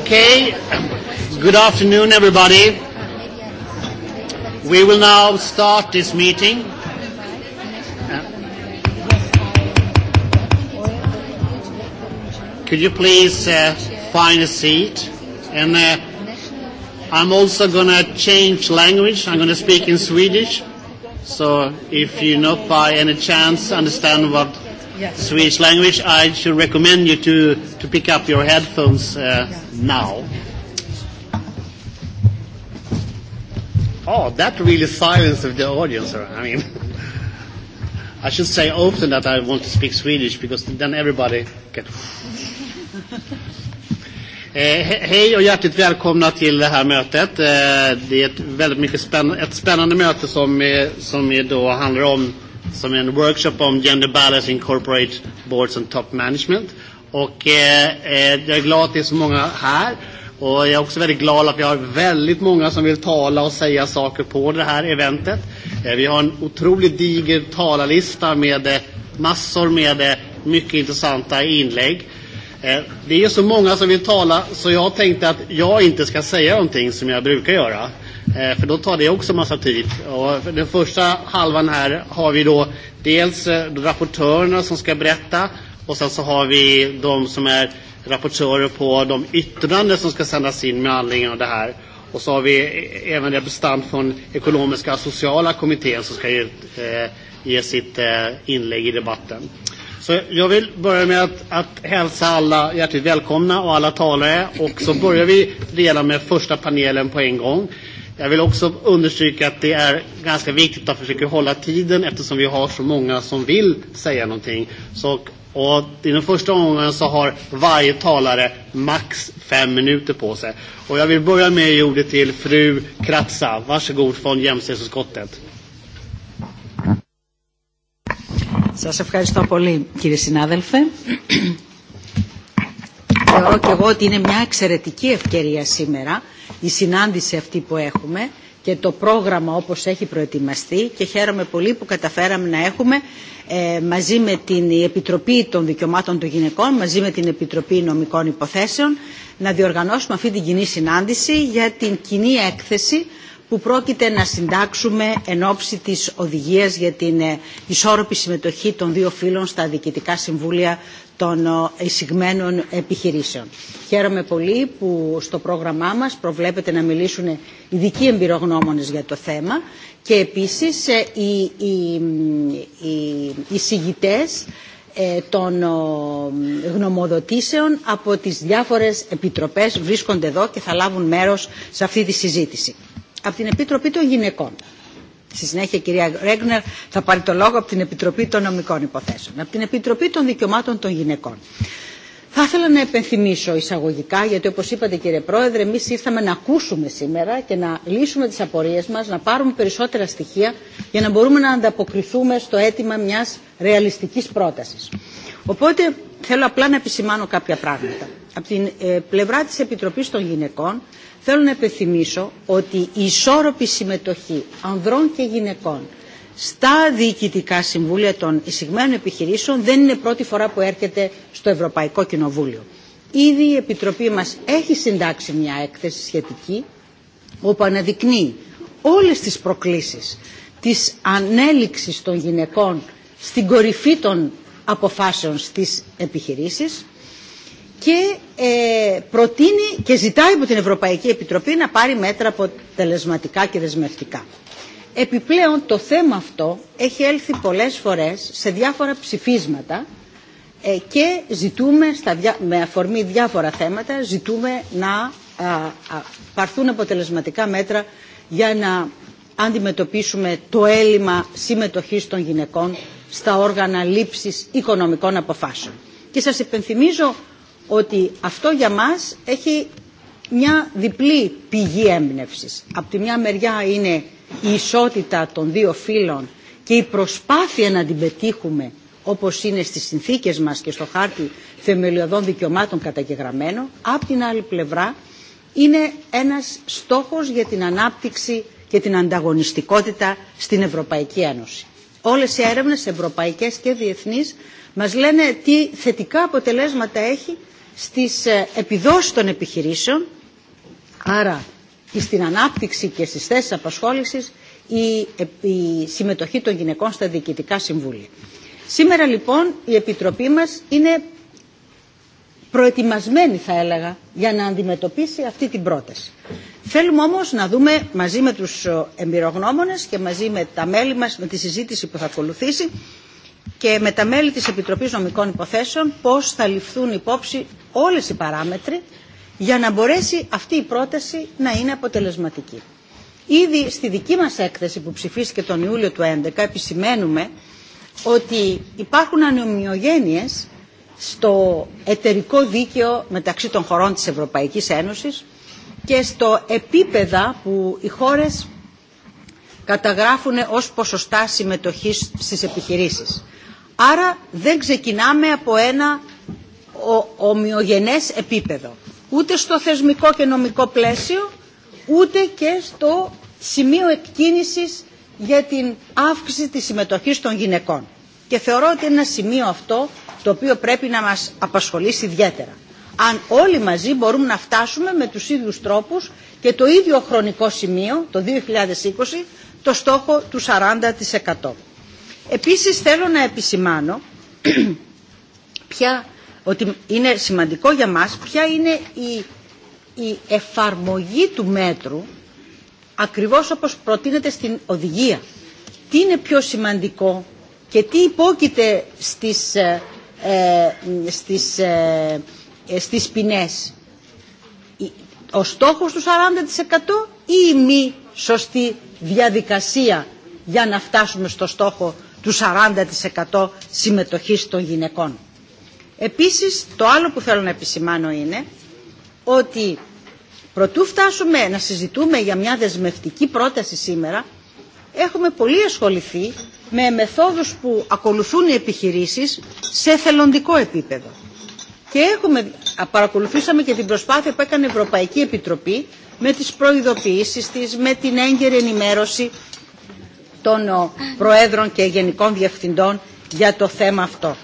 Okay. Good afternoon, everybody. We will now start this meeting. Could you please uh, find a seat? And uh, I'm also going to change language. I'm going to speak in Swedish. So if you not by any chance understand what yes. Swedish language, I should recommend you to, to pick up your headphones uh, yeah. now. Oh, that really silenced the audience. I mean, I should say often that I want to speak Swedish because then everybody can... Eh, Hej och hjärtligt välkomna till det här mötet. Eh, Det är ett väldigt mycket spännande, ett spännande möte som, som då handlar om som är en workshop om gender balance in corporate boards and top management. Och eh, jag är glad att det är så många här. Och jag är också väldigt glad att vi har väldigt många som vill tala och säga saker på det här eventet. Eh, vi har en otroligt diger talarlista med eh, massor med eh, mycket intressanta inlägg. Eh, det är så många som vill tala så jag tänkte att jag inte ska säga någonting som jag brukar göra. Eh, för då tar det också massa tid. Och den första halvan här har vi då dels eh, rapportörerna som ska berätta och sen så har vi de som är rapportörer på de yttranden som ska sändas in med anledning av det här. Och så har vi även representant från ekonomiska och sociala kommittén som ska ge, eh, ge sitt eh, inlägg i debatten. Så jag vill börja med att, att hälsa alla hjärtligt välkomna och alla talare. Och så börjar vi dela med första panelen på en gång. Jag vill också understryka att det är ganska viktigt att försöka hålla tiden eftersom vi har så många som vill säga någonting. Så, och I den första omgången så har varje talare max fem minuter på sig. Och jag vill börja med att ge ordet till fru Kratsa. Varsågod från jämställdhetsutskottet. Σας ευχαριστώ πολύ κύριε συνάδελφε θεωρώ και εγώ ότι είναι μια εξαιρετική ευκαιρία σήμερα η συνάντηση αυτή που έχουμε και το πρόγραμμα όπως έχει προετοιμαστεί και χαίρομαι πολύ που καταφέραμε να έχουμε ε, μαζί με την Επιτροπή των Δικαιωμάτων των Γυναικών, μαζί με την Επιτροπή Νομικών Υποθέσεων να διοργανώσουμε αυτή την κοινή συνάντηση για την κοινή έκθεση που πρόκειται να συντάξουμε εν ώψη της οδηγίας για την ισόρροπη συμμετοχή των δύο φύλων στα διοικητικά συμβούλια των εισηγμένων επιχειρήσεων. Χαίρομαι πολύ που στο πρόγραμμά μας προβλέπεται να μιλήσουν ειδικοί εμπειρογνώμονες για το θέμα και επίσης οι, οι, οι, οι εισηγητές των γνωμοδοτήσεων από τις διάφορες επιτροπές βρίσκονται εδώ και θα λάβουν μέρος σε αυτή τη συζήτηση από την Επιτροπή των Γυναικών. Στη συνέχεια η κυρία Ρέγνερ θα πάρει το λόγο από την Επιτροπή των Νομικών Υποθέσεων, από την Επιτροπή των Δικαιωμάτων των Γυναικών. Θα ήθελα να επενθυμίσω εισαγωγικά, γιατί όπω είπατε κύριε Πρόεδρε, εμεί ήρθαμε να ακούσουμε σήμερα και να λύσουμε τι απορίε μα, να πάρουμε περισσότερα στοιχεία για να μπορούμε να ανταποκριθούμε στο αίτημα μια ρεαλιστική πρόταση. Οπότε θέλω απλά να επισημάνω κάποια πράγματα. Από την πλευρά της Επιτροπής των Γυναικών Θέλω να επιθυμίσω ότι η ισόρροπη συμμετοχή ανδρών και γυναικών στα διοικητικά συμβούλια των εισηγμένων επιχειρήσεων δεν είναι πρώτη φορά που έρχεται στο Ευρωπαϊκό Κοινοβούλιο. Ήδη η Επιτροπή μας έχει συντάξει μια έκθεση σχετική όπου αναδεικνύει όλες τις προκλήσεις της ανέλυξης των γυναικών στην κορυφή των αποφάσεων στις επιχειρήσεις και ε, προτείνει και ζητάει από την Ευρωπαϊκή Επιτροπή να πάρει μέτρα αποτελεσματικά και δεσμευτικά. Επιπλέον το θέμα αυτό έχει έλθει πολλές φορές σε διάφορα ψηφίσματα ε, και ζητούμε στα δια, με αφορμή διάφορα θέματα ζητούμε να α, α, παρθούν αποτελεσματικά μέτρα για να αντιμετωπίσουμε το έλλειμμα συμμετοχής των γυναικών στα όργανα λήψης οικονομικών αποφάσεων. Και σας υπενθυμίζω ότι αυτό για μας έχει μια διπλή πηγή έμπνευσης. Από τη μια μεριά είναι η ισότητα των δύο φύλων και η προσπάθεια να την πετύχουμε όπως είναι στις συνθήκες μας και στο χάρτη θεμελιωδών δικαιωμάτων καταγεγραμμένο. Από την άλλη πλευρά είναι ένας στόχος για την ανάπτυξη και την ανταγωνιστικότητα στην Ευρωπαϊκή Ένωση. Όλες οι έρευνες ευρωπαϊκές και διεθνείς μας λένε τι θετικά αποτελέσματα έχει στις επιδόσεις των επιχειρήσεων, άρα και στην ανάπτυξη και στις θέσεις απασχόλησης, η, η συμμετοχή των γυναικών στα διοικητικά συμβούλια. Σήμερα λοιπόν η Επιτροπή μας είναι προετοιμασμένη θα έλεγα για να αντιμετωπίσει αυτή την πρόταση. Θέλουμε όμως να δούμε μαζί με τους εμπειρογνώμονες και μαζί με τα μέλη μας, με τη συζήτηση που θα ακολουθήσει, και με τα μέλη της Επιτροπής Νομικών Υποθέσεων πώς θα ληφθούν υπόψη όλες οι παράμετροι για να μπορέσει αυτή η πρόταση να είναι αποτελεσματική. Ήδη στη δική μας έκθεση που ψηφίστηκε τον Ιούλιο του 2011 επισημαίνουμε ότι υπάρχουν ανομοιογένειες στο εταιρικό δίκαιο μεταξύ των χωρών της Ευρωπαϊκής Ένωσης και στο επίπεδα που οι χώρες καταγράφουν ως ποσοστά συμμετοχής στις επιχειρήσεις. Άρα δεν ξεκινάμε από ένα ομοιογενές επίπεδο. Ούτε στο θεσμικό και νομικό πλαίσιο, ούτε και στο σημείο εκκίνησης για την αύξηση της συμμετοχής των γυναικών. Και θεωρώ ότι είναι ένα σημείο αυτό το οποίο πρέπει να μας απασχολήσει ιδιαίτερα. Αν όλοι μαζί μπορούμε να φτάσουμε με τους ίδιους τρόπους και το ίδιο χρονικό σημείο, το 2020, το στόχο του 40%. Επίσης θέλω να επισημάνω ποια, ότι είναι σημαντικό για μας ποια είναι η, η εφαρμογή του μέτρου ακριβώς όπως προτείνεται στην οδηγία. Τι είναι πιο σημαντικό και τι υπόκειται στις, ε, στις, ε, στις ποινές. Ο στόχος του 40% ή η μη σωστή διαδικασία για να φτάσουμε στο στόχο του 40% συμμετοχής των γυναικών. Επίσης, το άλλο που θέλω να επισημάνω είναι ότι προτού φτάσουμε να συζητούμε για μια δεσμευτική πρόταση σήμερα, έχουμε πολύ ασχοληθεί με μεθόδους που ακολουθούν οι επιχειρήσεις σε θελοντικό επίπεδο. Και έχουμε, παρακολουθήσαμε και την προσπάθεια που έκανε η Ευρωπαϊκή Επιτροπή με τις προειδοποιήσεις της, με την έγκαιρη ενημέρωση Των προέδρων και γενικών διευθυντών για το θέμα αυτό.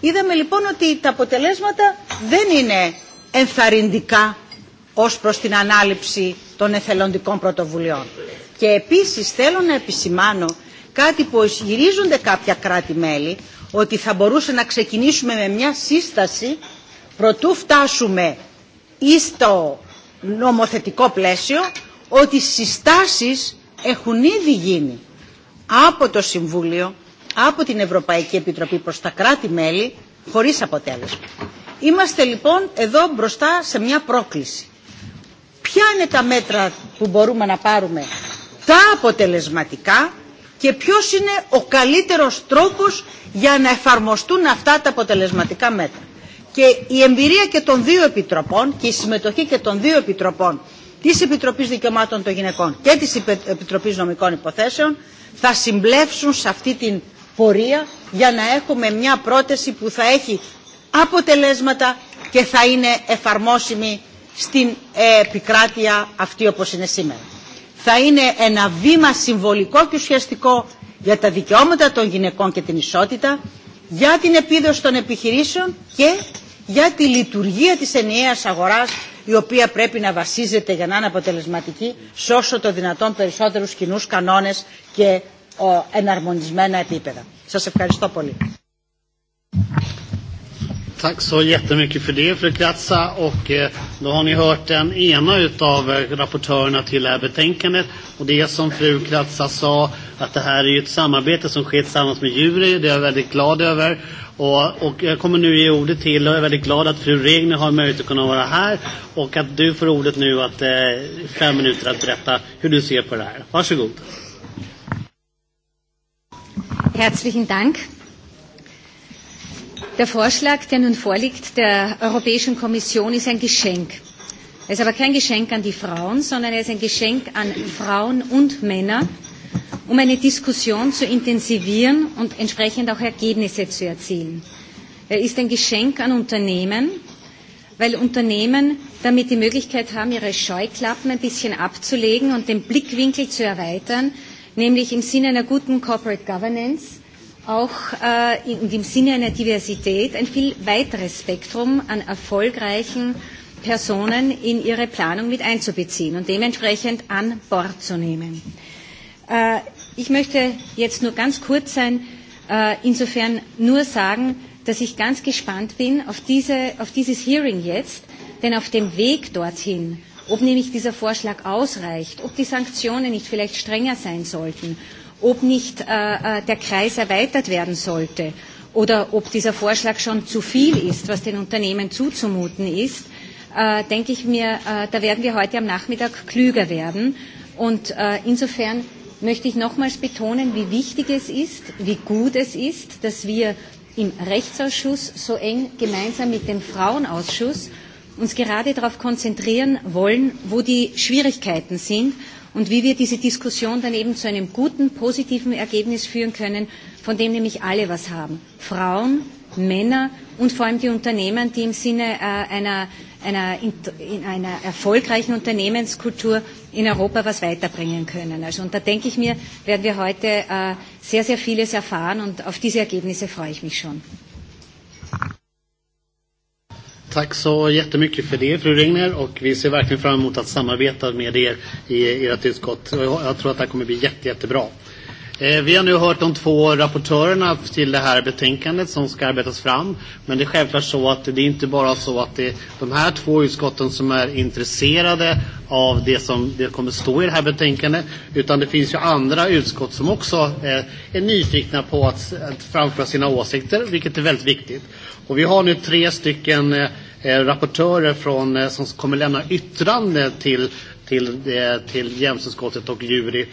Είδαμε λοιπόν ότι τα αποτελέσματα δεν είναι ενθαρρυντικά ως προς την ανάληψη των εθελοντικών πρωτοβουλειών. Και επίσης θέλω να επισημάνω κάτι που ισχυρίζονται κάποια κράτη-μέλη ότι θα μπορούσε να ξεκινήσουμε με μια σύσταση προτού φτάσουμε ή στο νομοθετικό πλαίσιο ότι συστάσεις έχουν ήδη γίνει από το Συμβούλιο, από την Ευρωπαϊκή Επιτροπή προς τα κράτη-μέλη, χωρίς αποτέλεσμα. Είμαστε λοιπόν εδώ μπροστά σε μια πρόκληση. Ποια είναι τα μέτρα που μπορούμε να πάρουμε τα αποτελεσματικά και ποιος είναι ο καλύτερος τρόπος για να εφαρμοστούν αυτά τα αποτελεσματικά μέτρα. Και η εμπειρία και των δύο επιτροπών και η συμμετοχή και των δύο επιτροπών της Επιτροπής Δικαιωμάτων των Γυναικών και της Επιτροπής Νομικών Υποθέσεων θα συμπλέψουν σε αυτή την πορεία για να έχουμε μια πρόταση που θα έχει αποτελέσματα και θα είναι εφαρμόσιμη στην επικράτεια αυτή όπως είναι σήμερα. Θα είναι ένα βήμα συμβολικό και ουσιαστικό για τα δικαιώματα των γυναικών και την ισότητα, για την επίδοση των επιχειρήσεων και για τη λειτουργία της ενιαίας αγοράς η οποία πρέπει να βασίζεται για να είναι αποτελεσματική σε όσο το δυνατόν περισσότερους κοινού κανόνες και ο, εναρμονισμένα επίπεδα. Σας ευχαριστώ πολύ. Tack så jättemycket för det, fru Kratza. Och då har ni hört den ena av rapportörerna till det här betänkandet. Och det som fru Kratza sa, att det här är ett samarbete som sker tillsammans med Jury, det är jag väldigt glad över. Och, och jag kommer nu ge ordet till och jag är väldigt glad att fru Regner har möjlighet att kunna vara här och att du får ordet nu att eh, fem minuter att berätta hur du ser på det här. Varsågod. Herzlichen Dank. Der Vorschlag, der nun vorliegt, der Europäischen Kommission ist ein Geschenk. Er ist aber kein Geschenk an die Frauen, sondern er ist ein Geschenk an Frauen und Männer, um eine Diskussion zu intensivieren und entsprechend auch Ergebnisse zu erzielen. Er ist ein Geschenk an Unternehmen, weil Unternehmen damit die Möglichkeit haben, ihre Scheuklappen ein bisschen abzulegen und den Blickwinkel zu erweitern, nämlich im Sinne einer guten Corporate Governance auch äh, und im Sinne einer Diversität ein viel weiteres Spektrum an erfolgreichen Personen in ihre Planung mit einzubeziehen und dementsprechend an Bord zu nehmen. Ich möchte jetzt nur ganz kurz sein, insofern nur sagen, dass ich ganz gespannt bin auf, diese, auf dieses Hearing jetzt, denn auf dem Weg dorthin, ob nämlich dieser Vorschlag ausreicht, ob die Sanktionen nicht vielleicht strenger sein sollten, ob nicht äh, der Kreis erweitert werden sollte oder ob dieser Vorschlag schon zu viel ist, was den Unternehmen zuzumuten ist, äh, denke ich mir, äh, da werden wir heute am Nachmittag klüger werden. Und äh, insofern möchte ich nochmals betonen, wie wichtig es ist, wie gut es ist, dass wir im Rechtsausschuss so eng gemeinsam mit dem Frauenausschuss uns gerade darauf konzentrieren wollen, wo die Schwierigkeiten sind und wie wir diese Diskussion dann eben zu einem guten, positiven Ergebnis führen können, von dem nämlich alle was haben. Frauen, Männer und vor allem die Unternehmen, die im Sinne einer einer, in einer erfolgreichen Unternehmenskultur in Europa was weiterbringen können. Also, und da denke ich mir, werden wir heute äh, sehr, sehr vieles erfahren und auf diese Ergebnisse freue ich mich schon. Tack så jättemycket för det, fru Regner, och vi ser verkligen fram emot att samarbeta med er i ert utskott. Jag tror att det här kommer bli jätte, jättebra. Vi har nu hört de två rapportörerna till det här betänkandet som ska arbetas fram. Men det är självklart så att det inte bara så att det är de här två utskotten som är intresserade av det som det kommer stå i det här betänkandet. Utan det finns ju andra utskott som också är nyfikna på att framföra sina åsikter, vilket är väldigt viktigt. Och vi har nu tre stycken rapportörer från, som kommer lämna yttrande till till, till jämställdhetsutskottet och jury.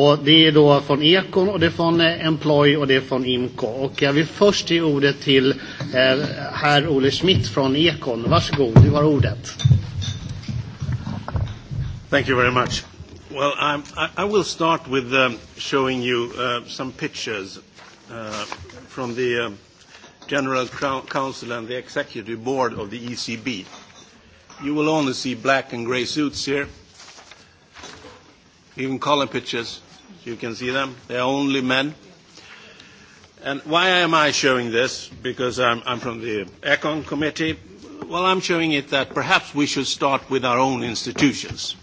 Och det är då från Ekon, och det är från Employ och det är från Imco. Och jag vill först ge ordet till eh, herr Olle Schmidt från Ekon. Varsågod, du har ordet. Thank you very much. Well, I'm, I, I will start with um, showing you uh, some pictures uh, from the um, General Council and the Executive Board of the ECB. You will only see black and grey suits here, even column pictures. You can see them. They are only men. And why am I showing this? Because I'm, I'm from the ECON committee. Well, I'm showing it that perhaps we should start with our own institutions.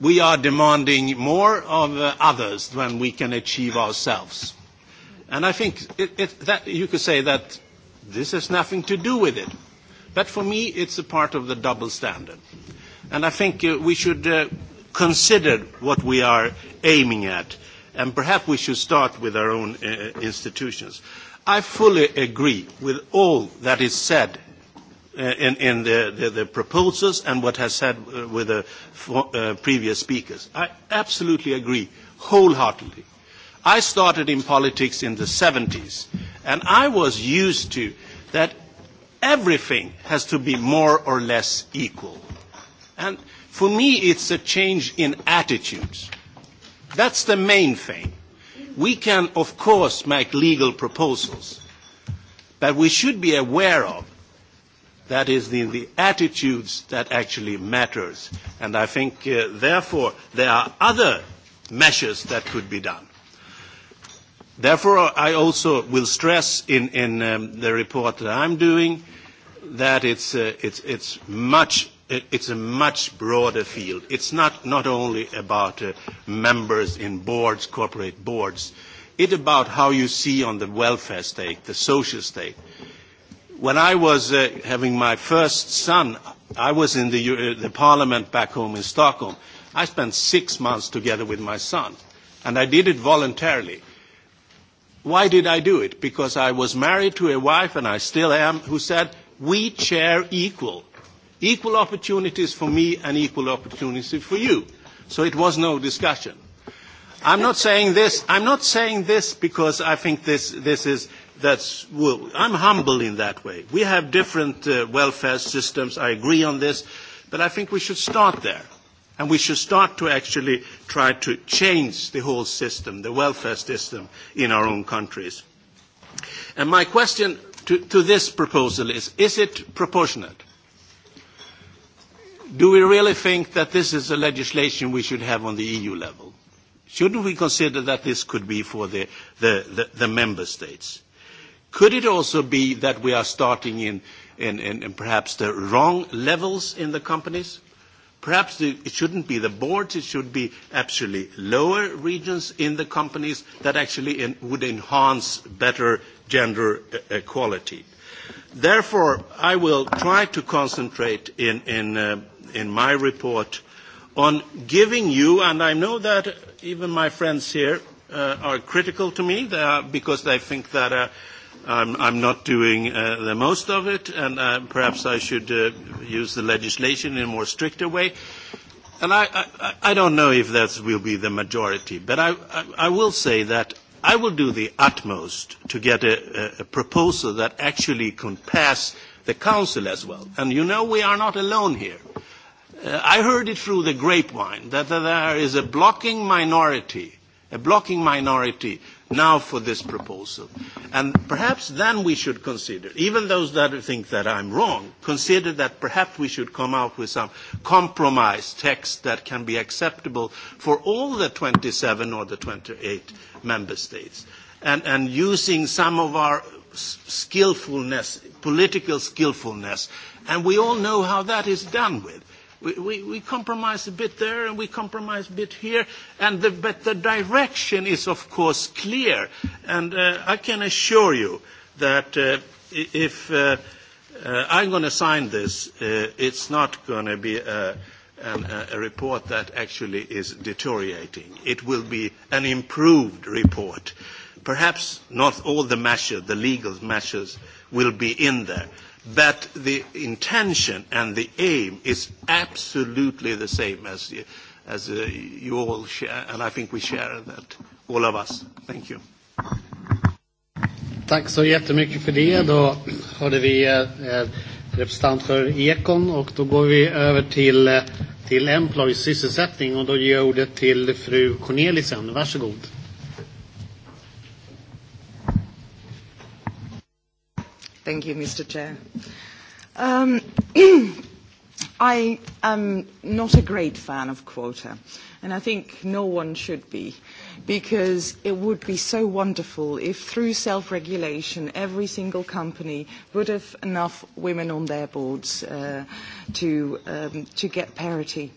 We are demanding more of others than we can achieve ourselves. And I think it, it, that you could say that this has nothing to do with it. But for me, it's a part of the double standard. And I think uh, we should uh, considered what we are aiming at, and perhaps we should start with our own uh, institutions. I fully agree with all that is said uh, in, in the, the, the proposals and what has said uh, with the uh, previous speakers. I absolutely agree wholeheartedly. I started in politics in the 70s, and I was used to that everything has to be more or less equal. And For me, it's a change in attitudes. That's the main thing. We can, of course, make legal proposals, but we should be aware of that is the, the attitudes that actually matters. And I think, uh, therefore, there are other measures that could be done. Therefore, I also will stress in, in um, the report that I'm doing that it's, uh, it's, it's much it's a much broader field. It's not, not only about uh, members in boards, corporate boards. It's about how you see on the welfare state, the social state. When I was uh, having my first son, I was in the, uh, the parliament back home in Stockholm. I spent six months together with my son, and I did it voluntarily. Why did I do it? Because I was married to a wife, and I still am, who said, we share equal Equal opportunities for me and equal opportunities for you. So it was no discussion. I'm not saying this. I'm not saying this because I think this this is that's. Well, I'm humble in that way. We have different uh, welfare systems. I agree on this, but I think we should start there, and we should start to actually try to change the whole system, the welfare system in our own countries. And my question to, to this proposal is: Is it proportionate? do we really think that this is a legislation we should have on the EU level? Shouldn't we consider that this could be for the, the, the, the member states? Could it also be that we are starting in, in, in, in perhaps the wrong levels in the companies? Perhaps the, it shouldn't be the boards, it should be actually lower regions in the companies that actually in, would enhance better gender equality. Therefore, I will try to concentrate in, in in my report on giving you, and I know that even my friends here uh, are critical to me they are, because they think that uh, I'm, I'm not doing uh, the most of it, and uh, perhaps I should uh, use the legislation in a more stricter way. And I, I, I don't know if that will be the majority, but I, I, I will say that I will do the utmost to get a, a proposal that actually can pass the Council as well. And you know we are not alone here. Uh, I heard it through the grapevine that there is a blocking minority, a blocking minority now for this proposal. And perhaps then we should consider, even those that think that I'm wrong, consider that perhaps we should come out with some compromise text that can be acceptable for all the 27 or the 28 member states. And, and using some of our skillfulness, political skillfulness, and we all know how that is done with We, we, we compromise a bit there and we compromise a bit here, and the, but the direction is, of course, clear. And uh, I can assure you that uh, if uh, uh, I'm going to sign this, uh, it's not going to be a, an, a report that actually is deteriorating. It will be an improved report. Perhaps not all the measures, the legal measures, will be in there but the intention and the aim is absolutely the same as, as uh, you all share, and I think we share that, all of us. Thank you. Tack så jättemycket för det. Då hörde vi eh, representant för Ekon och då går vi över till, till Employs sysselsättning och då ger jag ordet till fru Cornelissen. Varsågod. Thank you, Mr. Chair. Um, I am not a great fan of quota, and I think no one should be, because it would be so wonderful if through self-regulation every single company would have enough women on their boards uh, to, um, to get parity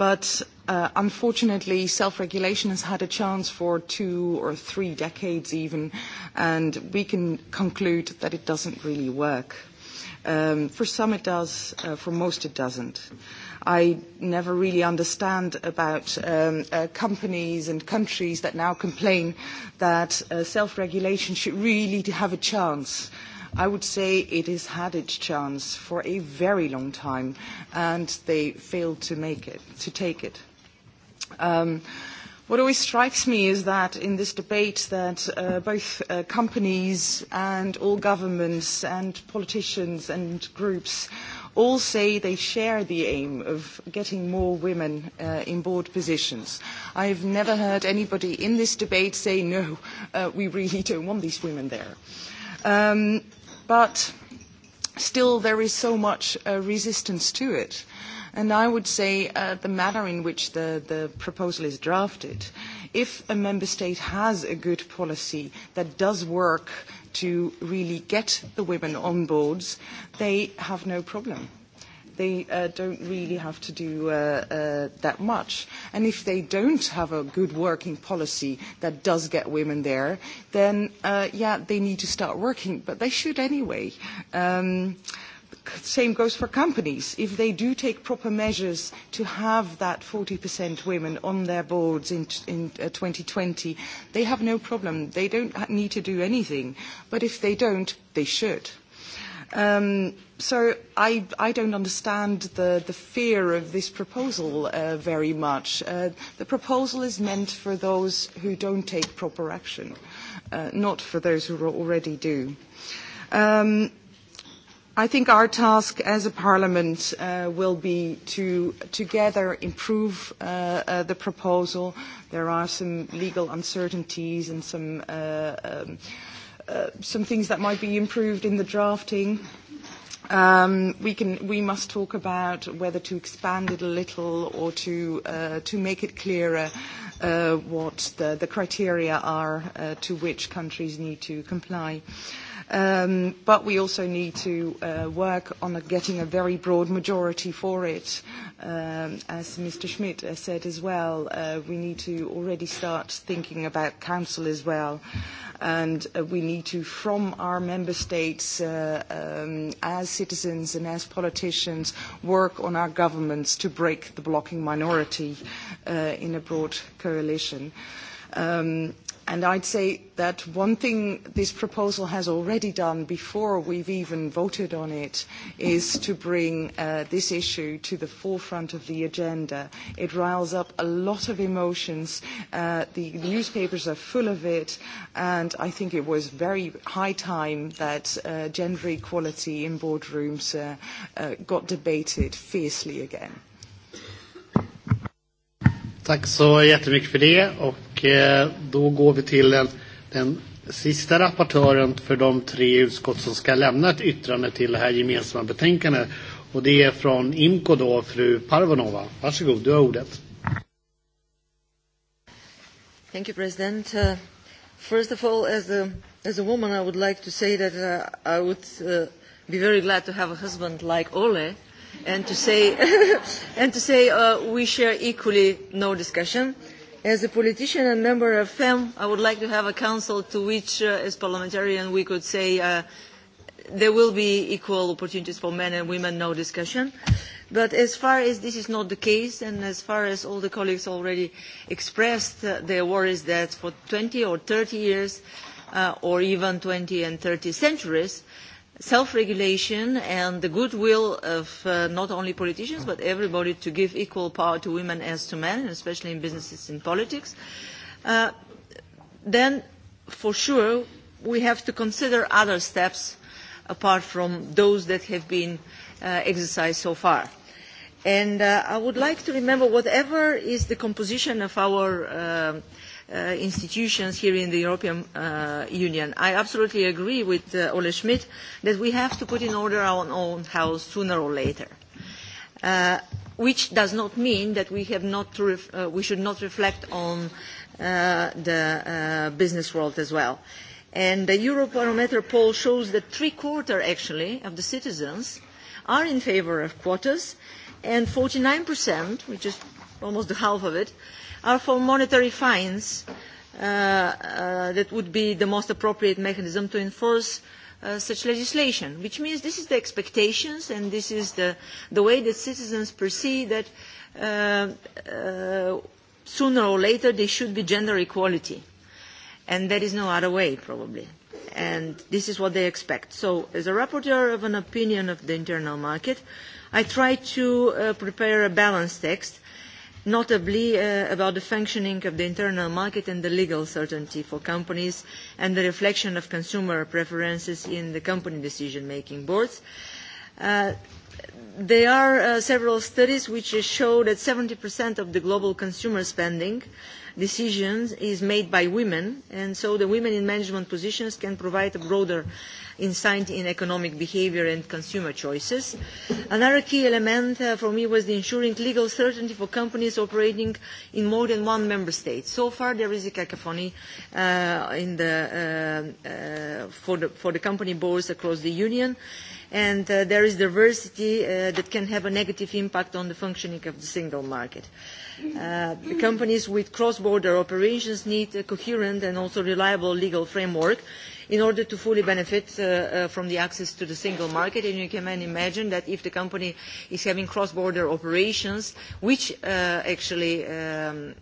But unfortunately, self-regulation has had a chance for two or three decades even, and we can conclude that it doesn't really work. for some it does, for most it doesn't. I never really understand about companies and countries that now complain that self-regulation should really have a chance uh, I would say it has had its chance for a very long time, and they failed to make it, to take it. Um, What always strikes me is that in this debate that both companies and all governments and politicians and groups all say they share the aim of getting more women in board positions. I have never heard anybody in this debate say, no, we really don't want these women there but still there is so much uh, resistance to it. And I would say uh, the manner in which the, the proposal is drafted, if a member state has a good policy that does work to really get the women on boards, they have no problem they uh, don't really have to do uh, uh, that much. And if they don't have a good working policy that does get women there, then uh, yeah, they need to start working, but they should anyway. Um, same goes for companies. If they do take proper measures to have that 40% women on their boards in, in uh, 2020, they have no problem. They don't need to do anything. But if they don't, they should Um, so I, I don't understand the, the fear of this proposal uh, very much. Uh, the proposal is meant for those who don't take proper action, uh, not for those who already do. Um, I think our task as a parliament uh, will be to together improve uh, uh, the proposal. There are some legal uncertainties and some uh, um, some things that might be improved in the drafting. Um, we can we must talk about whether to expand it a little or to uh, to make it clearer uh, what the, the criteria are uh, to which countries need to comply. Uh, Um, but we also need to uh, work on a, getting a very broad majority for it. Um, as Mr. Schmidt said as well, uh, we need to already start thinking about council as well. And uh, we need to, from our member states, uh, um, as citizens and as politicians, work on our governments to break the blocking minority uh, in a broad coalition. Uh, Um, and I'd say that one thing this proposal has already done before we've even voted on it is to bring this issue to the forefront of the agenda. It riles up a lot of emotions. the newspapers are full of it, and I think it was very high time that gender equality in boardrooms got debated fiercely again. Tack så jättemycket för det. Och då går vi till den, den sista rapportören för de tre utskott som ska lämna ett yttrande till det här gemensamma betänkandet. Och det är från IMCO då, fru Parvonova. Varsågod, du har ordet. Thank you, President. Uh, first of all, as a, as a woman, I would like to say that uh, I would uh, be very glad to have a husband like Ole, and to say, and to say uh, we share equally no discussion. As a politician and member of FEM, I would like to have a council to which, uh, as parliamentarian, we could say uh, there will be equal opportunities for men and women, no discussion. But as far as this is not the case, and as far as all the colleagues already expressed their worries that for twenty or thirty years, or even twenty and thirty centuries, self-regulation and the goodwill of uh, not only politicians but everybody to give equal power to women as to men, especially in businesses and politics, uh, then for sure we have to consider other steps apart from those that have been uh, exercised so far. And uh, I would like to remember whatever is the composition of our uh, institutions here in the European Union. I absolutely agree with Ole Schmidt that we have to put in order our own house sooner or later. which does not mean that we, have not to ref- uh, we should not reflect on the business world as well. And the Eurobarometer poll shows that three quarters actually of the citizens are in favour of quotas, and 49%, which is almost the half of it, are for monetary fines that would be the most appropriate mechanism to enforce such legislation, which means this is the expectations and this is the, the way that citizens perceive that sooner or later there should be gender equality. And there is no other way, probably. And this is what they expect. So as a rapporteur of an opinion of the internal market, I try to prepare a balanced text notably about the functioning of the internal market and the legal certainty for companies and the reflection of consumer preferences in the company decision-making boards. there are several studies which show that 70% of the global consumer spending uh, decisions is made by women, and so the women in management positions can provide a broader insight in economic behaviour and consumer choices. Another key element for me was the ensuring legal certainty for companies operating in more than one member state. So far, there is a cacophony for the company boards across the union, and there is diversity that can have a negative impact on the functioning of the single market companies with cross-border operations need a coherent and also reliable legal framework in order to fully benefit from the access to the single market. And you can imagine that if the company is having cross-border operations, which actually, and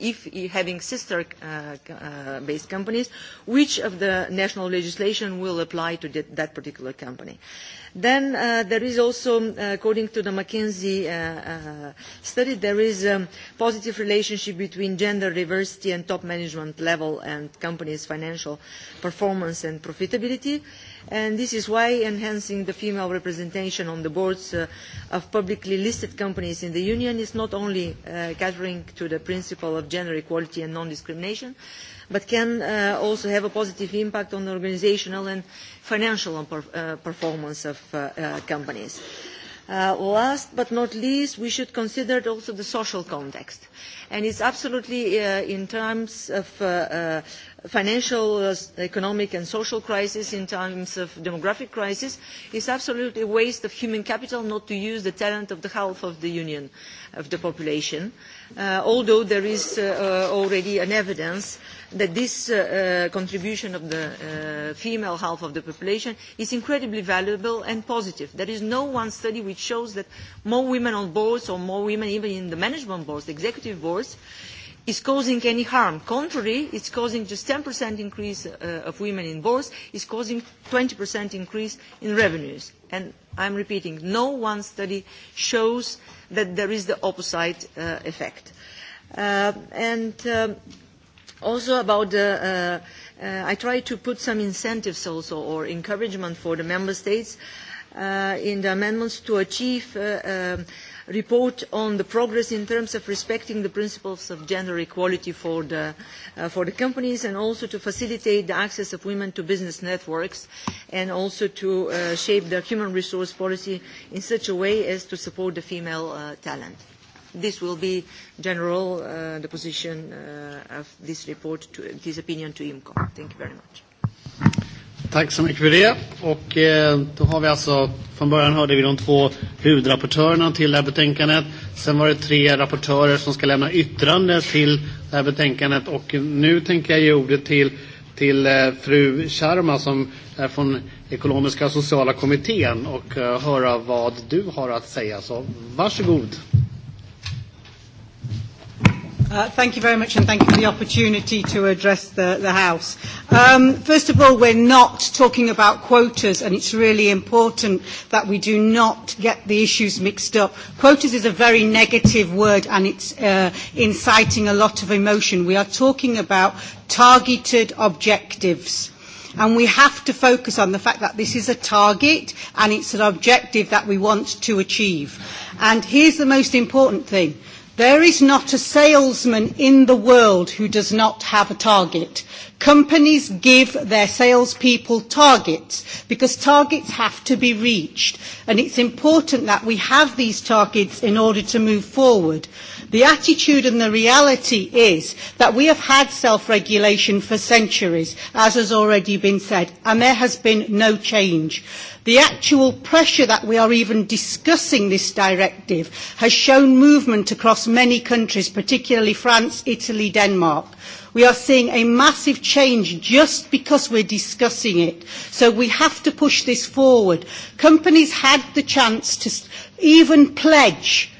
if having sister-based companies, which of the national legislation will apply to that particular company? Then there is also, according to the McKinsey study, there is a positive relationship between gender diversity and top management level and companies' financial performance and profitability. And this is why enhancing the female representation on the boards of publicly listed companies in the Union is not only catering to the principle of gender equality and non-discrimination, but can uh, also have a positive impact on the organizational and financial performance of uh, uh, companies. Uh, last but not least, we should consider also the social context. And it's absolutely uh, in terms of uh, uh, financial, economic and social crisis, in times of demographic crisis, it's absolutely a waste of human capital not to use the talent of the half of the union, of the population, although there is already an evidence uh, that this uh, contribution of the uh, female half of the population is incredibly valuable and positive. There is no one study which shows that more women on boards or more women even in the management boards, the executive boards, is causing any harm. Contrary, it's causing just 10% increase uh, of women in boards, is causing 20% increase in revenues. And I'm repeating, no one study shows that there is the opposite uh, effect. Uh, and... Uh, Also about the, uh, uh, I try to put some incentives also or encouragement for the member states uh, in the amendments to achieve uh, um, report on the progress in terms of respecting the principles of gender equality for the, companies and also to facilitate the access of women to business networks and also to shape the human resource policy in such a way as to support the female talent. This will be general, uh, the position uh, of this report, to, this opinion to IMCO. Thank you very much. Tack så mycket för det. Och eh, då har vi alltså, från början hörde vi de två huvudrapportörerna till det här betänkandet. Sen var det tre rapportörer som ska lämna yttrande till det här betänkandet. Och nu tänker jag ge ordet till, till eh, fru Sharma som är från Ekonomiska och sociala kommittén och eh, höra vad du har att säga. Så varsågod. Uh, thank you very much and thank you for the opportunity to address the, the House. Um, first of all, we're not talking about quotas and it's really important that we do not get the issues mixed up. Quotas is a very negative word and it's uh, inciting a lot of emotion. We are talking about targeted objectives and we have to focus on the fact that this is a target and it's an objective that we want to achieve. And here's the most important thing. There is not a salesman in the world who does not have a target. Companies give their salespeople targets because targets have to be reached. And it's important that we have these targets in order to move forward. The attitude and the reality is that we have had self-regulation for centuries, as has already been said, and there has been no change. The actual pressure that we are even discussing this directive has shown movement across many countries, particularly France, Italy, Denmark. We are seeing a massive change just because we're discussing it. So we have to push this forward. Companies had the chance to even pledge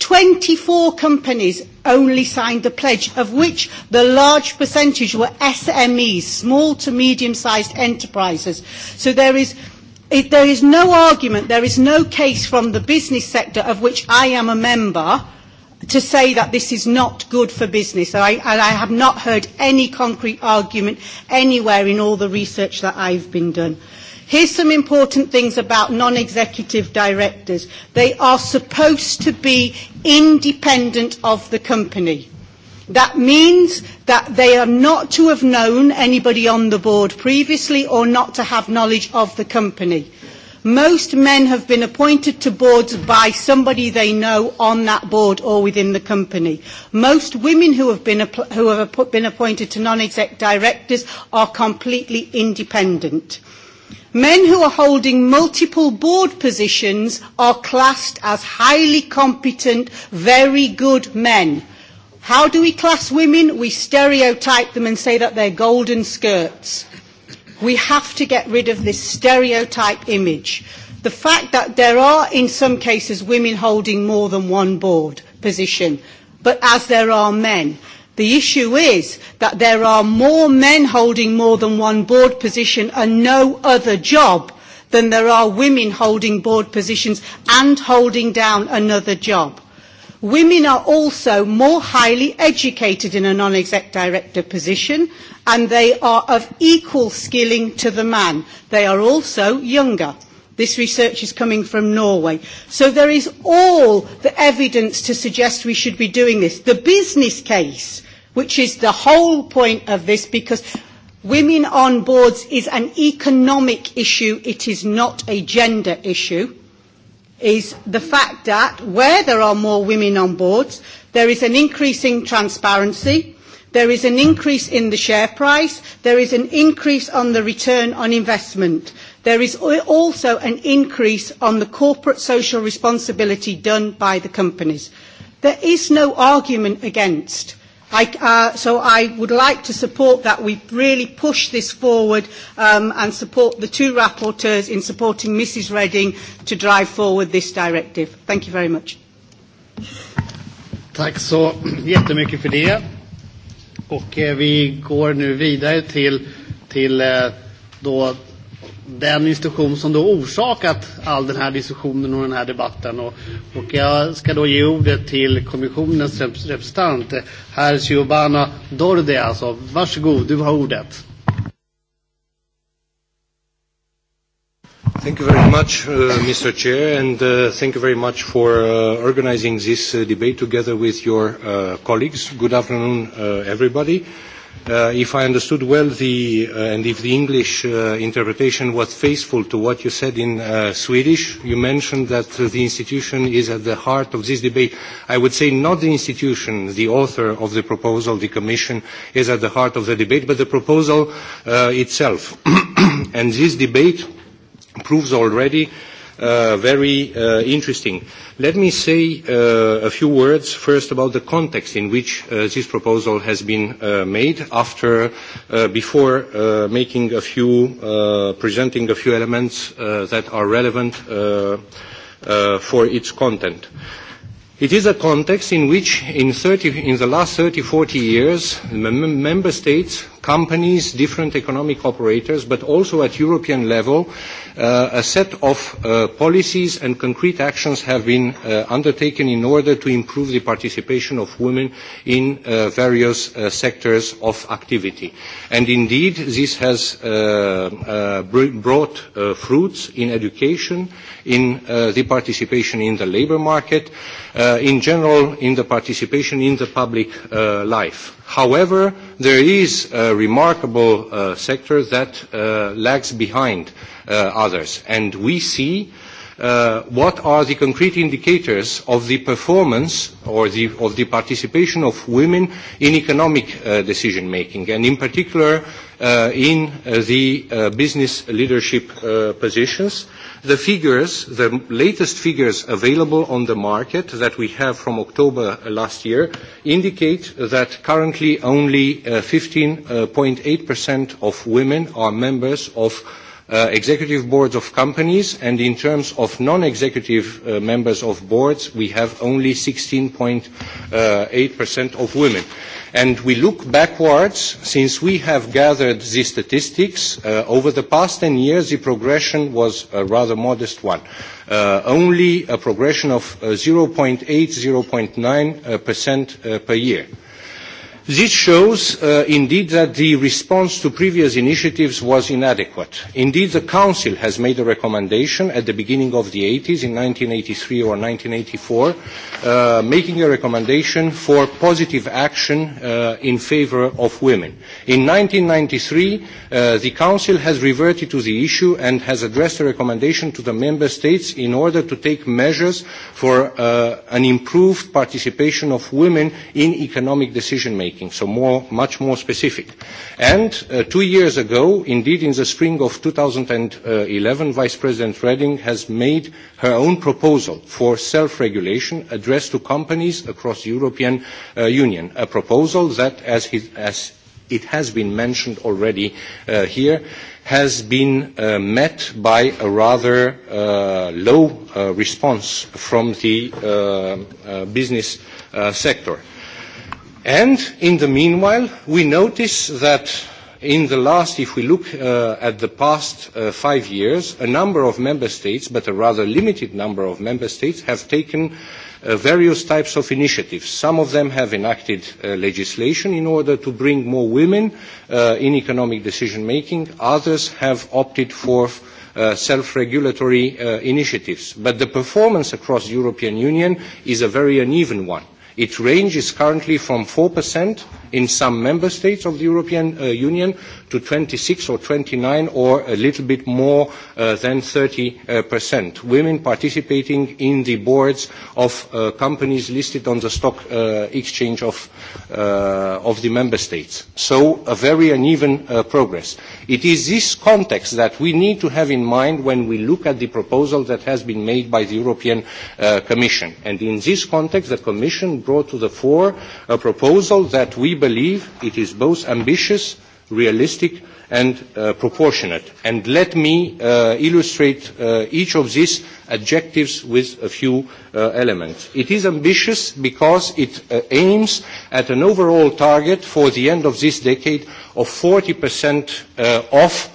24 companies only signed the pledge, of which the large percentage were SMEs, small to medium-sized enterprises. So there is If there is no argument, there is no case from the business sector of which I am a member to say that this is not good for business. I, and I have not heard any concrete argument anywhere in all the research that I've been done. Here's some important things about non-executive directors. They are supposed to be independent of the company. That means that they are not to have known anybody on the board previously or not to have knowledge of the company. Most men have been appointed to boards by somebody they know on that board or within the company. Most women who have been, who have been appointed to non-exec directors are completely independent. Men who are holding multiple board positions are classed as highly competent, very good men How do we class women? We stereotype them and say that they're golden skirts. We have to get rid of this stereotype image. The fact that there are, in some cases, women holding more than one board position, but as there are men. The issue is that there are more men holding more than one board position and no other job than there are women holding board positions and holding down another job. Women are also more highly educated in a non-exec director position and they are of equal skilling to the man. They are also younger. This research is coming from Norway. So there is all the evidence to suggest we should be doing this. The business case, which is the whole point of this, because women on boards is an economic issue, it is not a gender issue is the fact that where there are more women on boards, there is an increase in transparency, there is an increase in the share price, there is an increase on the return on investment. There is also an increase on the corporate social responsibility done by the companies. There is no argument against I, uh, so I would like to support that we really push this forward um, and support the two rapporteurs in supporting Mrs Reding to drive forward this directive. Thank you very much. Tack så jättemycket för det. Och eh, vi går nu vidare till, till eh, då den institution som då orsakat all den här diskussionen och den här debatten. Och, och jag ska då ge ordet till kommissionens representant, herr Giovanna Dorde. Alltså. Varsågod, du har ordet. Thank you very much, uh, Mr. Chair, and uh, thank you very much for uh, organizing this uh, debate together with your uh, colleagues. Good afternoon, uh, everybody. Uh, if I understood well, the, and if the English interpretation was faithful to what you said in Swedish, you mentioned that the institution is at the heart of this debate. I would say not the institution, the author of the proposal, the Commission, is at the heart of the debate, but the proposal itself. and this debate proves already uh, very uh, interesting. Let me say uh, a few words first about the context in which uh, this proposal has been uh, made after, uh, before uh, making a few, uh, presenting a few elements uh, that are relevant uh, uh, for its content. Uh, It is a context in which in, 30, in the last 30, 40 years, member states, companies, different economic operators, but also at European level, uh, a set of uh, policies and concrete actions have been uh, undertaken in order to improve the participation of women in uh, various uh, sectors of activity. And indeed, this has uh, uh, brought uh, fruits in education, in uh, the participation in the labor market, in general in the participation in the public life. However, there is a remarkable sector that lags behind others, and we see what are the concrete indicators of the performance or the, of the participation of women in economic uh, decision making and in particular uh, in uh, the uh, business leadership uh, positions the figures, the latest figures available on the market that we have from October last year indicate that currently only 15.8% of women are members of executive boards of companies, and in terms of non-executive members of boards, we have only 16.8% of women. And we look backwards, since we have gathered these statistics, over the past 10 years the progression was a rather modest one. only a progression of 0.8, 0.9% per year This shows indeed that the response to previous initiatives was inadequate. Indeed, the Council has made a recommendation at the beginning of the 80s, in 1983 or 1984, making a recommendation for positive action in favour of women. In 1993, the Council has reverted to the issue and has addressed a recommendation to the Member States in order to take measures for an improved participation of women in economic decision-making making, so more, much more specific. And uh, two years ago, indeed in the spring of 2011, Vice President Reding has made her own proposal for self-regulation addressed to companies across the European uh, Union, a proposal that, as, his, as it has been mentioned already uh, here, has been uh, met by a rather uh, low uh, response from the uh, uh, business uh, sector. And in the meanwhile, we notice that in the last, if we look uh, at the past uh, five years, a number of member states, but a rather limited number of member states, have taken uh, various types of initiatives. Some of them have enacted uh, legislation in order to bring more women uh, in economic decision making. Others have opted for self-regulatory initiatives. But the performance across the European Union is a very uneven one Its range is currently from 4% in some member states of the European Union to 26 or 29 or a little bit more than 30%. Women participating in the boards of companies listed on the stock exchange of, the member states. So a very uneven progress. It is this context that we need to have in mind when we look at the proposal that has been made by the European Commission. And in this context, the Commission brought to the fore a proposal that we believe it is both ambitious, realistic, and uh, proportionate. And let me uh, illustrate uh, each of these adjectives with a few uh, elements. It is ambitious because it uh, aims at an overall target for the end of this decade of 40% uh, off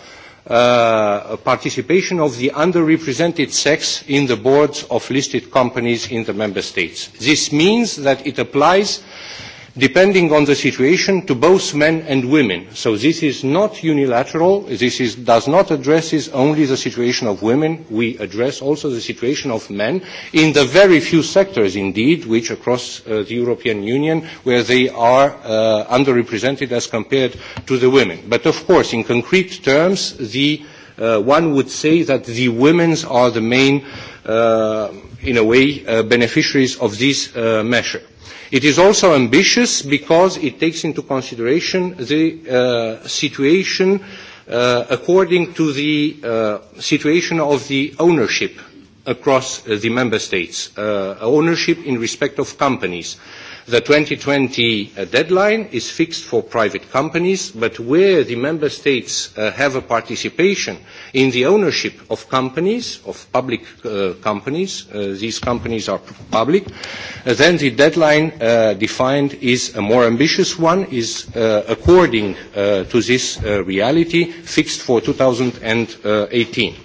participation of the underrepresented sex in the boards of listed companies in the member states. This means that it applies depending on the situation, to both men and women. So this is not unilateral. This is, does not address only the situation of women. We address also the situation of men in the very few sectors, indeed, which across uh, the European Union, where they are uh, underrepresented as compared to the women. But of course, in concrete terms, the, uh, one would say that the women's are the main uh, in a way, beneficiaries of this measure. It is also ambitious because it takes into consideration the situation according to the situation of the ownership across the member states, ownership in respect of companies The 2020 twenty deadline is fixed for private companies, but where the member states uh, have a participation in the ownership of companies, of public uh, companies, uh, these companies are public, uh, then the deadline uh, defined is a more ambitious one, is uh, according uh, to this uh, reality, fixed for 2018.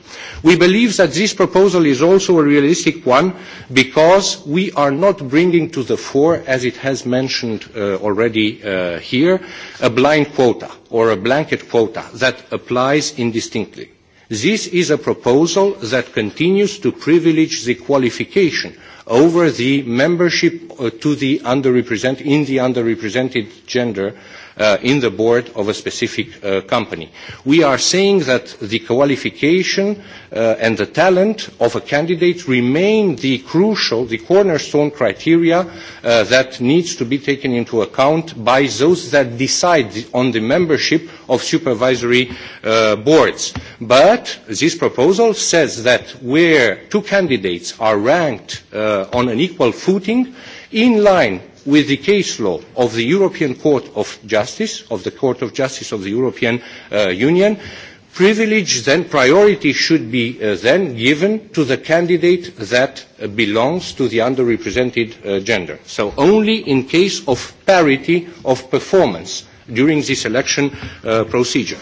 We believe that this proposal is also a realistic one because we are not bringing to the fore, as it has mentioned already here, a blind quota or a blanket quota that applies indistinctly. This is a proposal that continues to privilege the qualification over the membership to the underrepresented, in the underrepresented gender in the board of a specific company. We are saying that the qualification and the talent of a candidate remain the crucial, the cornerstone criteria that needs to be taken into account by those that decide on the membership of supervisory boards. But this proposal says that where two candidates are ranked on an equal footing, in line with the case law of the European Court of Justice, of the Court of Justice of the European Union, privilege then priority should be then given to the candidate that belongs to the underrepresented gender. So only in case of parity of performance during this election procedure.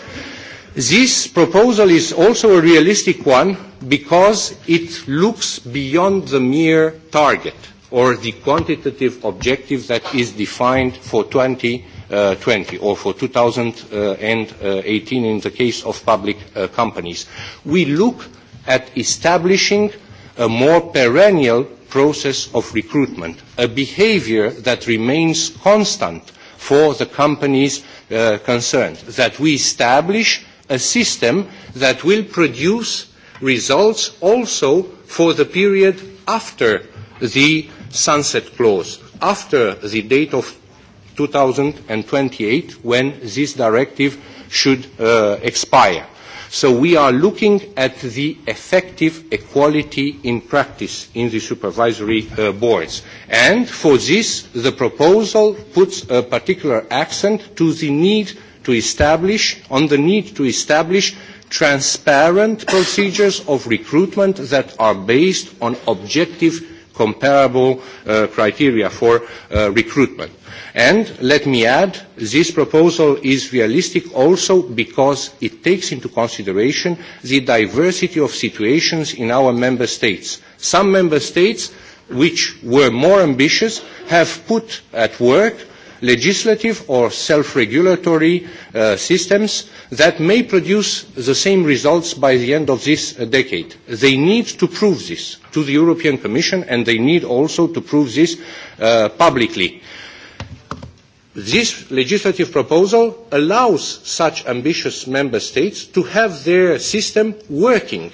This proposal is also a realistic one because it looks beyond the mere target or the quantitative objective that is defined for 2020 or for 2018 in the case of public companies. We look at establishing a more perennial process of recruitment, a behavior that remains constant for the companies concerned, that we establish a system that will produce results also for the period after the sunset clause after the date of 2028 when this directive should uh, expire. So we are looking at the effective equality in practice in the supervisory uh, boards. And for this, the proposal puts a particular accent to the need to establish, on the need to establish transparent procedures of recruitment that are based on objective comparable uh, criteria for uh, recruitment. And let me add, this proposal is realistic also because it takes into consideration the diversity of situations in our member states. Some member states which were more ambitious have put at work legislative or self-regulatory uh, systems that may produce the same results by the end of this decade. They need to prove this to the European Commission and they need also to prove this uh, publicly. This legislative proposal allows such ambitious member states to have their system working.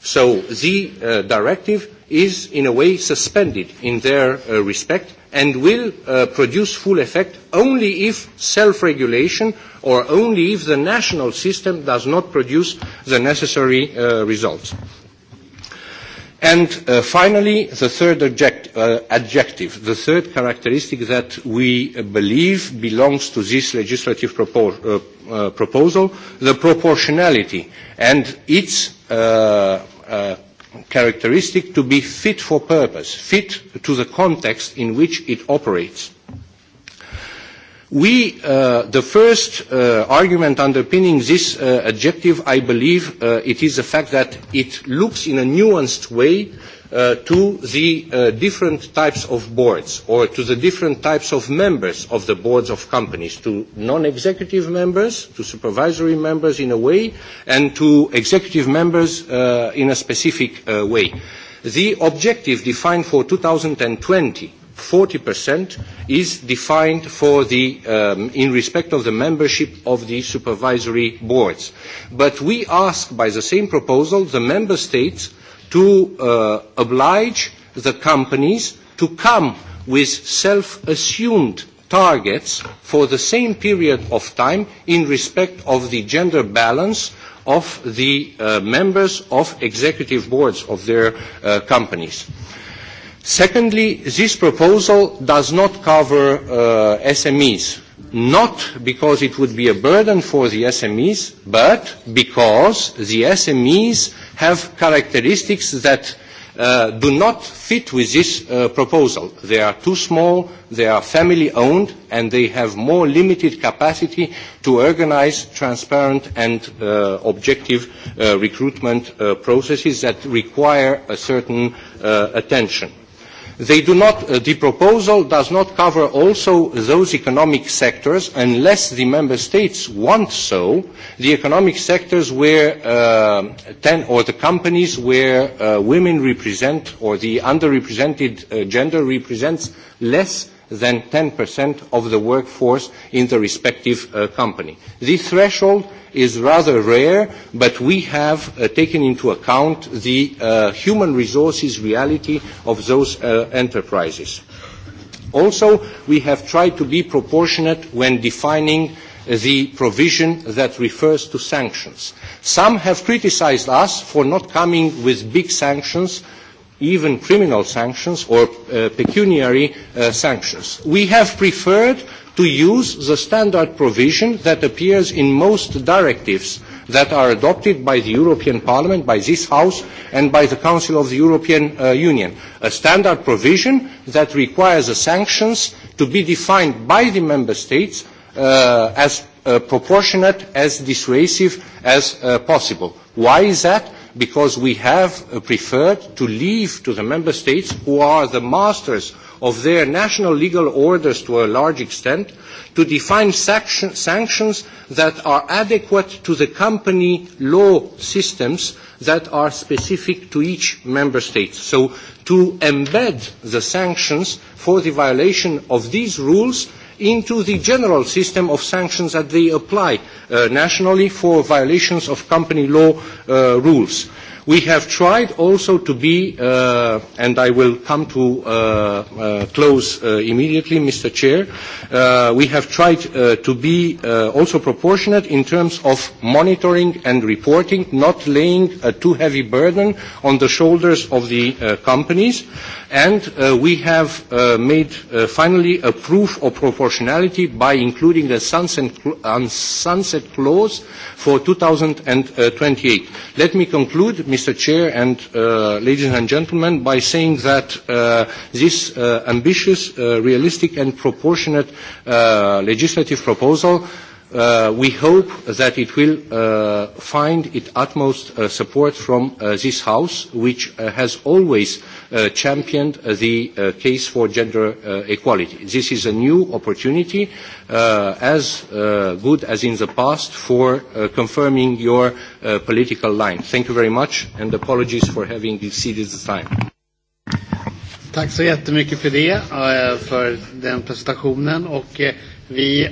So the uh, directive is in a way suspended in their uh, respect and will uh, produce full effect only if self-regulation or only if the national system does not produce the necessary uh, results. And uh, finally, the third object, uh, adjective, the third characteristic that we believe belongs to this legislative propo- uh, uh, proposal, the proportionality and its uh, uh, characteristic to be fit for purpose, fit to the context in which it operates. We, uh, the first uh, argument underpinning this uh, adjective, I believe, uh, it is the fact that it looks in a nuanced way to the different types of boards or to the different types of members of the boards of companies, to non-executive members, to supervisory members in a way, and to executive members in a specific way. The objective defined for 2020 40% is defined for the, um, in respect of the membership of the supervisory boards. But we ask by the same proposal the member states to uh, oblige the companies to come with self-assumed targets for the same period of time in respect of the gender balance of the uh, members of executive boards of their uh, companies. Secondly, this proposal does not cover uh, SMEs, not because it would be a burden for the SMEs, but because the SMEs have characteristics that uh, do not fit with this uh, proposal. They are too small, they are family owned, and they have more limited capacity to organize transparent and uh, objective uh, recruitment uh, processes that require a certain uh, attention the proposal does not cover also those economic sectors, unless the member states want so, the economic sectors where or the companies where women represent or the underrepresented gender represents less than 10% of the workforce in the respective uh, company. This threshold is rather rare, but we have uh, taken into account the uh, human resources reality of those uh, enterprises. Also, we have tried to be proportionate when defining the provision that refers to sanctions. Some have criticized us for not coming with big sanctions even criminal sanctions or uh, pecuniary uh, sanctions. We have preferred to use the standard provision that appears in most directives that are adopted by the European Parliament, by this House, and by the Council of the European uh, Union. A standard provision that requires the sanctions to be defined by the Member States uh, as uh, proportionate, as dissuasive as uh, possible. Why is that? because we have preferred to leave to the member states who are the masters of their national legal orders to a large extent to define sanctions that are adequate to the company law systems that are specific to each member state. So to embed the sanctions for the violation of these rules into the general system of sanctions that they apply nationally for violations of company law rules We have tried also to be, uh, and I will come to uh, uh, close uh, immediately, Mr. Chair, uh, we have tried uh, to be uh, also proportionate in terms of monitoring and reporting, not laying a too heavy burden on the shoulders of the uh, companies. And uh, we have uh, made uh, finally a proof of proportionality by including a sunset, sunset clause for 2028. Let me conclude Mr. Chair and uh, ladies and gentlemen, by saying that uh, this uh, ambitious, uh, realistic and proportionate uh, legislative proposal uh, uh, we hope that it will uh, find its utmost uh, support from uh, this House, which uh, has always uh, championed the uh, case for gender uh, equality. This is a new opportunity, uh, as uh, good as in the past, for uh, confirming your uh, political line. Thank you very much, and apologies for having exceeded the time. Tack så jättemycket för det, för den presentationen. Och, Vi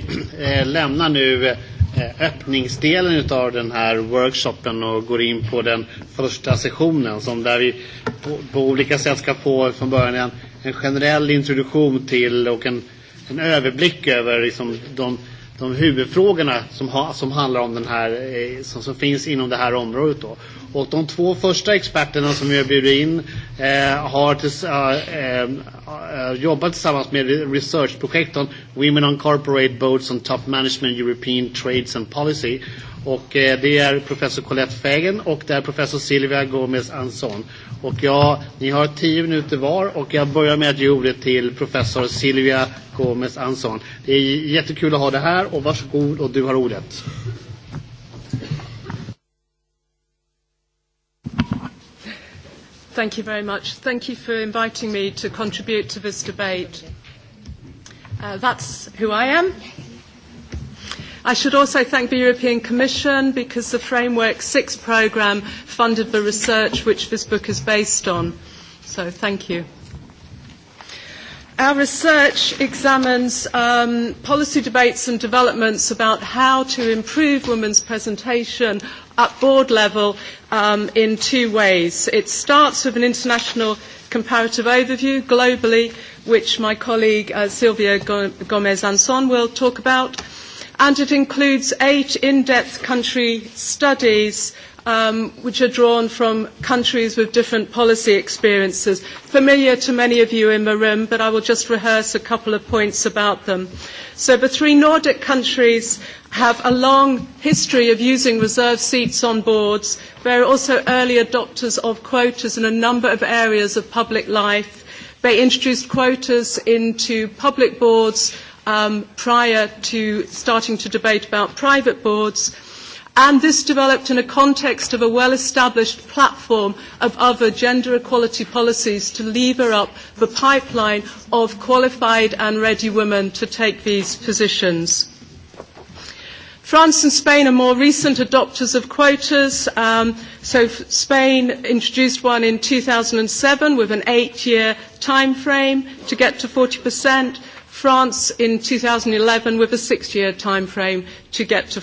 lämnar nu öppningsdelen av den här workshopen och går in på den första sessionen som där vi på, på olika sätt ska få från början en, en generell introduktion till och en, en överblick över liksom de, de huvudfrågorna som, ha, som handlar om den här, som, som finns inom det här området. Då. Och de två första experterna som jag bjuder in eh, har tills, eh, eh, jobbat tillsammans med researchprojekt om Women on Corporate Boats on Top Management European Trades and Policy. Och eh, det är professor Colette Fägen och det är professor Silvia Gomez Anson. Och jag, ni har tio minuter var och jag börjar med att ge ordet till professor Silvia Gomez Anson. Det är jättekul att ha det här och varsågod och du har ordet. Thank you very much. Thank you for inviting me to contribute to this debate. Uh, that's who I am. I should also thank the European Commission because the Framework 6 programme funded the research which this book is based on. So thank you. Our research examines um, policy debates and developments about how to improve women's presentation at board level um, in two ways. It starts with an international comparative overview globally, which my colleague uh, Silvia Gomez Anson will talk about, and it includes eight in-depth country studies um, which are drawn from countries with different policy experiences, familiar to many of you in the room, but I will just rehearse a couple of points about them. So the three Nordic countries have a long history of using reserve seats on boards. They are also early adopters of quotas in a number of areas of public life. They introduced quotas into public boards prior to starting to debate about private boards And this developed in a context of a well-established platform of other gender equality policies to lever up the pipeline of qualified and ready women to take these positions. France and Spain are more recent adopters of quotas. Um, so Spain introduced one in 2007 with an eight-year time frame to get to 40%. France in 2011 with a six-year time frame to get to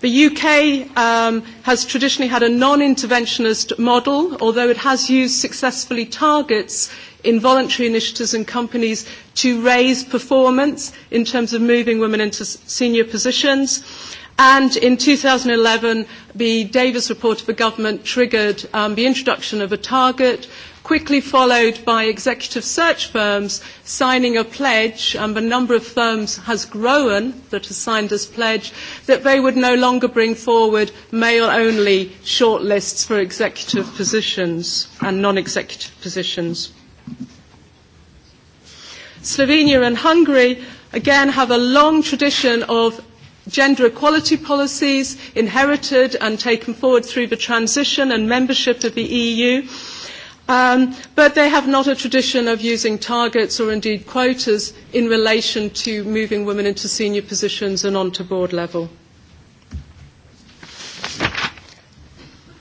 The UK um, has traditionally had a non-interventionist model, although it has used successfully targets in voluntary initiatives and companies to raise performance in terms of moving women into senior positions. And in 2011, the Davis report of the government triggered um, the introduction of a target quickly followed by executive search firms signing a pledge, and the number of firms has grown that have signed this pledge, that they would no longer bring forward male-only shortlists for executive positions and non-executive positions. Slovenia and Hungary, again, have a long tradition of gender equality policies inherited and taken forward through the transition and membership of the EU Um, but they have not a tradition of using targets or indeed quotas in relation to moving women into senior positions and onto board level.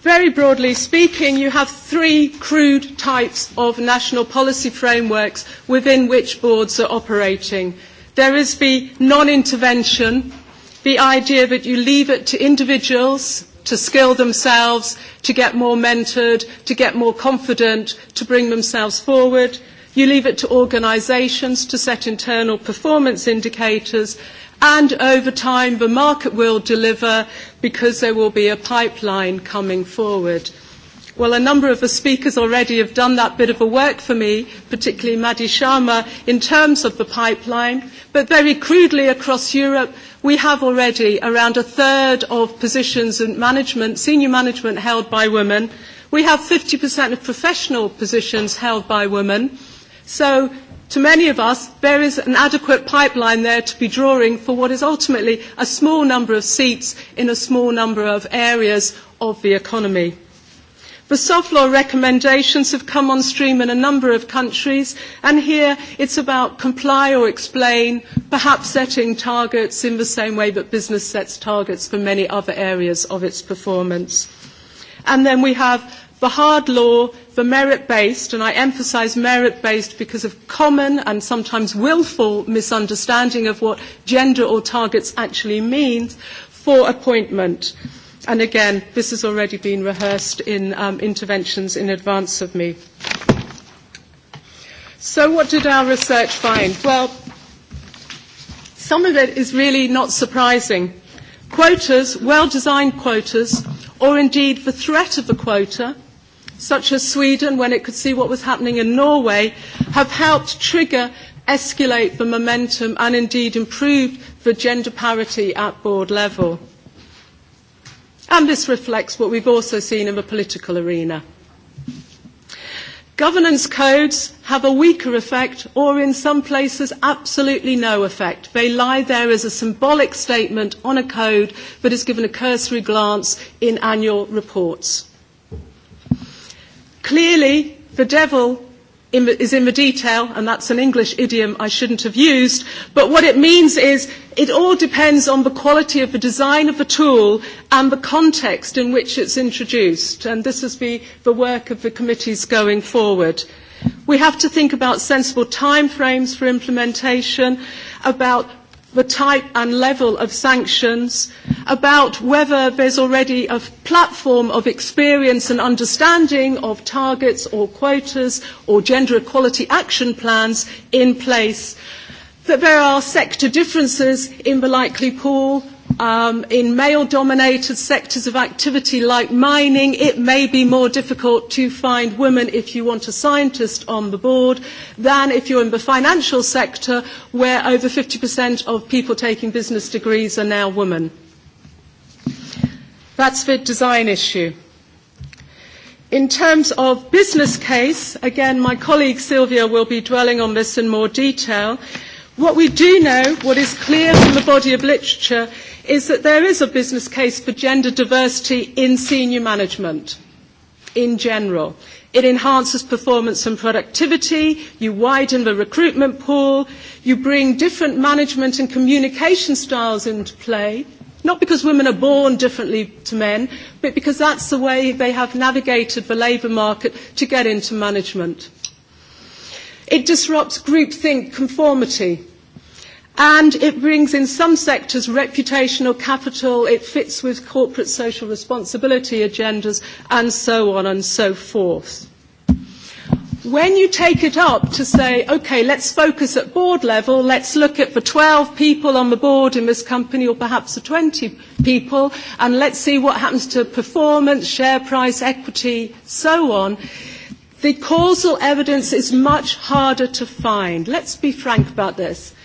Very broadly speaking, you have three crude types of national policy frameworks within which boards are operating. There is the non-intervention, the idea that you leave it to individuals to skill themselves, to get more mentored, to get more confident, to bring themselves forward. You leave it to organisations to set internal performance indicators, and over time the market will deliver because there will be a pipeline coming forward. Well, a number of the speakers already have done that bit of a work for me, particularly Madi Sharma, in terms of the pipeline. But very crudely across Europe, We have already around a third of positions in management, senior management held by women. We have 50% of professional positions held by women. So to many of us, there is an adequate pipeline there to be drawing for what is ultimately a small number of seats in a small number of areas of the economy. The soft law recommendations have come on stream in a number of countries, and here it's about comply or explain, perhaps setting targets in the same way that business sets targets for many other areas of its performance. And then we have the hard law, the merit-based, and I emphasise merit-based because of common and sometimes willful misunderstanding of what gender or targets actually means for appointment. And again, this has already been rehearsed in um, interventions in advance of me. So what did our research find? Well, some of it is really not surprising. Quotas, well-designed quotas, or indeed the threat of a quota, such as Sweden when it could see what was happening in Norway, have helped trigger, escalate the momentum and indeed improve the gender parity at board level. And this reflects what we've also seen in the political arena. Governance codes have a weaker effect or in some places absolutely no effect. They lie there as a symbolic statement on a code but is given a cursory glance in annual reports. Clearly, the devil is in the detail, and that's an English idiom I shouldn't have used, but what it means is it all depends on the quality of the design of the tool and the context in which it's introduced, and this is the, the work of the committees going forward. We have to think about sensible timeframes for implementation, about the type and level of sanctions, about whether there's already a platform of experience and understanding of targets or quotas or gender equality action plans in place, that there are sector differences in the likely pool, um, in male-dominated sectors of activity like mining, it may be more difficult to find women if you want a scientist on the board than if you're in the financial sector where over 50% of people taking business degrees are now women. That's the design issue. In terms of business case, again, my colleague Sylvia will be dwelling on this in more detail. What we do know, what is clear from the body of literature, is that there is a business case for gender diversity in senior management in general. It enhances performance and productivity, you widen the recruitment pool, you bring different management and communication styles into play, Not because women are born differently to men, but because that's the way they have navigated the labour market to get into management. It disrupts groupthink conformity. And it brings in some sectors reputational capital, it fits with corporate social responsibility agendas, and so on and so forth. When you take it up to say, okay, let's focus at board level, let's look at the 12 people on the board in this company or perhaps the 20 people, and let's see what happens to performance, share price, equity, so on, the causal evidence is much harder to find. Let's be frank about this.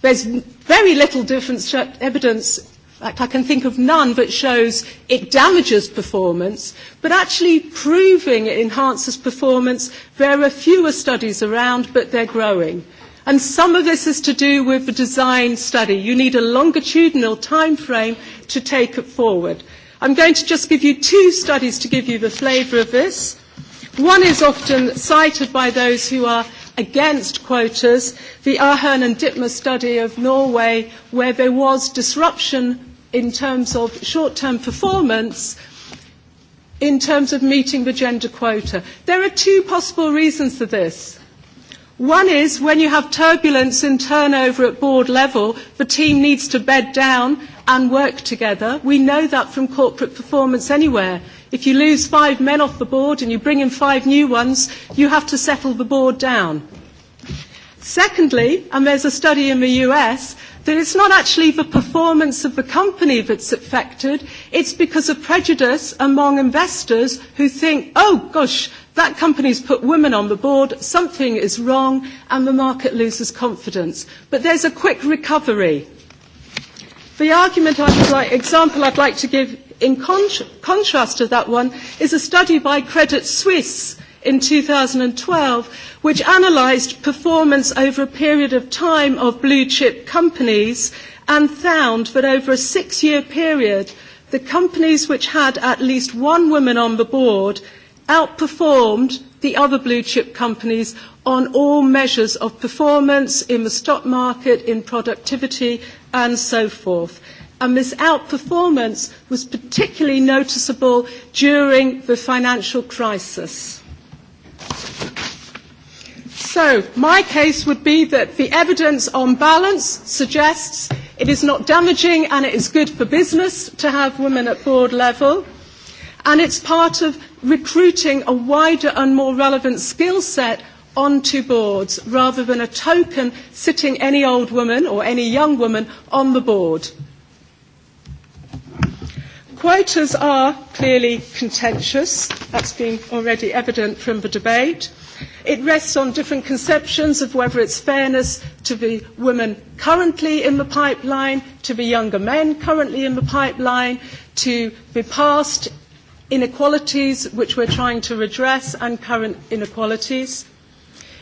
There's very little difference, evidence fact, I can think of none that shows it damages performance, but actually proving it enhances performance, there are fewer studies around, but they're growing. And some of this is to do with the design study. You need a longitudinal time frame to take it forward. I'm going to just give you two studies to give you the flavour of this. One is often cited by those who are against quotas, the Ahern and Dittmer study of Norway, where there was disruption in terms of short-term performance in terms of meeting the gender quota. There are two possible reasons for this. One is when you have turbulence in turnover at board level, the team needs to bed down and work together. We know that from corporate performance anywhere. If you lose five men off the board and you bring in five new ones, you have to settle the board down. Secondly, and there's a study in the US, that it's not actually the performance of the company that's affected, it's because of prejudice among investors who think, oh gosh, that company's put women on the board, something is wrong, and the market loses confidence. But there's a quick recovery. The argument I would like, example I'd like to give in con- contrast to that one is a study by Credit Suisse in 2012, which analysed performance over a period of time of blue chip companies and found that over a six year period, the companies which had at least one woman on the board outperformed the other blue chip companies on all measures of performance in the stock market, in productivity, and so forth. And this outperformance was particularly noticeable during the financial crisis. So my case would be that the evidence on balance suggests it is not damaging and it is good for business to have women at board level. And it's part of recruiting a wider and more relevant skill set onto boards rather than a token sitting any old woman or any young woman on the board. Quotas are clearly contentious. That's been already evident from the debate. It rests on different conceptions of whether it's fairness to the women currently in the pipeline, to the younger men currently in the pipeline, to the past inequalities which we're trying to redress and current inequalities.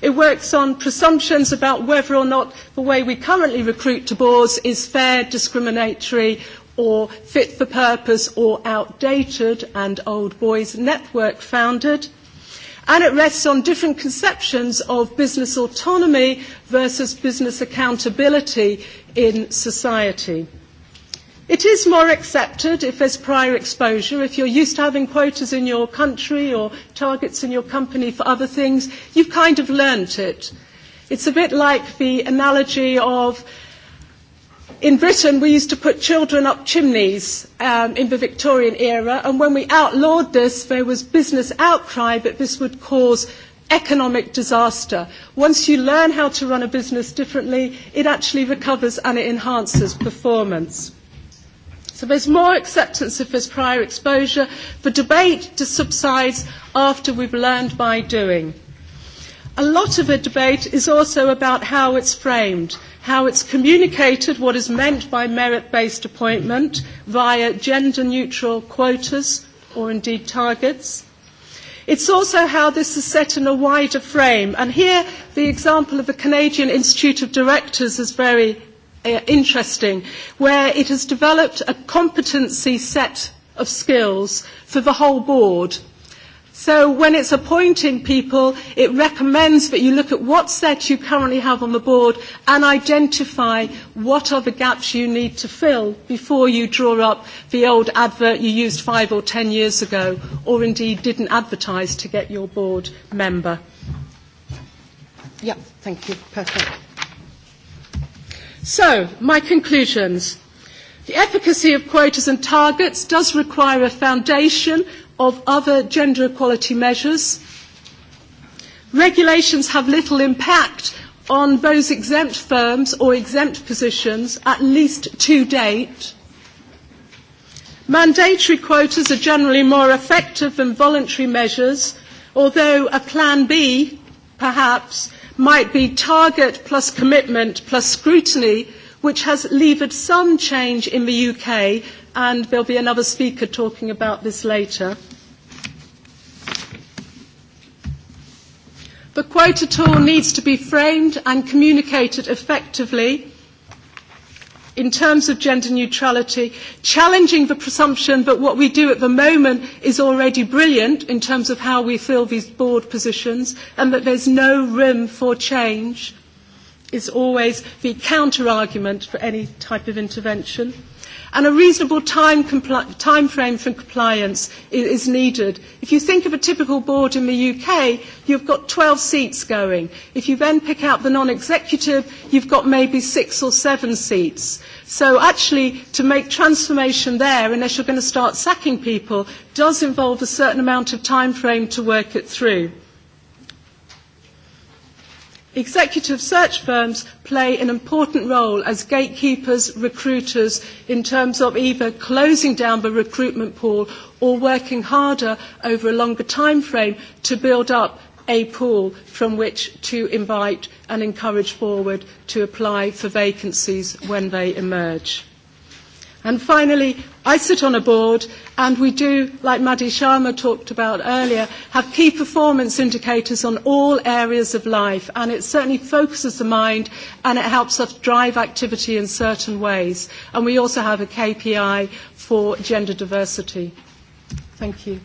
It works on presumptions about whether or not the way we currently recruit to boards is fair, discriminatory, or fit for purpose or outdated and old boys network founded. And it rests on different conceptions of business autonomy versus business accountability in society. It is more accepted if there's prior exposure. If you're used to having quotas in your country or targets in your company for other things, you've kind of learnt it. It's a bit like the analogy of in Britain, we used to put children up chimneys um, in the Victorian era, and when we outlawed this, there was business outcry that this would cause economic disaster. Once you learn how to run a business differently, it actually recovers and it enhances performance. So there's more acceptance of this prior exposure. The debate subsides after we've learned by doing. A lot of the debate is also about how it's framed, how it's communicated what is meant by merit-based appointment via gender-neutral quotas or indeed targets. It's also how this is set in a wider frame. And here, the example of the Canadian Institute of Directors is very uh, interesting, where it has developed a competency set of skills for the whole board So when it's appointing people, it recommends that you look at what sets you currently have on the board and identify what are the gaps you need to fill before you draw up the old advert you used five or ten years ago, or indeed didn't advertise to get your board member. Yeah, thank you. Perfect. So, my conclusions. The efficacy of quotas and targets does require a foundation of other gender equality measures. Regulations have little impact on those exempt firms or exempt positions, at least to date. Mandatory quotas are generally more effective than voluntary measures, although a plan B, perhaps, might be target plus commitment plus scrutiny, which has levered some change in the UK and there'll be another speaker talking about this later. The quota tool needs to be framed and communicated effectively in terms of gender neutrality, challenging the presumption that what we do at the moment is already brilliant in terms of how we fill these board positions and that there's no room for change is always the counter-argument for any type of intervention. And a reasonable time, time frame for compliance is, is needed. If you think of a typical board in the UK, you've got 12 seats going. If you then pick out the non-executive, you've got maybe six or seven seats. So actually, to make transformation there, unless you're going to start sacking people, does involve a certain amount of time frame to work it through. Executive search firms play an important role as gatekeepers, recruiters, in terms of either closing down the recruitment pool or working harder over a longer time frame to build up a pool from which to invite and encourage forward to apply for vacancies when they emerge. And finally, I sit on a board and we do, like Madhi Sharma talked about earlier, have key performance indicators on all areas of life and it certainly focuses the mind and it helps us drive activity in certain ways. And we also have a KPI for gender diversity. Thank you.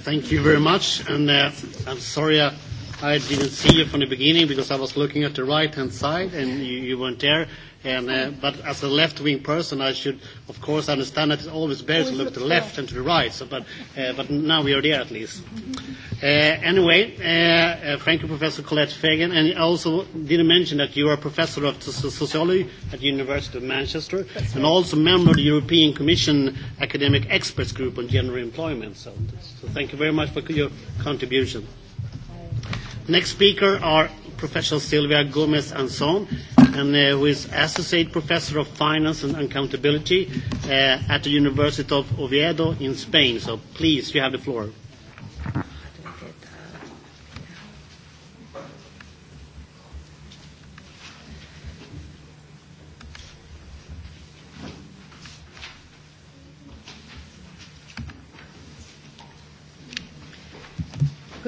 Thank you very much. And uh, I'm sorry I, I didn't see you from the beginning because I was looking at the right-hand side and you, you weren't there. And, uh, but as a left-wing person, I should, of course, understand that it's always better to look to the left and to the right. So, but, uh, but now we are there at least. Uh, anyway, uh, uh, thank you, Professor Colette Fagan. And I also didn't mention that you are a professor of sociology at the University of Manchester That's and right. also member of the European Commission Academic Experts Group on Gender Employment. So, so thank you very much for your contribution. Next speaker are Professor Silvia Gomez Anson, and uh, who is Associate Professor of Finance and Accountability uh, at the University of Oviedo in Spain. So please, you have the floor.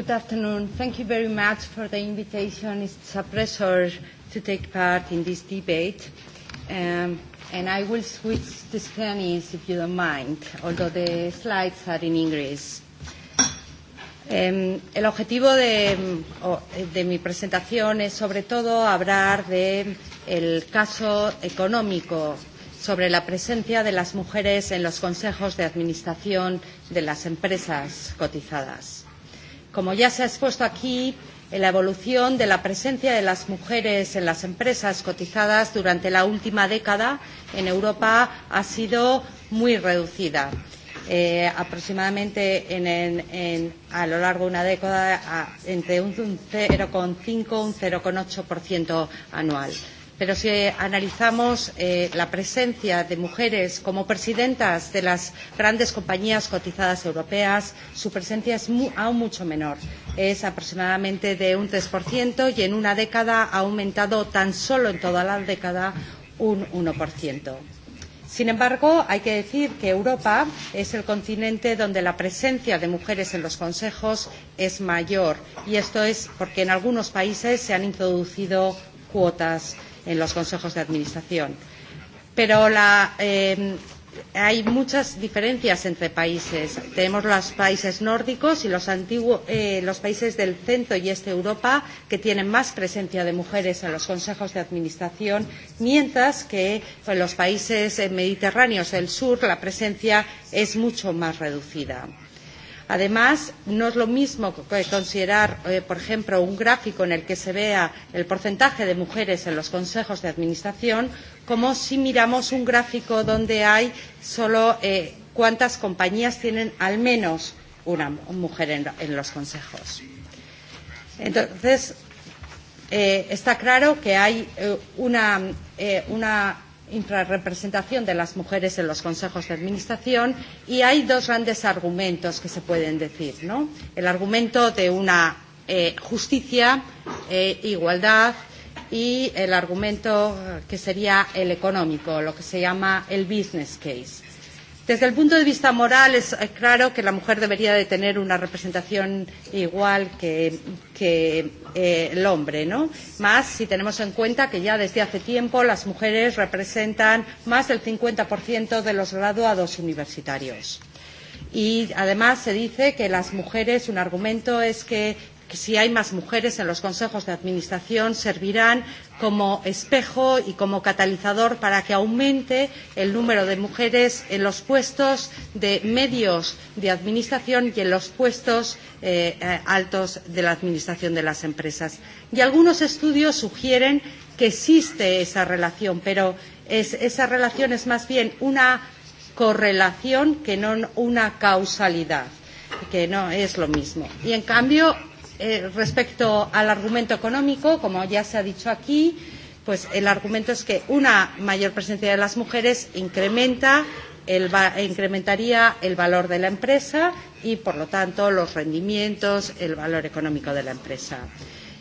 good afternoon. Thank you very much for the invitation. It's a pleasure to take part in this debate. Um, and I will switch to Spanish if you don't mind, although the slides are in English. El objetivo de, de mi presentación es sobre todo hablar del el caso económico sobre la presencia de las mujeres en los consejos de administración de las empresas cotizadas. Como ya se ha expuesto aquí, la evolución de la presencia de las mujeres en las empresas cotizadas durante la última década en Europa ha sido muy reducida. Eh, aproximadamente en, en, en, a lo largo de una década a, entre un 0,5 y un 0,8% anual. Eh, Pero si analizamos eh, la presencia de mujeres como presidentas de las grandes compañías cotizadas europeas, su presencia es mu aún mucho menor. Es aproximadamente de un 3% y en una década ha aumentado tan solo en toda la década un 1%. Sin embargo, hay que decir que Europa es el continente donde la presencia de mujeres en los consejos es mayor, y esto es porque en algunos países se han introducido cuotas en los consejos de administración. Pero la, eh, hay muchas diferencias entre países. Tenemos los países nórdicos y los, antiguo, eh, los países del centro y este Europa que tienen más presencia de mujeres en los consejos de administración, mientras que en los países mediterráneos del sur la presencia es mucho más reducida. Además, no es lo mismo considerar, eh, por ejemplo, un gráfico en el que se vea el porcentaje de mujeres en los consejos de administración como si miramos un gráfico donde hay solo eh, cuántas compañías tienen al menos una mujer en, en los consejos. Entonces, eh, está claro que hay eh, una, eh, una infrarrepresentación de las mujeres en los consejos de administración y hay dos grandes argumentos que se pueden decir. ¿no? El argumento de una eh, justicia, eh, igualdad y el argumento que sería el económico, lo que se llama el business case. Desde el punto de vista moral es claro que la mujer debería de tener una representación igual que, que eh, el hombre, ¿no? Más si tenemos en cuenta que ya desde hace tiempo las mujeres representan más del 50% de los graduados universitarios. Y además se dice que las mujeres, un argumento es que que si hay más mujeres en los consejos de administración servirán como espejo y como catalizador para que aumente el número de mujeres en los puestos de medios de administración y en los puestos eh, altos de la administración de las empresas. Y algunos estudios sugieren que existe esa relación, pero es, esa relación es más bien una correlación que no una causalidad que no es lo mismo. Y en cambio, eh, respecto al argumento económico, como ya se ha dicho aquí, pues el argumento es que una mayor presencia de las mujeres incrementa el, incrementaría el valor de la empresa y, por lo tanto, los rendimientos, el valor económico de la empresa.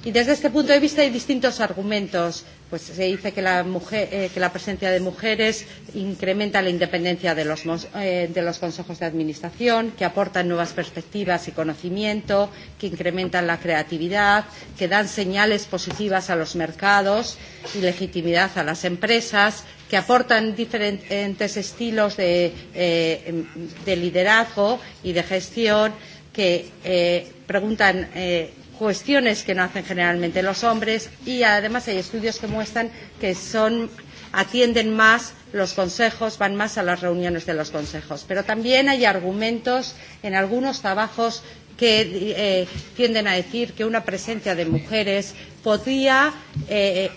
Y desde este punto de vista hay distintos argumentos. Pues se dice que la, mujer, eh, que la presencia de mujeres incrementa la independencia de los, eh, de los consejos de administración, que aportan nuevas perspectivas y conocimiento, que incrementan la creatividad, que dan señales positivas a los mercados y legitimidad a las empresas, que aportan diferentes estilos de, eh, de liderazgo y de gestión, que eh, preguntan. Eh, cuestiones que no hacen generalmente los hombres y además hay estudios que muestran que son atienden más los consejos, van más a las reuniones de los consejos. Pero también hay argumentos en algunos trabajos que eh, tienden a decir que una presencia de mujeres podría eh,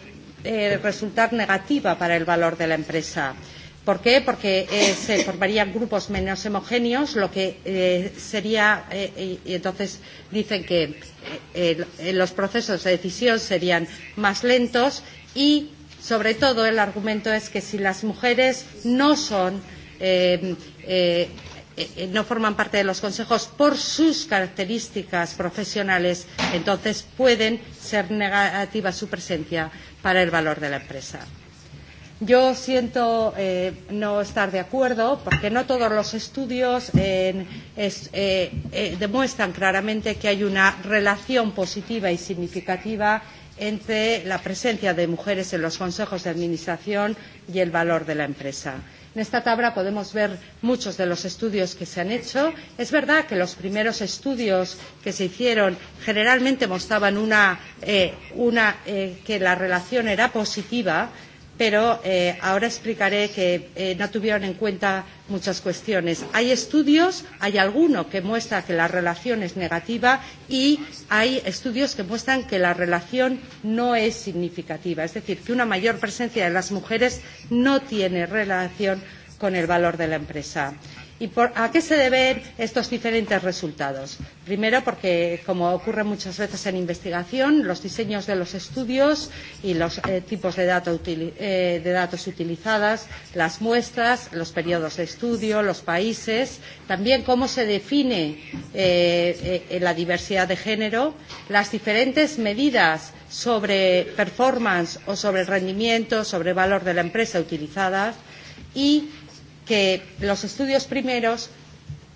eh, resultar negativa para el valor de la empresa. Eh, ¿Por qué? Porque eh, se formarían grupos menos homogéneos, lo que eh, sería, eh, y entonces dicen que eh, los procesos de decisión serían más lentos y, sobre todo, el argumento es que si las mujeres no son, eh, eh, no forman parte de los consejos por sus características profesionales, entonces pueden ser negativa su presencia para el valor de la empresa. Yo siento eh, no estar de acuerdo porque no todos los estudios eh, es, eh, eh, demuestran claramente que hay una relación positiva y significativa entre la presencia de mujeres en los consejos de administración y el valor de la empresa. En esta tabla podemos ver muchos de los estudios que se han hecho. Es verdad que los primeros estudios que se hicieron generalmente mostraban una, eh, una, eh, que la relación era positiva, pero eh, ahora explicaré que eh, no tuvieron en cuenta muchas cuestiones. Hay estudios, hay alguno que muestra que la relación es negativa y hay estudios que muestran que la relación no es significativa, es decir, que una mayor presencia de las mujeres no tiene relación con el valor de la empresa. ¿Y por, a qué se deben estos diferentes resultados? Primero, porque, como ocurre muchas veces en investigación, los diseños de los estudios y los eh, tipos de, dato util, eh, de datos utilizadas, las muestras, los periodos de estudio, los países, también cómo se define eh, eh, la diversidad de género, las diferentes medidas sobre performance o sobre rendimiento, sobre valor de la empresa utilizadas y que los estudios primeros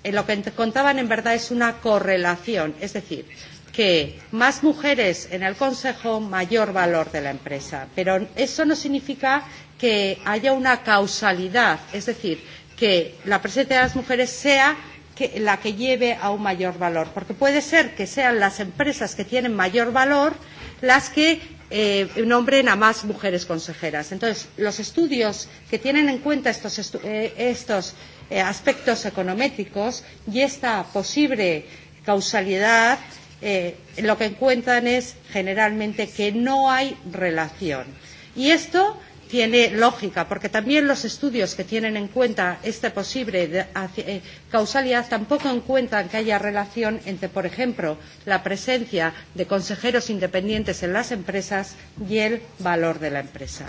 eh, lo que contaban en verdad es una correlación, es decir, que más mujeres en el Consejo, mayor valor de la empresa. Pero eso no significa que haya una causalidad, es decir, que la presencia de las mujeres sea que, la que lleve a un mayor valor, porque puede ser que sean las empresas que tienen mayor valor las que eh, nombren a más mujeres consejeras. Entonces, los estudios que tienen en cuenta estos, estu eh, estos eh, aspectos econométricos y esta posible causalidad, eh, lo que encuentran es generalmente que no hay relación. Y esto tiene lógica, porque también los estudios que tienen en cuenta esta posible causalidad tampoco encuentran que haya relación entre, por ejemplo, la presencia de consejeros independientes en las empresas y el valor de la empresa.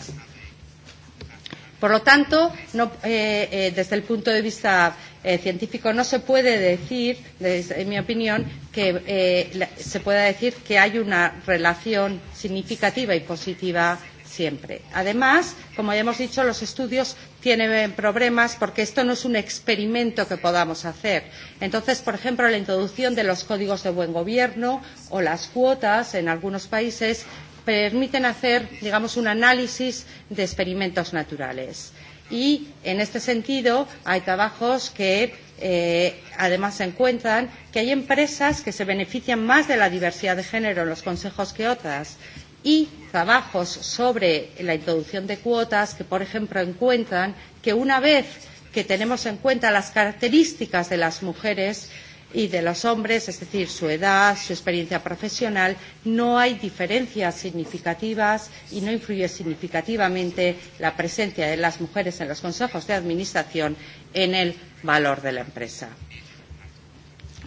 Por lo tanto, no, eh, eh, desde el punto de vista eh, científico no se puede decir, desde, en mi opinión, que eh, se pueda decir que hay una relación significativa y positiva siempre. Además, como ya hemos dicho, los estudios tienen problemas porque esto no es un experimento que podamos hacer. Entonces, por ejemplo, la introducción de los códigos de buen gobierno o las cuotas en algunos países permiten hacer, digamos, un análisis de experimentos naturales. Y en este sentido hay trabajos que eh, además se encuentran que hay empresas que se benefician más de la diversidad de género en los consejos que otras y trabajos sobre la introducción de cuotas que, por ejemplo, encuentran que una vez que tenemos en cuenta las características de las mujeres y de los hombres, es decir, su edad, su experiencia profesional, no hay diferencias significativas y no influye significativamente la presencia de las mujeres en los consejos de administración en el valor de la empresa.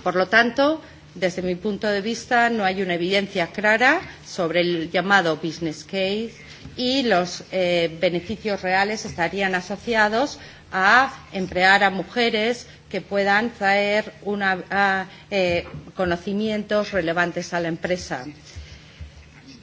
Por lo tanto, Desde mi punto de vista, no hay una evidencia clara sobre el llamado business case y los eh, beneficios reales estarían asociados a emplear a mujeres que puedan traer una, a, eh, conocimientos relevantes a la empresa.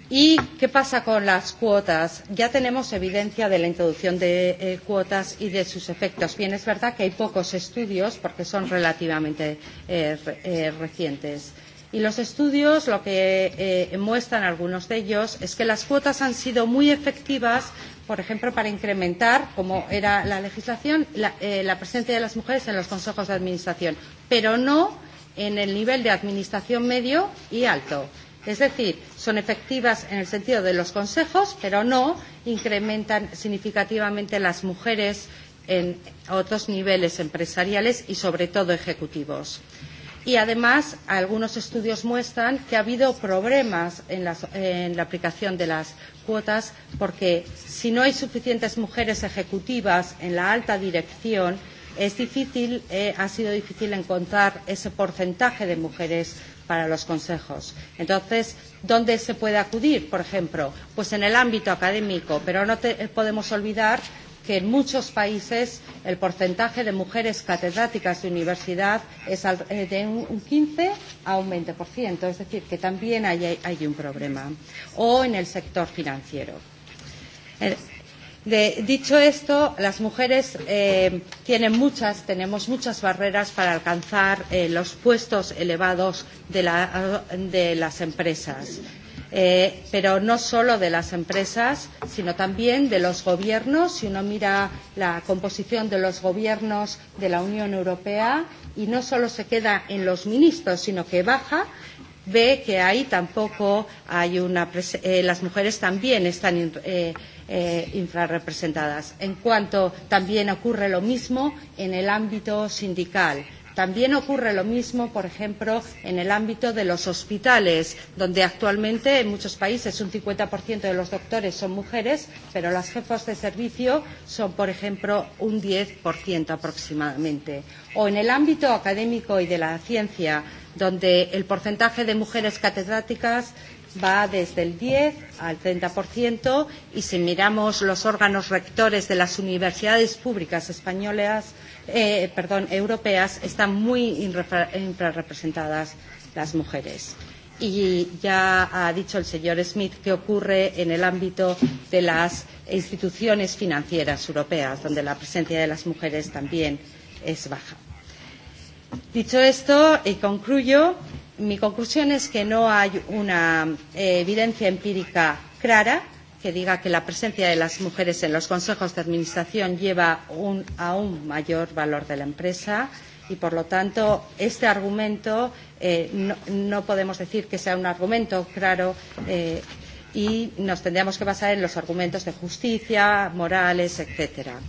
¿Y qué pasa con las cuotas? Ya tenemos evidencia de la introducción de eh, cuotas y de sus efectos. Bien, es verdad que hay pocos estudios porque son relativamente eh, eh, recientes. Y los estudios lo que eh, muestran algunos de ellos es que las cuotas han sido muy efectivas, por ejemplo, para incrementar, como era la legislación, la, eh, la presencia de las mujeres en los consejos de administración, pero no en el nivel de administración medio y alto. Es decir, son efectivas en el sentido de los consejos, pero no incrementan significativamente las mujeres en otros niveles empresariales y sobre todo ejecutivos. Y además, algunos estudios muestran que ha habido problemas en, las, en la aplicación de las cuotas porque si no hay suficientes mujeres ejecutivas en la alta dirección, es difícil, eh, ha sido difícil encontrar ese porcentaje de mujeres para los consejos. Entonces, ¿dónde se puede acudir, por ejemplo? Pues en el ámbito académico, pero no te, podemos olvidar que en muchos países el porcentaje de mujeres catedráticas de universidad es de un 15 a un 20%, es decir, que también hay, hay un problema. O en el sector financiero. De, dicho esto, las mujeres eh, tienen muchas, tenemos muchas barreras para alcanzar eh, los puestos elevados de, la, de las empresas. Eh, pero no solo de las empresas, sino también de los gobiernos. Si uno mira la composición de los gobiernos de la Unión Europea, y no solo se queda en los ministros, sino que baja ve que ahí tampoco hay una eh, las mujeres también están eh, eh, infrarrepresentadas. En cuanto también ocurre lo mismo en el ámbito sindical. También ocurre lo mismo, por ejemplo, en el ámbito de los hospitales, donde actualmente en muchos países un 50% de los doctores son mujeres, pero las jefas de servicio son, por ejemplo, un 10% aproximadamente. O en el ámbito académico y de la ciencia, donde el porcentaje de mujeres catedráticas va desde el 10 al 30% y si miramos los órganos rectores de las universidades públicas españolas, eh, perdón, europeas, están muy infrarrepresentadas las mujeres. Y ya ha dicho el señor Smith que ocurre en el ámbito de las instituciones financieras europeas, donde la presencia de las mujeres también es baja. Dicho esto, y concluyo, mi conclusión es que no hay una eh, evidencia empírica clara que diga que la presencia de las mujeres en los consejos de administración lleva un, a un mayor valor de la empresa y, por lo tanto, este argumento eh, no, no podemos decir que sea un argumento claro eh, y nos tendríamos que basar en los argumentos de justicia, morales, etcétera.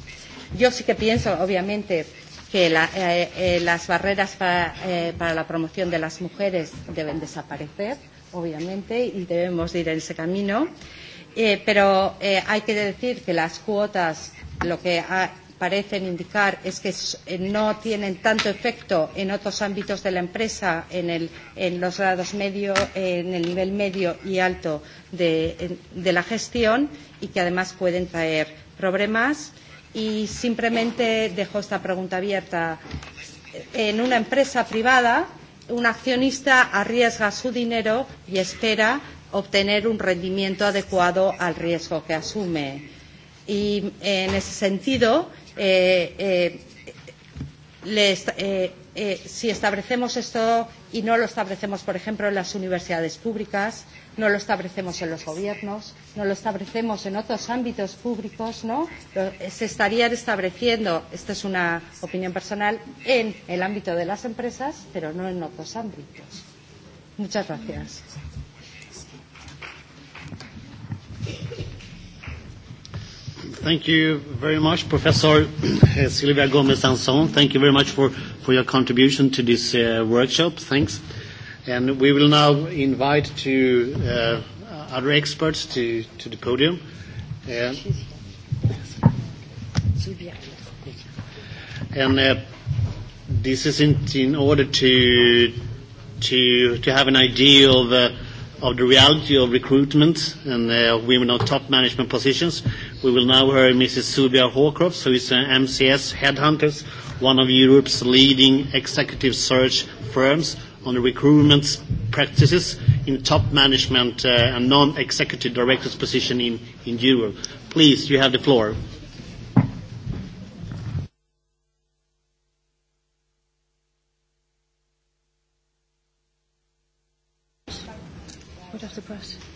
Yo sí que pienso, obviamente, que la, eh, eh, las barreras para, eh, para la promoción de las mujeres deben desaparecer, obviamente, y debemos ir en ese camino. Eh, pero eh, hay que decir que las cuotas lo que ha, parecen indicar es que no tienen tanto efecto en otros ámbitos de la empresa, en, el, en los grados medio, en el nivel medio y alto de, de la gestión y que además pueden traer problemas y simplemente dejo esta pregunta abierta. En una empresa privada, un accionista arriesga su dinero y espera obtener un rendimiento adecuado al riesgo que asume. Y en ese sentido, eh, eh, le, eh, eh, si establecemos esto y no lo establecemos, por ejemplo, en las universidades públicas, no lo establecemos en los gobiernos, no lo establecemos en otros ámbitos públicos, ¿no? Se estarían estableciendo, esta es una opinión personal, en el ámbito de las empresas, pero no en otros ámbitos. Muchas gracias. Thank you very much, Professor Silvia Gomez-Sanson. Thank you very much for, for your contribution to this uh, workshop. Thanks. And we will now invite to uh, other experts to, to the podium. Uh, and uh, this isn't in order to to to have an idea of uh, of the reality of recruitment and uh, women on top management positions. We will now hear Mrs. Sylvia Horcroft, who is an MCS Headhunters, one of Europe's leading executive search firms on the recruitment practices in top management uh, and non-executive directors position in, in Europe. Please, you have the floor.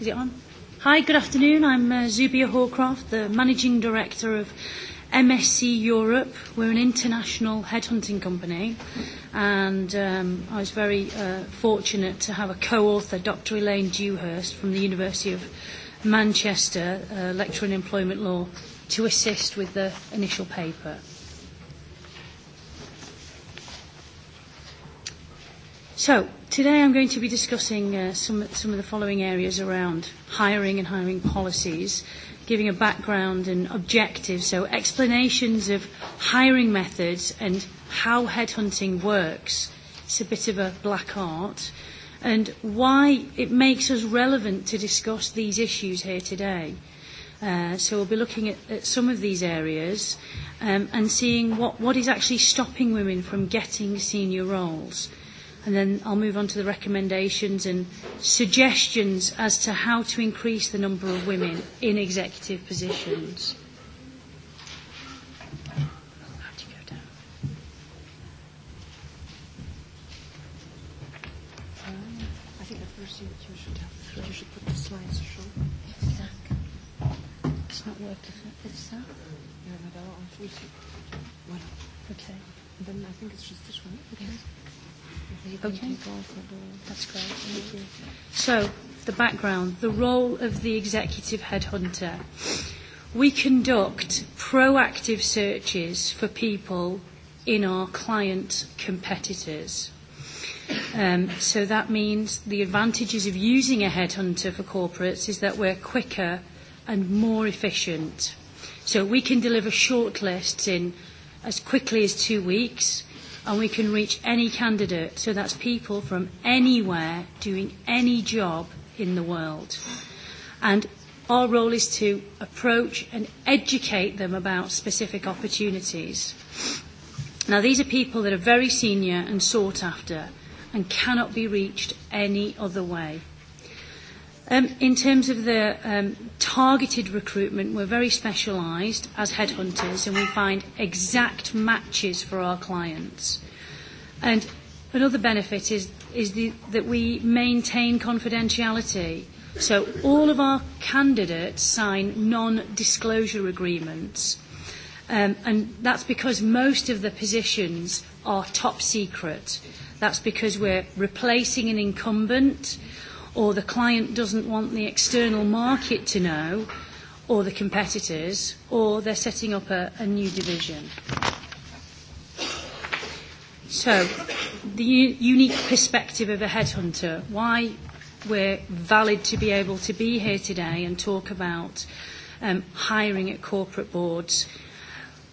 Is it on? Hi, good afternoon. I'm uh, Zubia Horcroft, the Managing Director of MSC Europe, we're an international headhunting company, and um, I was very uh, fortunate to have a co-author, Dr. Elaine Dewhurst from the University of Manchester, uh, lecturer in employment law, to assist with the initial paper. So, today I'm going to be discussing uh, some, some of the following areas around hiring and hiring policies, giving a background and objectives, so explanations of hiring methods and how headhunting works. It's a bit of a black art. And why it makes us relevant to discuss these issues here today. Uh, so we'll be looking at, at some of these areas um, and seeing what, what is actually stopping women from getting senior roles and then I'll move on to the recommendations and suggestions as to how to increase the number of women in executive positions. Okay. Then I think it's just this one. Okay. So, the background, the role of the executive headhunter. We conduct proactive searches for people in our client competitors. Um, so that means the advantages of using a headhunter for corporates is that we're quicker and more efficient. So we can deliver shortlists in as quickly as two weeks and we can reach any candidate. So that's people from anywhere doing any job in the world. And our role is to approach and educate them about specific opportunities. Now, these are people that are very senior and sought after and cannot be reached any other way. Um, in terms of the um, targeted recruitment, we're very specialised as headhunters and we find exact matches for our clients. And another benefit is, is the, that we maintain confidentiality. So all of our candidates sign non-disclosure agreements. Um, and that's because most of the positions are top secret. That's because we're replacing an incumbent or the client doesn't want the external market to know, or the competitors, or they're setting up a, a new division. So, the u- unique perspective of a headhunter, why we're valid to be able to be here today and talk about um, hiring at corporate boards.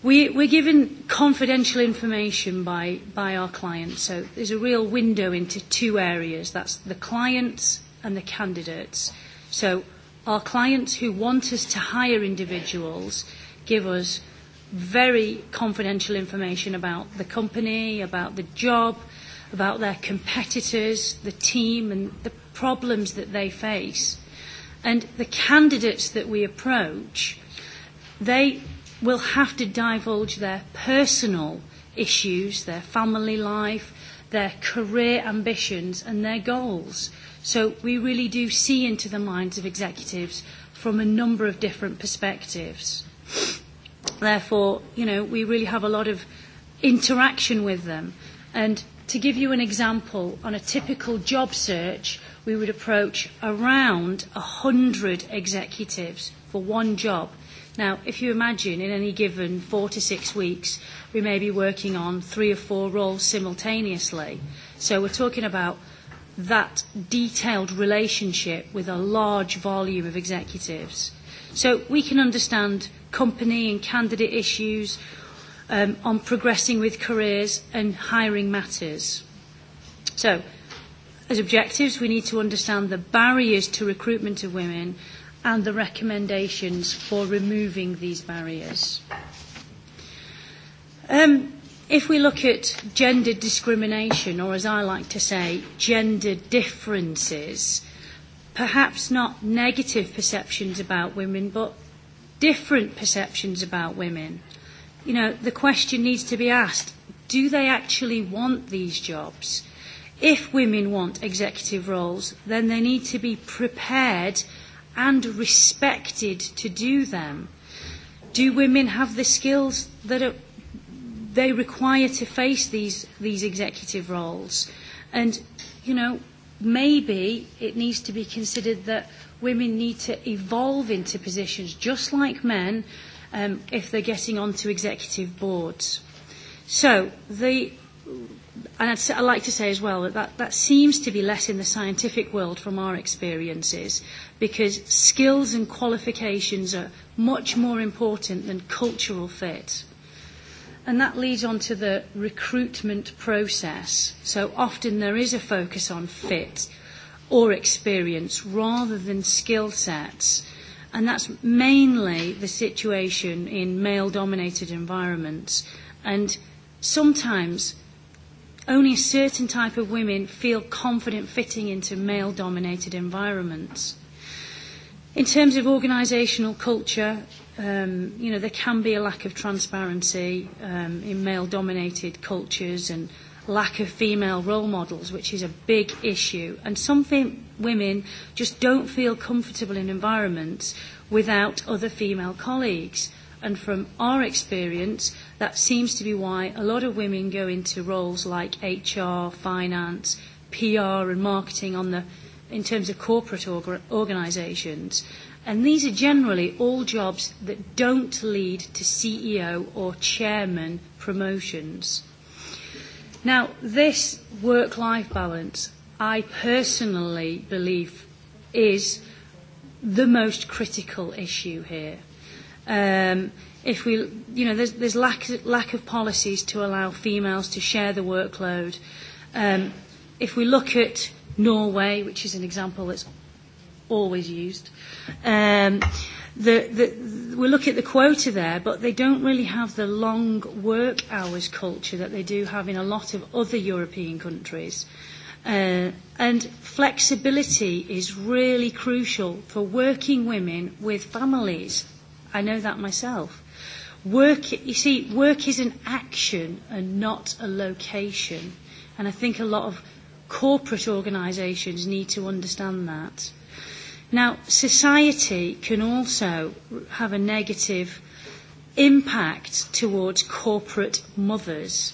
We, we're given confidential information by, by our clients, so there's a real window into two areas. That's the clients and the candidates. So our clients who want us to hire individuals give us very confidential information about the company, about the job, about their competitors, the team, and the problems that they face. And the candidates that we approach, they will have to divulge their personal issues, their family life, their career ambitions, and their goals. So we really do see into the minds of executives from a number of different perspectives. Therefore, you know, we really have a lot of interaction with them. And to give you an example, on a typical job search, we would approach around 100 executives for one job. Now, if you imagine in any given four to six weeks, we may be working on three or four roles simultaneously. So we're talking about that detailed relationship with a large volume of executives. So we can understand company and candidate issues um, on progressing with careers and hiring matters. So, as objectives, we need to understand the barriers to recruitment of women and the recommendations for removing these barriers. Um, If we look at gender discrimination, or as I like to say, gender differences, perhaps not negative perceptions about women, but different perceptions about women, you know, the question needs to be asked do they actually want these jobs? If women want executive roles, then they need to be prepared and respected to do them. Do women have the skills that are they require to face these, these executive roles. And, you know, maybe it needs to be considered that women need to evolve into positions just like men um, if they're getting onto executive boards. So the and I'd, I'd like to say as well that, that that seems to be less in the scientific world from our experiences because skills and qualifications are much more important than cultural fit. And that leads on to the recruitment process. So often there is a focus on fit or experience rather than skill sets. And that's mainly the situation in male dominated environments. And sometimes only a certain type of women feel confident fitting into male dominated environments. In terms of organisational culture, um, you know, there can be a lack of transparency um, in male-dominated cultures and lack of female role models, which is a big issue. And some women just don't feel comfortable in environments without other female colleagues. And from our experience, that seems to be why a lot of women go into roles like HR, finance, PR, and marketing on the, in terms of corporate org- organisations And these are generally all jobs that don't lead to CEO or chairman promotions. Now, this work life balance, I personally believe, is the most critical issue here. Um, if we, you know, there's, there's lack, lack of policies to allow females to share the workload. Um, if we look at Norway, which is an example that's always used. Um, the, the, we look at the quota there, but they don't really have the long work hours culture that they do have in a lot of other European countries. Uh, and flexibility is really crucial for working women with families. I know that myself. Work, you see, work is an action and not a location. And I think a lot of corporate organisations need to understand that. Now, society can also have a negative impact towards corporate mothers.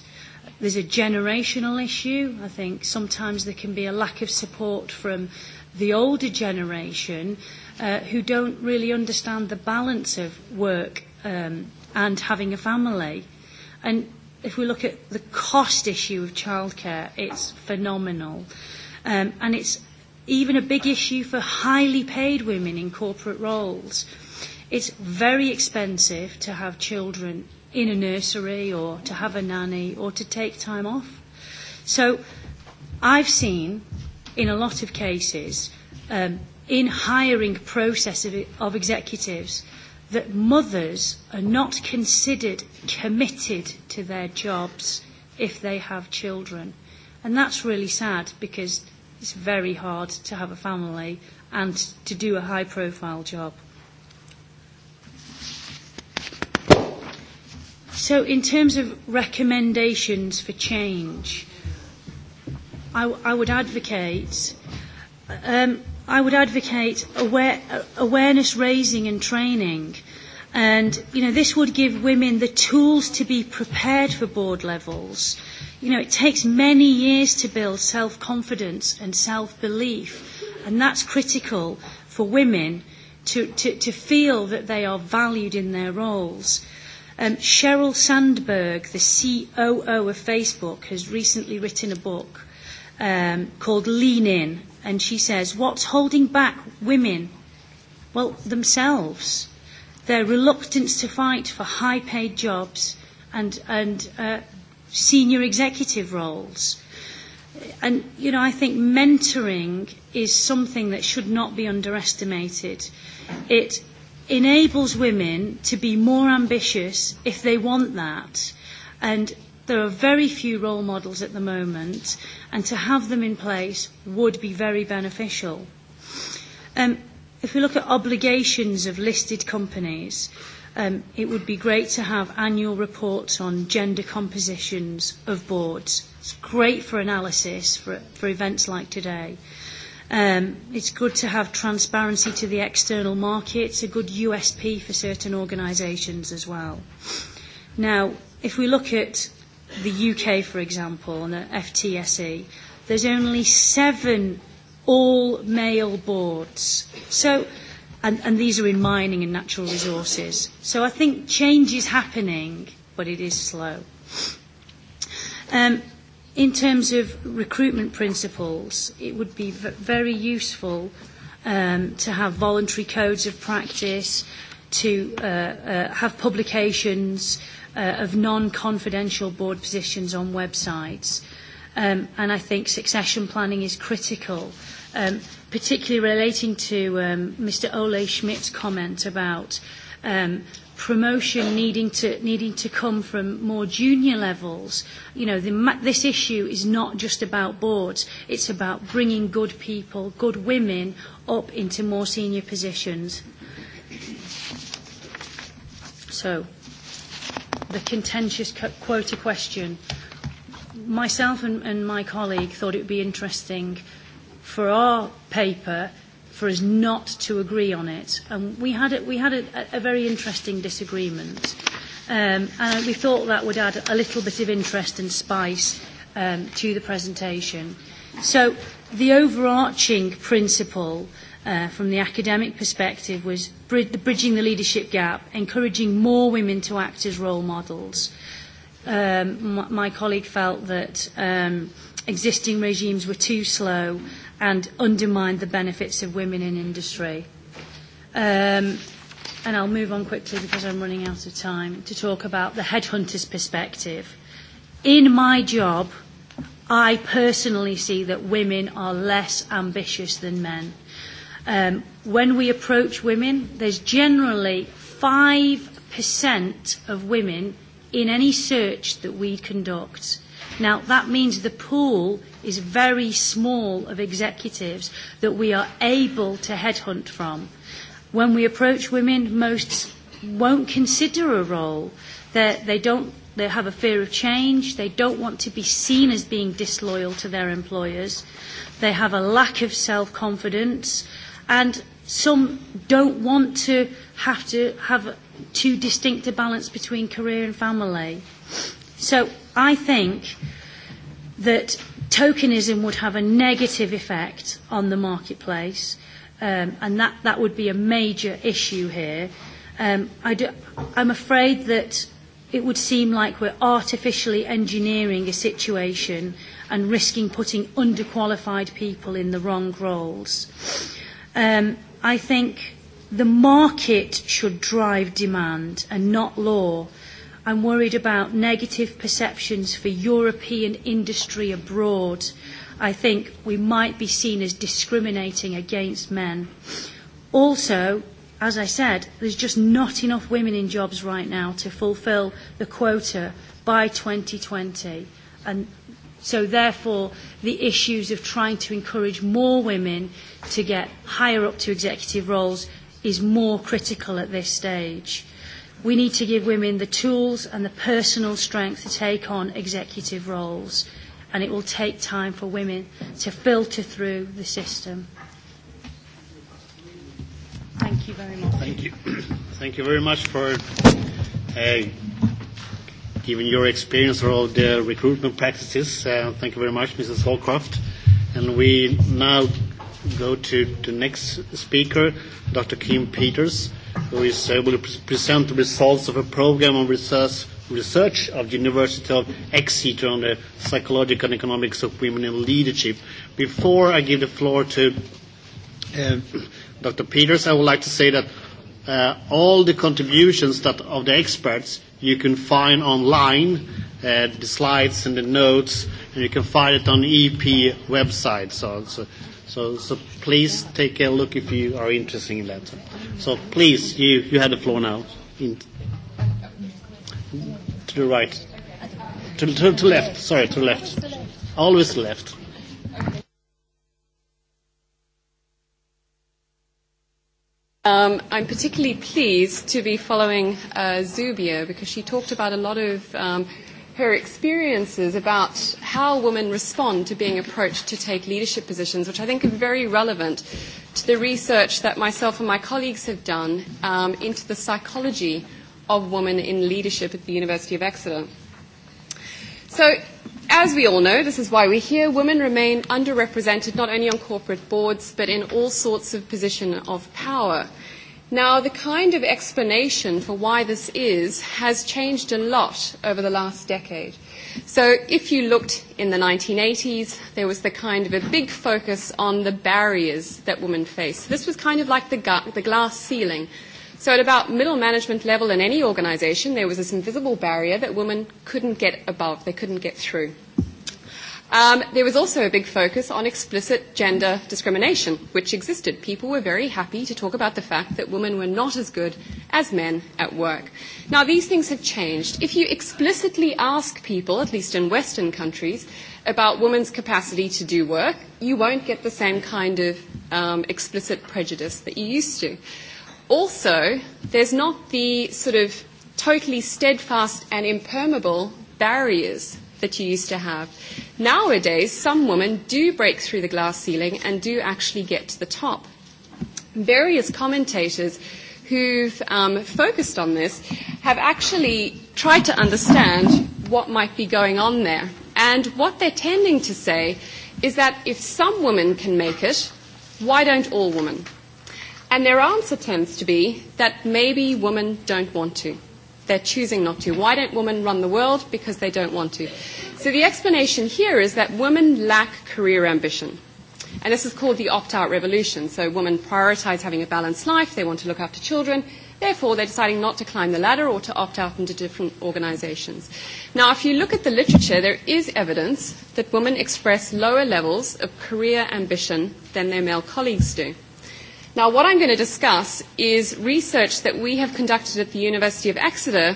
There's a generational issue. I think sometimes there can be a lack of support from the older generation uh, who don't really understand the balance of work um, and having a family. And if we look at the cost issue of childcare, it's phenomenal. Um, and it's even a big issue for highly paid women in corporate roles. It's very expensive to have children in a nursery or to have a nanny or to take time off. So I've seen in a lot of cases um, in hiring process of, of executives that mothers are not considered committed to their jobs if they have children. And that's really sad because It's very hard to have a family and to do a high profile job. So, in terms of recommendations for change, I, I would advocate. Um, I would advocate aware, awareness raising and training. And, you know, this would give women the tools to be prepared for board levels you know, it takes many years to build self-confidence and self-belief, and that's critical for women to, to, to feel that they are valued in their roles. Um, Cheryl Sandberg, the COO of Facebook, has recently written a book um, called Lean In, and she says, What's holding back women? Well, themselves. Their reluctance to fight for high paid jobs and, and uh, senior executive roles. And, you know, I think mentoring is something that should not be underestimated. It enables women to be more ambitious if they want that. And there are very few role models at the moment, and to have them in place would be very beneficial. Um, if we look at obligations of listed companies, um, it would be great to have annual reports on gender compositions of boards. It's great for analysis for, for events like today. Um, it's good to have transparency to the external market. It's a good USP for certain organisations as well. Now, if we look at the UK, for example, and the FTSE, there's only seven all-male boards. So and, and these are in mining and natural resources. So I think change is happening, but it is slow. Um, in terms of recruitment principles, it would be v- very useful um, to have voluntary codes of practice, to uh, uh, have publications uh, of non-confidential board positions on websites. Um, and I think succession planning is critical. Um, particularly relating to um, Mr. Ole Schmidt's comment about um, promotion needing to needing to come from more junior levels. You know, the, this issue is not just about boards; it's about bringing good people, good women, up into more senior positions. So, the contentious quota question. Myself and, and my colleague thought it would be interesting for our paper for us not to agree on it. And we had a, we had a, a very interesting disagreement. Um, and we thought that would add a little bit of interest and spice um, to the presentation. So the overarching principle uh, from the academic perspective was brid- the bridging the leadership gap, encouraging more women to act as role models. Um, my, my colleague felt that um, existing regimes were too slow and undermined the benefits of women in industry. Um, and I'll move on quickly because I'm running out of time to talk about the headhunter's perspective. In my job, I personally see that women are less ambitious than men. Um, when we approach women, there's generally 5% of women in any search that we conduct. Now, that means the pool is very small of executives that we are able to headhunt from. When we approach women, most won't consider a role. They're, they don't They have a fear of change. They don't want to be seen as being disloyal to their employers. They have a lack of self confidence. And some don't want to have to have too distinct a balance between career and family. So I think that tokenism would have a negative effect on the marketplace, um, and that, that would be a major issue here. Um, I do, I'm afraid that it would seem like we're artificially engineering a situation and risking putting underqualified people in the wrong roles. Um, I think the market should drive demand and not law. I'm worried about negative perceptions for European industry abroad. I think we might be seen as discriminating against men. Also, as I said, there's just not enough women in jobs right now to fulfil the quota by 2020. And so, therefore, the issues of trying to encourage more women to get higher up to executive roles is more critical at this stage. We need to give women the tools and the personal strength to take on executive roles, and it will take time for women to filter through the system. Thank you very much. Thank you. Thank you very much for uh, giving your experience of the recruitment practices. Uh, thank you very much, Mrs. Holcroft. And we now go to the next speaker, Dr. Kim Peters who is able to present the results of a program on research, research of the University of Exeter on the psychological and economics of women in leadership. Before I give the floor to uh, Dr. Peters, I would like to say that uh, all the contributions that of the experts you can find online, uh, the slides and the notes, and you can find it on EP website. So, so, so, so please take a look if you are interested in that. So please, you, you have the floor now. In, to the right. To, to, to left, sorry, to left. Always left. Um, I'm particularly pleased to be following uh, Zubia because she talked about a lot of um, her experiences about how women respond to being approached to take leadership positions, which I think are very relevant to the research that myself and my colleagues have done um, into the psychology of women in leadership at the University of Exeter. So, as we all know, this is why we're here, women remain underrepresented not only on corporate boards, but in all sorts of positions of power. Now, the kind of explanation for why this is has changed a lot over the last decade. So, if you looked in the 1980s, there was the kind of a big focus on the barriers that women face. This was kind of like the, gu- the glass ceiling. So, at about middle management level in any organization, there was this invisible barrier that women couldn't get above, they couldn't get through. Um, there was also a big focus on explicit gender discrimination, which existed. People were very happy to talk about the fact that women were not as good as men at work. Now, these things have changed. If you explicitly ask people, at least in Western countries, about women's capacity to do work, you won't get the same kind of um, explicit prejudice that you used to. Also, there's not the sort of totally steadfast and impermeable barriers that you used to have. Nowadays, some women do break through the glass ceiling and do actually get to the top. Various commentators who've um, focused on this have actually tried to understand what might be going on there. And what they're tending to say is that if some women can make it, why don't all women? And their answer tends to be that maybe women don't want to. They're choosing not to. Why don't women run the world? Because they don't want to. So the explanation here is that women lack career ambition. And this is called the opt out revolution. So women prioritize having a balanced life, they want to look after children, therefore they're deciding not to climb the ladder or to opt out into different organizations. Now, if you look at the literature, there is evidence that women express lower levels of career ambition than their male colleagues do. Now, what I'm going to discuss is research that we have conducted at the University of Exeter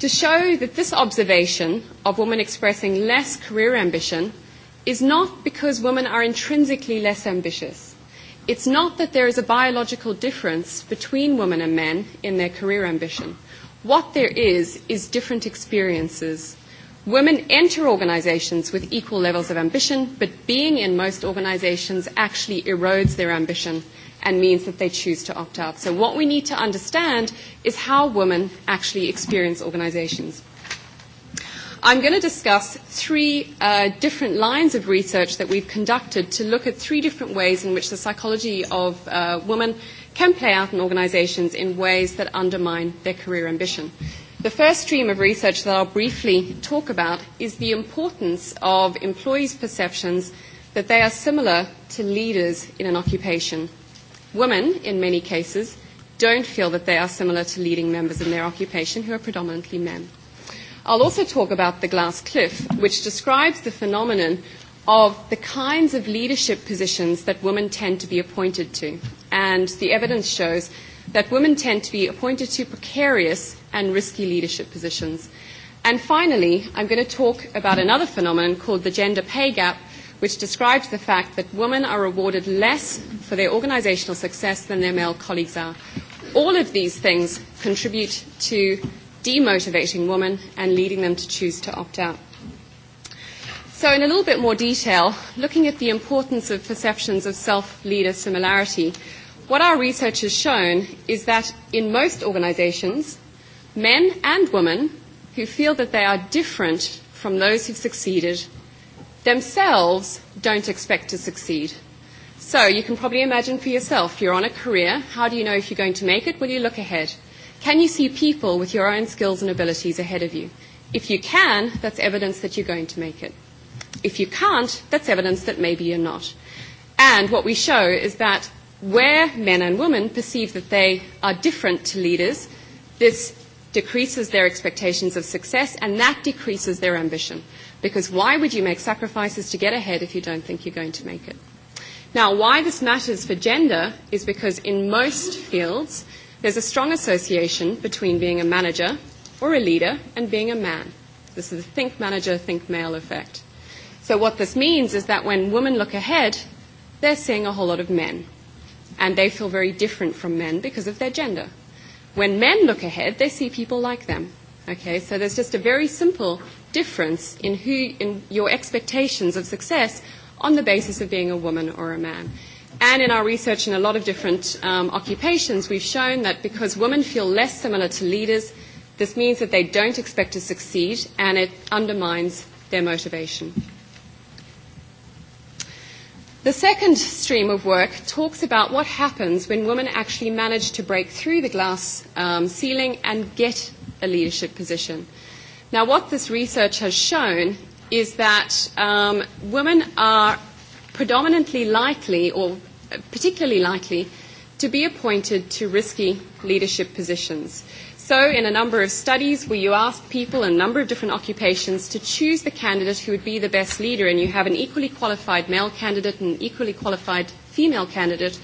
to show that this observation of women expressing less career ambition is not because women are intrinsically less ambitious. It's not that there is a biological difference between women and men in their career ambition. What there is, is different experiences. Women enter organizations with equal levels of ambition, but being in most organizations actually erodes their ambition and means that they choose to opt out. So what we need to understand is how women actually experience organizations. I'm going to discuss three uh, different lines of research that we've conducted to look at three different ways in which the psychology of uh, women can play out in organizations in ways that undermine their career ambition. The first stream of research that I'll briefly talk about is the importance of employees' perceptions that they are similar to leaders in an occupation. Women, in many cases, don't feel that they are similar to leading members in their occupation who are predominantly men. I'll also talk about the glass cliff, which describes the phenomenon of the kinds of leadership positions that women tend to be appointed to. And the evidence shows that women tend to be appointed to precarious and risky leadership positions. And finally, I'm going to talk about another phenomenon called the gender pay gap, which describes the fact that women are rewarded less for their organisational success than their male colleagues are. All of these things contribute to demotivating women and leading them to choose to opt out. So, in a little bit more detail, looking at the importance of perceptions of self leader similarity, what our research has shown is that in most organisations, men and women who feel that they are different from those who've succeeded themselves don't expect to succeed. So you can probably imagine for yourself, you're on a career. How do you know if you're going to make it? Well, you look ahead. Can you see people with your own skills and abilities ahead of you? If you can, that's evidence that you're going to make it. If you can't, that's evidence that maybe you're not. And what we show is that where men and women perceive that they are different to leaders, this decreases their expectations of success and that decreases their ambition. Because why would you make sacrifices to get ahead if you don't think you're going to make it? Now, why this matters for gender is because in most fields, there's a strong association between being a manager or a leader and being a man. This is the think manager, think male effect. So, what this means is that when women look ahead, they're seeing a whole lot of men. And they feel very different from men because of their gender. When men look ahead, they see people like them. Okay, so there's just a very simple difference in, who, in your expectations of success on the basis of being a woman or a man. And in our research in a lot of different um, occupations, we've shown that because women feel less similar to leaders, this means that they don't expect to succeed and it undermines their motivation. The second stream of work talks about what happens when women actually manage to break through the glass um, ceiling and get a leadership position. Now, what this research has shown is that um, women are predominantly likely, or particularly likely, to be appointed to risky leadership positions. So, in a number of studies where you ask people in a number of different occupations to choose the candidate who would be the best leader, and you have an equally qualified male candidate and an equally qualified female candidate,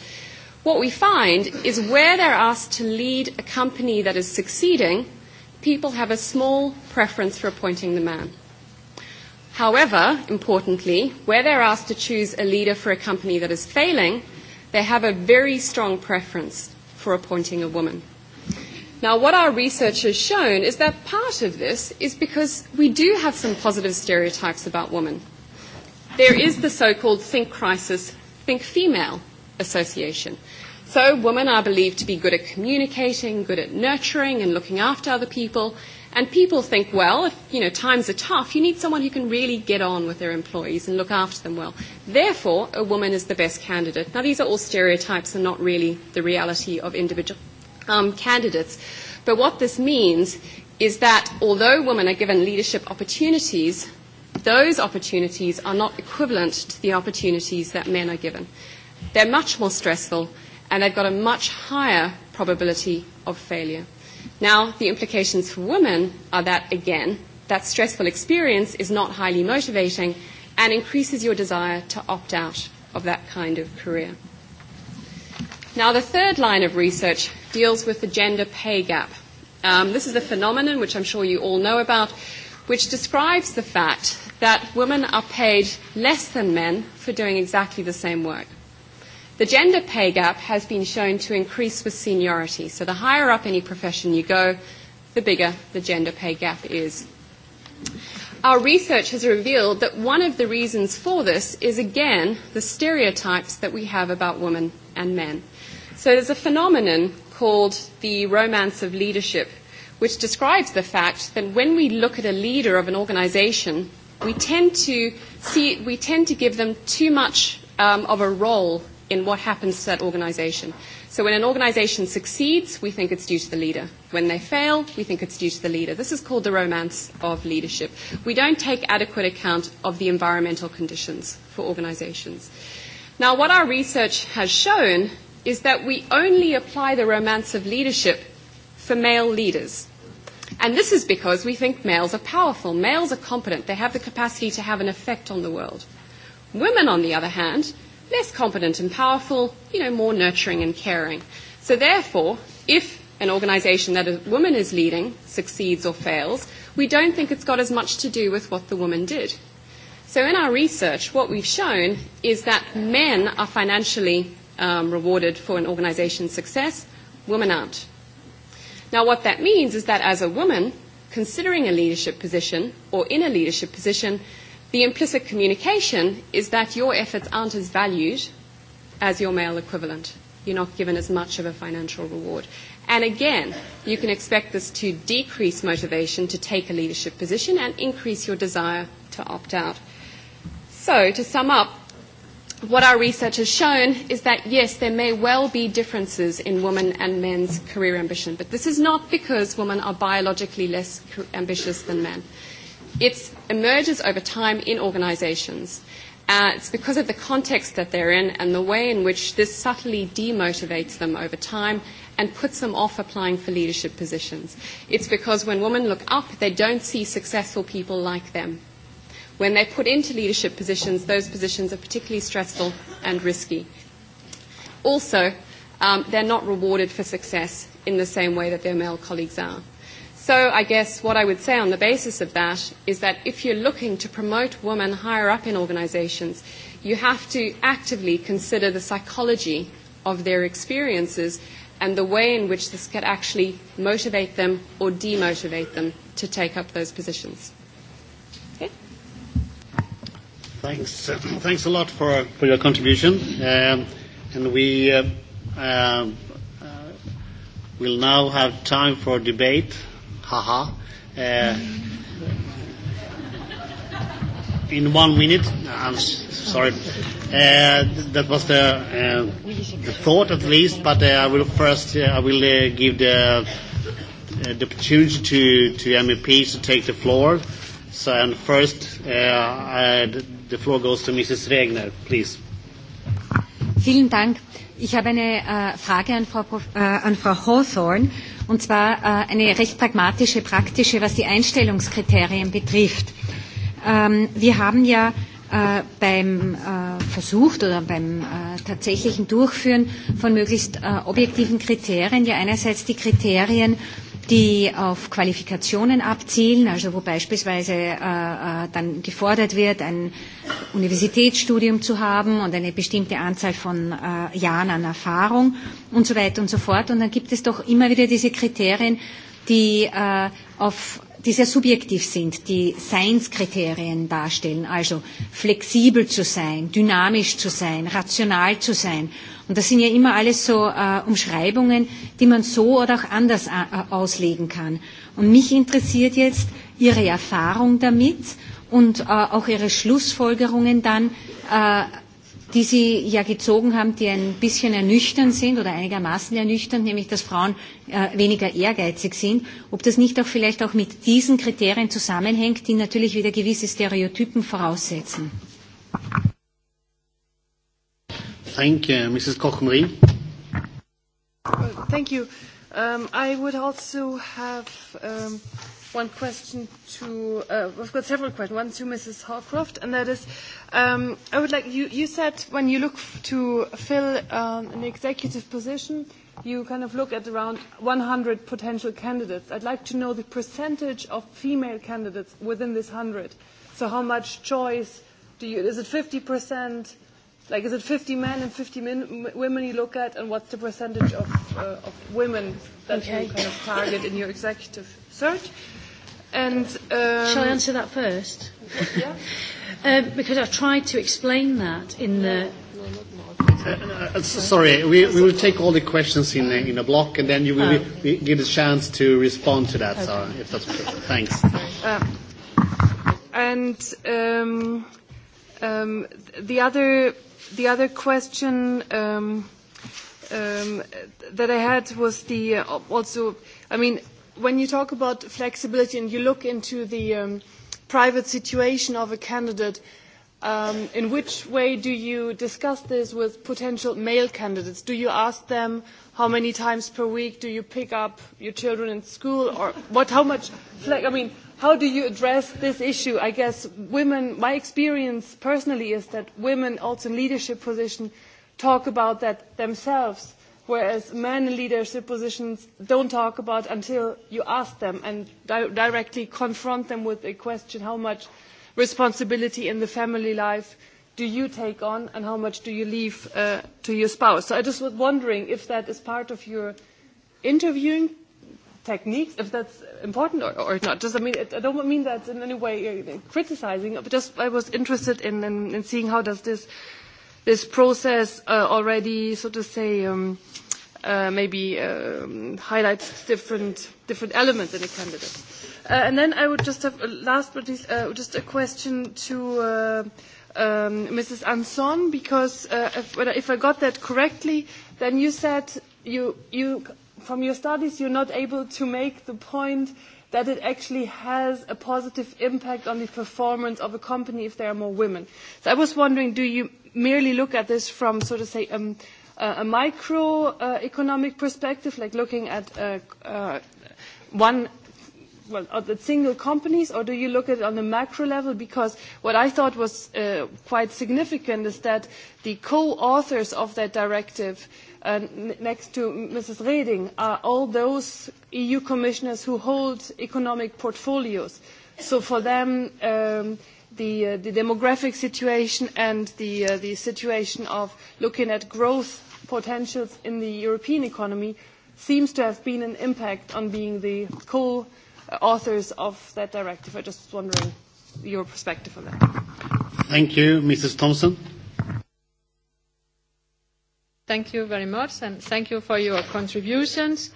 what we find is where they're asked to lead a company that is succeeding, people have a small preference for appointing the man. However, importantly, where they're asked to choose a leader for a company that is failing, they have a very strong preference for appointing a woman. Now, what our research has shown is that part of this is because we do have some positive stereotypes about women. There is the so called think crisis, think female association. So women are believed to be good at communicating, good at nurturing and looking after other people. And people think, well, if you know times are tough, you need someone who can really get on with their employees and look after them well. Therefore, a woman is the best candidate. Now, these are all stereotypes and not really the reality of individual um, candidates. But what this means is that although women are given leadership opportunities, those opportunities are not equivalent to the opportunities that men are given. They're much more stressful and they've got a much higher probability of failure. Now, the implications for women are that, again, that stressful experience is not highly motivating and increases your desire to opt out of that kind of career. Now, the third line of research deals with the gender pay gap. Um, this is a phenomenon which I'm sure you all know about, which describes the fact that women are paid less than men for doing exactly the same work. The gender pay gap has been shown to increase with seniority. So the higher up any profession you go, the bigger the gender pay gap is. Our research has revealed that one of the reasons for this is, again, the stereotypes that we have about women and men. So there's a phenomenon called the romance of leadership, which describes the fact that when we look at a leader of an organization, we tend to, see, we tend to give them too much um, of a role in what happens to that organization. So when an organization succeeds, we think it's due to the leader. When they fail, we think it's due to the leader. This is called the romance of leadership. We don't take adequate account of the environmental conditions for organizations. Now, what our research has shown is that we only apply the romance of leadership for male leaders. And this is because we think males are powerful, males are competent, they have the capacity to have an effect on the world. Women, on the other hand, less competent and powerful, you know, more nurturing and caring. So therefore, if an organization that a woman is leading succeeds or fails, we don't think it's got as much to do with what the woman did. So in our research, what we've shown is that men are financially um, rewarded for an organization's success, women aren't. Now what that means is that as a woman, considering a leadership position or in a leadership position, The implicit communication is that your efforts aren't as valued as your male equivalent. You're not given as much of a financial reward. And again, you can expect this to decrease motivation to take a leadership position and increase your desire to opt out. So, to sum up, what our research has shown is that yes, there may well be differences in women and men's career ambition, but this is not because women are biologically less ambitious than men. It emerges over time in organizations. Uh, it's because of the context that they're in and the way in which this subtly demotivates them over time and puts them off applying for leadership positions. It's because when women look up, they don't see successful people like them. When they're put into leadership positions, those positions are particularly stressful and risky. Also, um, they're not rewarded for success in the same way that their male colleagues are. So I guess what I would say on the basis of that is that if you're looking to promote women higher up in organisations, you have to actively consider the psychology of their experiences and the way in which this could actually motivate them or demotivate them to take up those positions. Okay? Thanks. Thanks a lot for, for your contribution. Um, and we uh, uh, will now have time for debate haha. Uh, in one minute, I'm sorry. Uh, that was the, uh, the thought at least, but uh, I will first, uh, I will uh, give the, uh, the opportunity to, to MEPs to take the floor. So, and first, uh, I, the floor goes to Mrs. Regner, please. Vielen Dank. Ich habe eine äh, Frage an Frau, äh, an Frau Hawthorne und zwar eine recht pragmatische, praktische, was die Einstellungskriterien betrifft. Wir haben ja beim Versuch oder beim tatsächlichen Durchführen von möglichst objektiven Kriterien ja einerseits die Kriterien die auf Qualifikationen abzielen, also wo beispielsweise äh, dann gefordert wird, ein Universitätsstudium zu haben und eine bestimmte Anzahl von äh, Jahren an Erfahrung und so weiter und so fort. Und dann gibt es doch immer wieder diese Kriterien, die, äh, auf, die sehr subjektiv sind, die Seinskriterien darstellen, also flexibel zu sein, dynamisch zu sein, rational zu sein Und das sind ja immer alles so äh, Umschreibungen, die man so oder auch anders auslegen kann. Und mich interessiert jetzt Ihre Erfahrung damit und äh, auch Ihre Schlussfolgerungen dann, äh, die Sie ja gezogen haben, die ein bisschen ernüchternd sind oder einigermaßen ernüchternd, nämlich dass Frauen äh, weniger ehrgeizig sind, ob das nicht auch vielleicht auch mit diesen Kriterien zusammenhängt, die natürlich wieder gewisse Stereotypen voraussetzen. Thank you. Mrs. Koch-Marie. Thank you. Um, I would also have um, one question to, uh, we've got several questions, one to Mrs. Harcroft, and that is, um, I would like, you, you said when you look to fill um, an executive position, you kind of look at around 100 potential candidates. I'd like to know the percentage of female candidates within this 100. So how much choice do you, is it 50 percent? Like, is it 50 men and 50 min- women you look at, and what's the percentage of, uh, of women that okay. you kind of target in your executive search? And um, shall I answer that first? Yeah. um, because I've tried to explain that in the. uh Sorry, we, we will take all the questions in a, in a block, and then you will um, give a chance to respond to that. Okay. So, if that's okay. thanks. Um, and um, um, the other The other question that I had was the also, I mean, when you talk about flexibility and you look into the private situation of a candidate, in which way do you discuss this with potential male candidates? Do you ask them how many times per week do you pick up your children in school, or what? How much? Fle- I mean, how do you address this issue? I guess women, my experience personally is that women also in leadership positions talk about that themselves, whereas men in leadership positions don't talk about until you ask them and di- directly confront them with a question how much responsibility in the family life do you take on and how much do you leave uh, to your spouse? So I just was wondering if that is part of your interviewing techniques, if that's important or, or not. Just, I mean, I don't mean that in any way criticizing, but just I was interested in, in, in seeing how does this, this process uh, already, so to say, um, uh, maybe um, highlights different, different elements in a candidate. Uh, and then I would just have, a last but least, uh, just a question to uh, um, Mrs. Anson, because uh, if, if I got that correctly, then you said you, you from your studies, you're not able to make the point that it actually has a positive impact on the performance of a company if there are more women. So I was wondering, do you merely look at this from so to say um, a micro uh, economic perspective, like looking at uh, uh, one well, at the single companies, or do you look at it on the macro level? Because what I thought was uh, quite significant is that the co-authors of that directive uh, next to Mrs. Reding are all those EU commissioners who hold economic portfolios. So for them, the, demographic situation and the, situation of looking at growth potentials in the European economy seems to have been an impact on being the co-authors of that directive. I just wondering your perspective on that. Thank you, Mrs. Thompson. Thank you very much, and thank you for your contributions.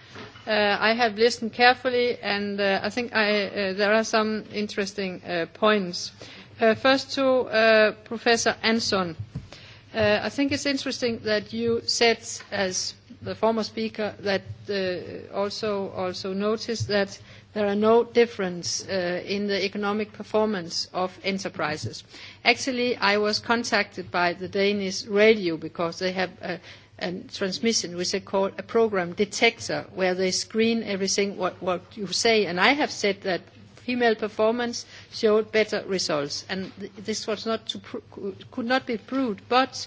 Uh, I have listened carefully, and uh, I think I, uh, there are some interesting uh, points. Uh, first to uh, Professor Anson. Uh, I think it's interesting that you said, as the former speaker, that uh, also also noticed that there are no difference in the economic performance of enterprises. Actually, I was contacted by the Danish radio because they have and transmission, which they call a program detector, where they screen everything what, what you say. And I have said that female performance showed better results, and this was not to pro- could not be proved. But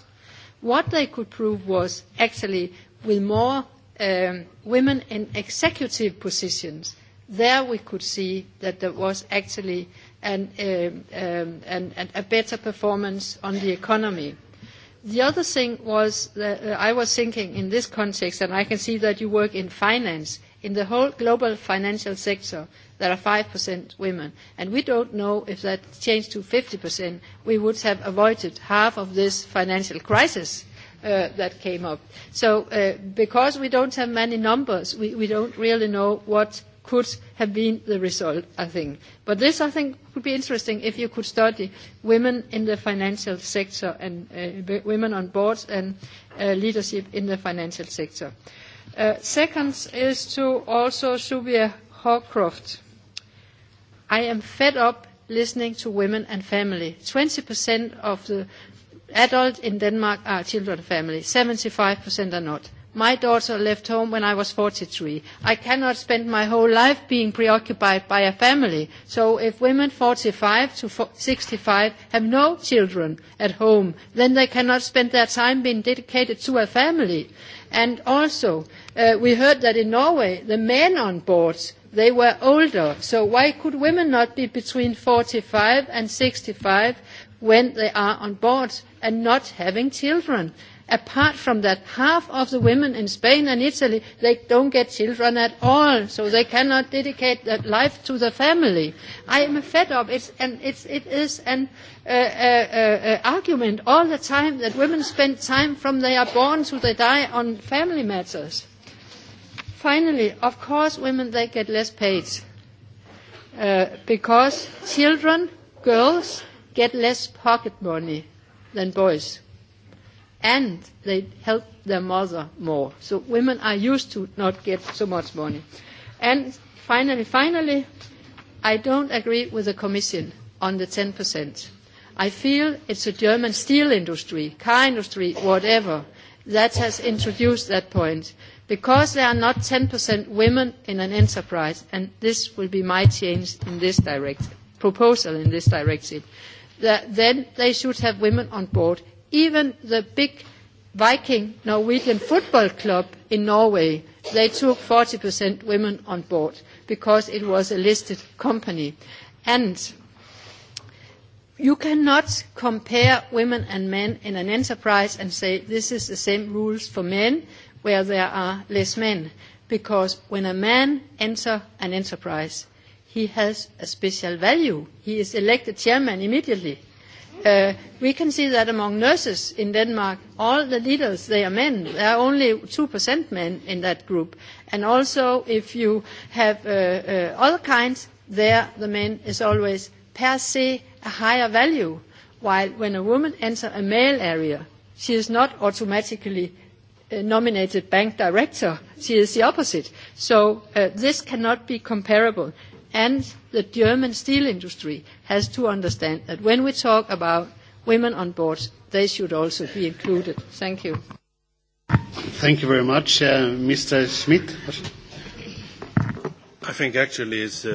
what they could prove was actually with more um, women in executive positions, there we could see that there was actually an, um, um, an, an, a better performance on the economy. The other thing was that I was thinking in this context, and I can see that you work in finance, in the whole global financial sector, there are 5% women, and we don't know if that changed to 50%, we would have avoided half of this financial crisis that came up. So, because we don't have many numbers, we don't really know what could have been the result, I think. But this, I think, would be interesting if you could study women in the financial sector and women on boards and leadership in the financial sector. second is to also Sylvia Hawcroft. I am fed up listening to women and family. 20% of the adults in Denmark are children and family. 75% are not My daughter left home when I was 43. I cannot spend my whole life being preoccupied by a family. So if women 45 to 65 have no children at home, then they cannot spend their time being dedicated to a family. And also, uh, we heard that in Norway, the men on boards they were older. So why could women not be between forty five and sixty five when they are on board and not having children? Apart from that, half of the women in Spain and Italy, they don't get children at all, so they cannot dedicate their life to the family. I am fed up. It's, and it's, it is an uh, uh, uh, argument all the time that women spend time from they are born to they die on family matters. Finally, of course, women, they get less paid uh, because children, girls, get less pocket money than boys and they help their mother more. So women are used to not get so much money. And finally, finally, I don't agree with the Commission on the 10%. I feel it's a German steel industry, car industry, whatever, that has introduced that point. Because there are not 10% women in an enterprise, and this will be my change in this directive, proposal in this directive, that then they should have women on board Even the big Viking Norwegian football club in Norway, they took 40% women on board because it was a listed company. And you cannot compare women and men in an enterprise and say this is the same rules for men where there are less men. Because when a man enters an enterprise, he has a special value. He is elected chairman immediately Uh we can see that among nurses in Denmark, all the leaders, they are men. There are only 2% men in that group. And also, if you have uh, uh, other kinds, there the men is always per se a higher value, while when a woman enters a male area, she is not automatically nominated bank director. She is the opposite. So this cannot be comparable and the German steel industry has to understand that when we talk about women on boards, they should also be included. Thank you. Thank you very much. Mr. Schmidt? I think actually it's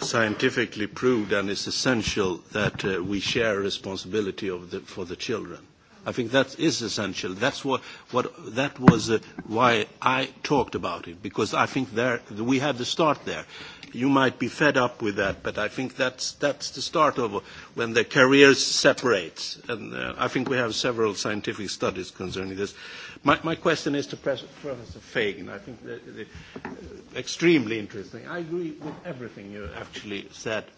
scientifically proved and it's essential that we share responsibility for the children I think that is essential. That's what, what that was uh, why I talked about it because I think there we had the start there. You might be fed up with that, but I think that's that's the start of when the careers separate. And uh, I think we have several scientific studies concerning this. My, my question is to Professor Fagan. I think the, the, extremely interesting. I agree with everything you actually said. Uh,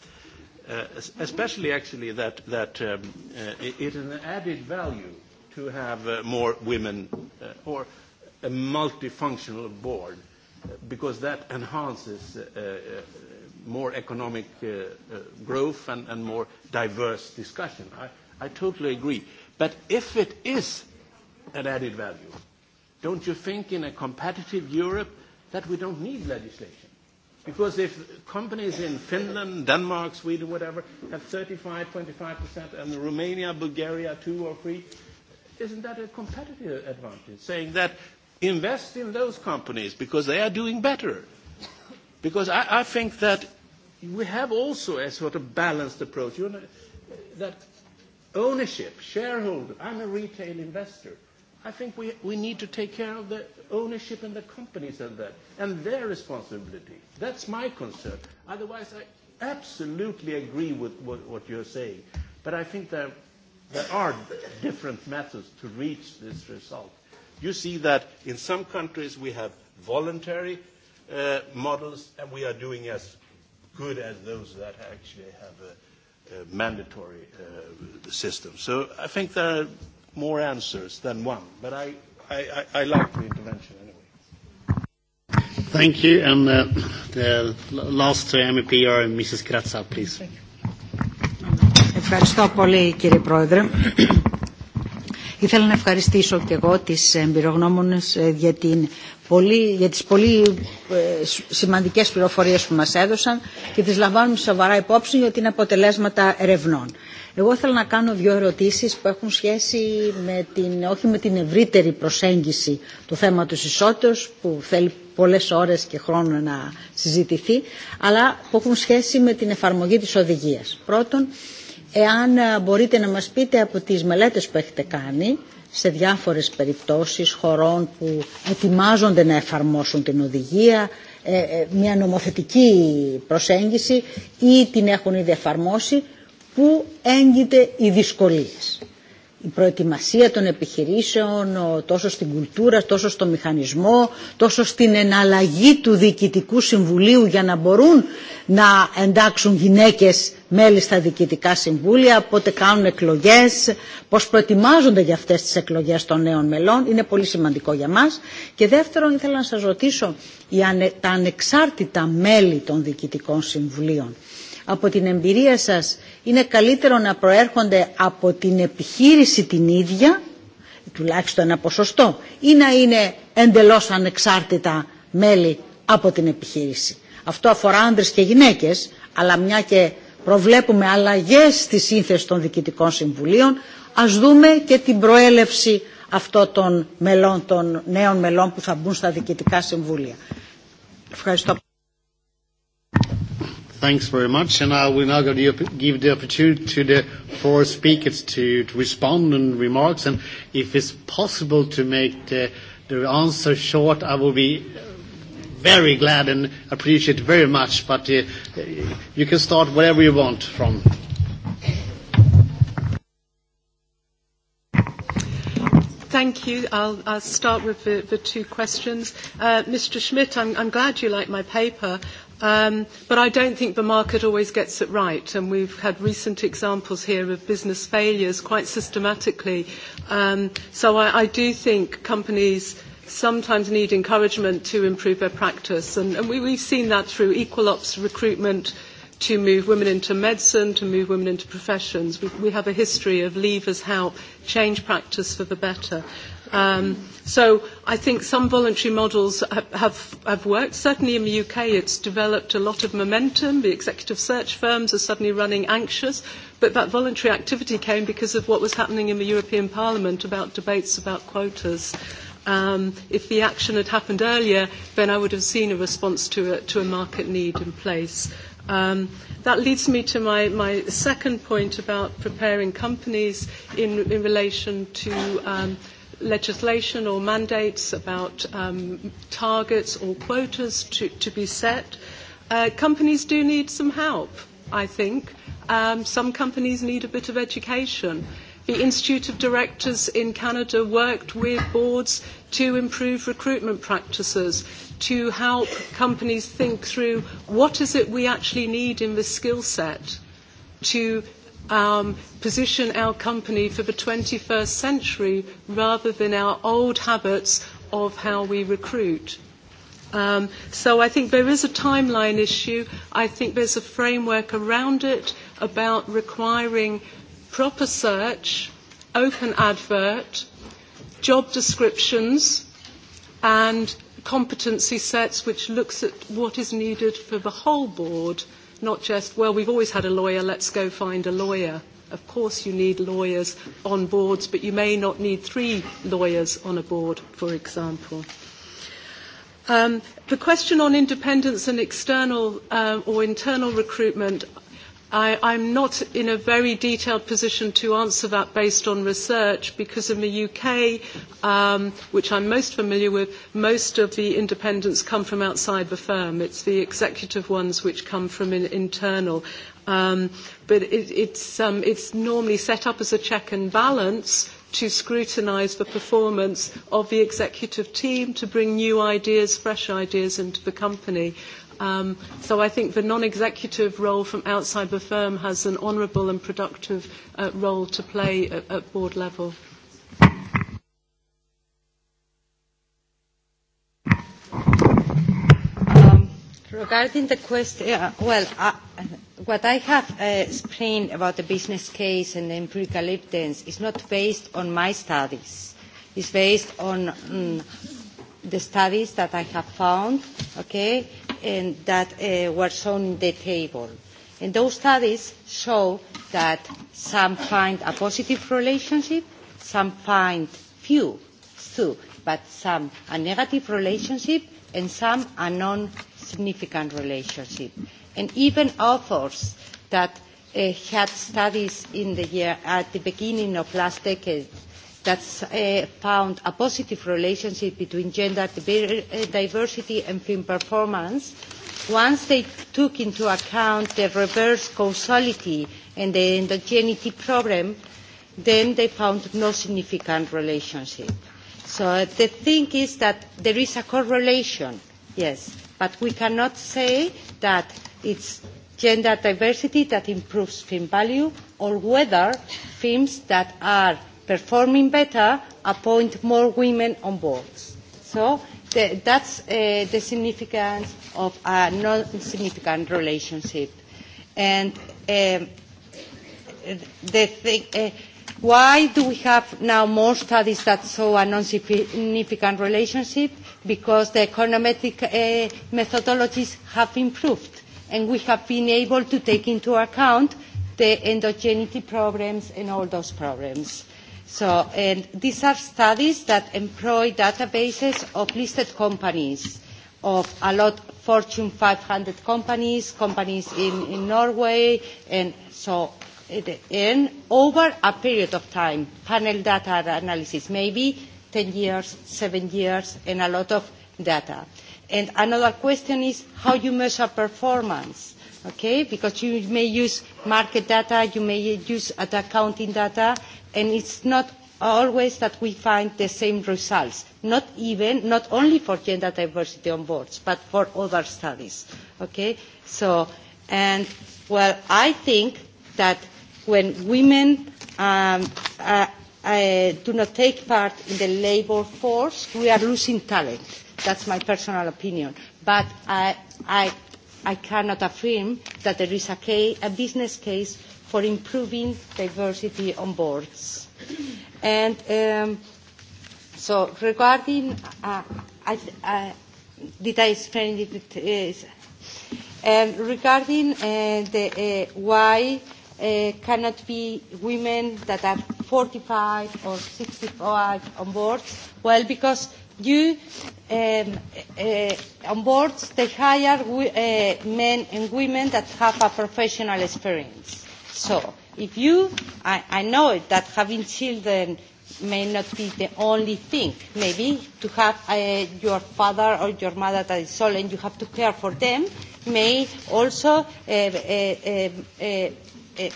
especially actually that, that um, uh, it is an added value to have uh, more women uh, or a multifunctional board because that enhances uh, uh, more economic uh, uh, growth and, and more diverse discussion. I, I totally agree. But if it is an added value, don't you think in a competitive Europe that we don't need legislation? Because if companies in Finland, Denmark, Sweden, whatever, have 35, 25%, and Romania, Bulgaria, two or three, isn't that a competitive advantage? Saying that invest in those companies because they are doing better. Because I, I think that we have also a sort of balanced approach. You know, that ownership, shareholder, I'm a retail investor I think we, we need to take care of the ownership and the companies and that, and their responsibility. That's my concern. Otherwise, I absolutely agree with what, what you're saying. But I think there, there are different methods to reach this result. You see that in some countries we have voluntary uh, models, and we are doing as good as those that actually have a, a mandatory uh, system. So I think there are more answers than one, but I, I, I, I like the intervention anyway. Thank you. And uh, the last MEP or Mrs. Kratza, please. Thank you. Ευχαριστώ πολύ κύριε Πρόεδρε. Ήθελα να ευχαριστήσω και εγώ τις εμπειρογνώμονες για, την πολύ, για τις πολύ σημαντικές πληροφορίες που μας έδωσαν και τις λαμβάνουμε σοβαρά υπόψη για την αποτελέσματα ερευνών. Εγώ θέλω να κάνω δύο ερωτήσεις που έχουν σχέση με την, όχι με την ευρύτερη προσέγγιση του θέματος ισότητος που θέλει πολλές ώρες και χρόνο να συζητηθεί, αλλά που έχουν σχέση με την εφαρμογή της οδηγίας. Πρώτον, εάν μπορείτε να μας πείτε από τις μελέτες που έχετε κάνει, σε διάφορες περιπτώσεις χωρών που ετοιμάζονται να εφαρμόσουν την οδηγία, μια νομοθετική προσέγγιση ή την έχουν ήδη εφαρμόσει, πού έγκυται οι δυσκολίες. Η προετοιμασία των επιχειρήσεων τόσο στην κουλτούρα, τόσο στο μηχανισμό, τόσο στην εναλλαγή του Διοικητικού Συμβουλίου για να μπορούν να εντάξουν γυναίκες μέλη στα Διοικητικά Συμβούλια, πότε κάνουν εκλογές, πώς προετοιμάζονται για αυτές τις εκλογές των νέων μελών. Είναι πολύ σημαντικό για μας. Και δεύτερον, ήθελα να σας ρωτήσω τα ανεξάρτητα μέλη των Διοικητικών Συμβουλίων από την εμπειρία σας είναι καλύτερο να προέρχονται από την επιχείρηση την ίδια, τουλάχιστον ένα ποσοστό, ή να είναι εντελώς ανεξάρτητα μέλη από την επιχείρηση. Αυτό αφορά άντρες και γυναίκες, αλλά μια και προβλέπουμε αλλαγές στη σύνθεση των διοικητικών συμβουλίων, ας δούμε και την προέλευση αυτών των, μελών, των νέων μελών που θα μπουν στα διοικητικά συμβούλια. Ευχαριστώ. Thanks very much. And I will now give the opportunity to the four speakers to respond and remarks. And if it's possible to make the answer short, I will be very glad and appreciate very much. But you can start wherever you want from. Thank you. I'll, I'll start with the, the two questions. Uh, Mr. Schmidt, I'm, I'm glad you like my paper. Um, but I don't think the market always gets it right, and we've had recent examples here of business failures quite systematically. Um, so I, I do think companies sometimes need encouragement to improve their practice, and, and we, we've seen that through equal ops recruitment to move women into medicine, to move women into professions. We, we have a history of levers help change practice for the better. Um, so I think some voluntary models have, have, have worked. Certainly in the UK, it's developed a lot of momentum. The executive search firms are suddenly running anxious. But that voluntary activity came because of what was happening in the European Parliament about debates about quotas. Um, if the action had happened earlier, then I would have seen a response to a, to a market need in place. Um, that leads me to my, my second point about preparing companies in, in relation to um, – legislation or mandates about um, targets or quotas to, to be set. Uh, companies do need some help, I think. Um, some companies need a bit of education. The Institute of Directors in Canada worked with boards to improve recruitment practices, to help companies think through what is it we actually need in the skill set to position our company for the 21st century rather than our old habits of how we recruit. Um, so I think there is a timeline issue. I think there's a framework around it about requiring proper search, open advert, job descriptions, and competency sets which looks at what is needed for the whole board not just, well, we've always had a lawyer, let's go find a lawyer. Of course, you need lawyers on boards, but you may not need three lawyers on a board, for example. Um, the question on independence and external uh, or internal recruitment, I, I'm not in a very detailed position to answer that based on research because in the UK, um, which I'm most familiar with, most of the independents come from outside the firm. It's the executive ones which come from in, internal. Um, but it, it's, um, it's normally set up as a check and balance to scrutinise the performance of the executive team to bring new ideas, fresh ideas into the company. Um, so I think the non-executive role from outside the firm has an honourable and productive uh, role to play at, at board level. regarding the question, yeah, well, uh, what I have uh, explained about the business case and the empirical evidence is not based on my studies. It's based on um, the studies that I have found, okay, and that uh, were shown in the table. And those studies show that some find a positive relationship, some find few, two, but some a negative relationship, and some a non-significant relationship. And even authors that uh, had studies in the year, at the beginning of last decade that uh, found a positive relationship between gender diversity and film performance once they took into account the reverse causality and the endogeneity problem, then they found no significant relationship. So the thing is that there is a correlation, yes, but we cannot say that it's gender diversity that improves film value or whether films that are performing better, appoint more women on boards. So the, that's uh, the significance of a non-significant relationship. And um, the thing, uh, why do we have now more studies that show a non-significant relationship? Because the econometric uh, methodologies have improved and we have been able to take into account the endogeneity problems and all those problems. So, and these are studies that employ databases of listed companies of a lot Fortune 500 companies, companies in, in Norway, and so in over a period of time, panel data analysis, maybe 10 years, 7 years, and a lot of data. And another question is how you measure performance, okay? Because you may use market data, you may use accounting data, and it's not always that we find the same results, not even, not only for gender diversity on boards, but for other studies. Okay? So, and, well, I think that when women um, uh, uh, do not take part in the labor force, we are losing talent. That's my personal opinion. But I, I, I cannot affirm that there is a, case, a business case for improving diversity on boards. And um, so regarding, uh, I, uh, did I explain it? Um, regarding uh, the uh, why uh, cannot be women that are 45 or 65 on boards, well, because you um, uh, on boards they hire uh, men and women that have a professional experience So if you, I, I know it, that having children may not be the only thing. Maybe to have uh, your father or your mother that is old and you have to care for them may also uh, uh, uh, uh,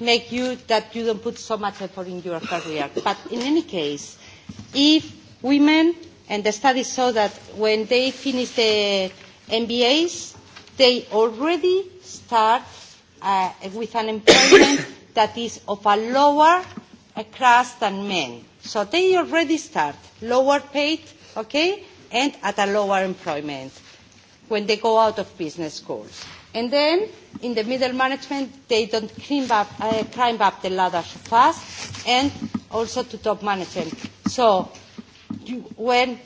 make you that you don't put so much effort in your career. But in any case, if women, and the studies show that when they finish the MBAs, they already start uh, with employment that is of a lower class than men. So they already start lower paid, okay, and at a lower employment when they go out of business schools. And then in the middle management, they don't climb up, uh, climb up the ladder so fast, and also to top management. So you, when,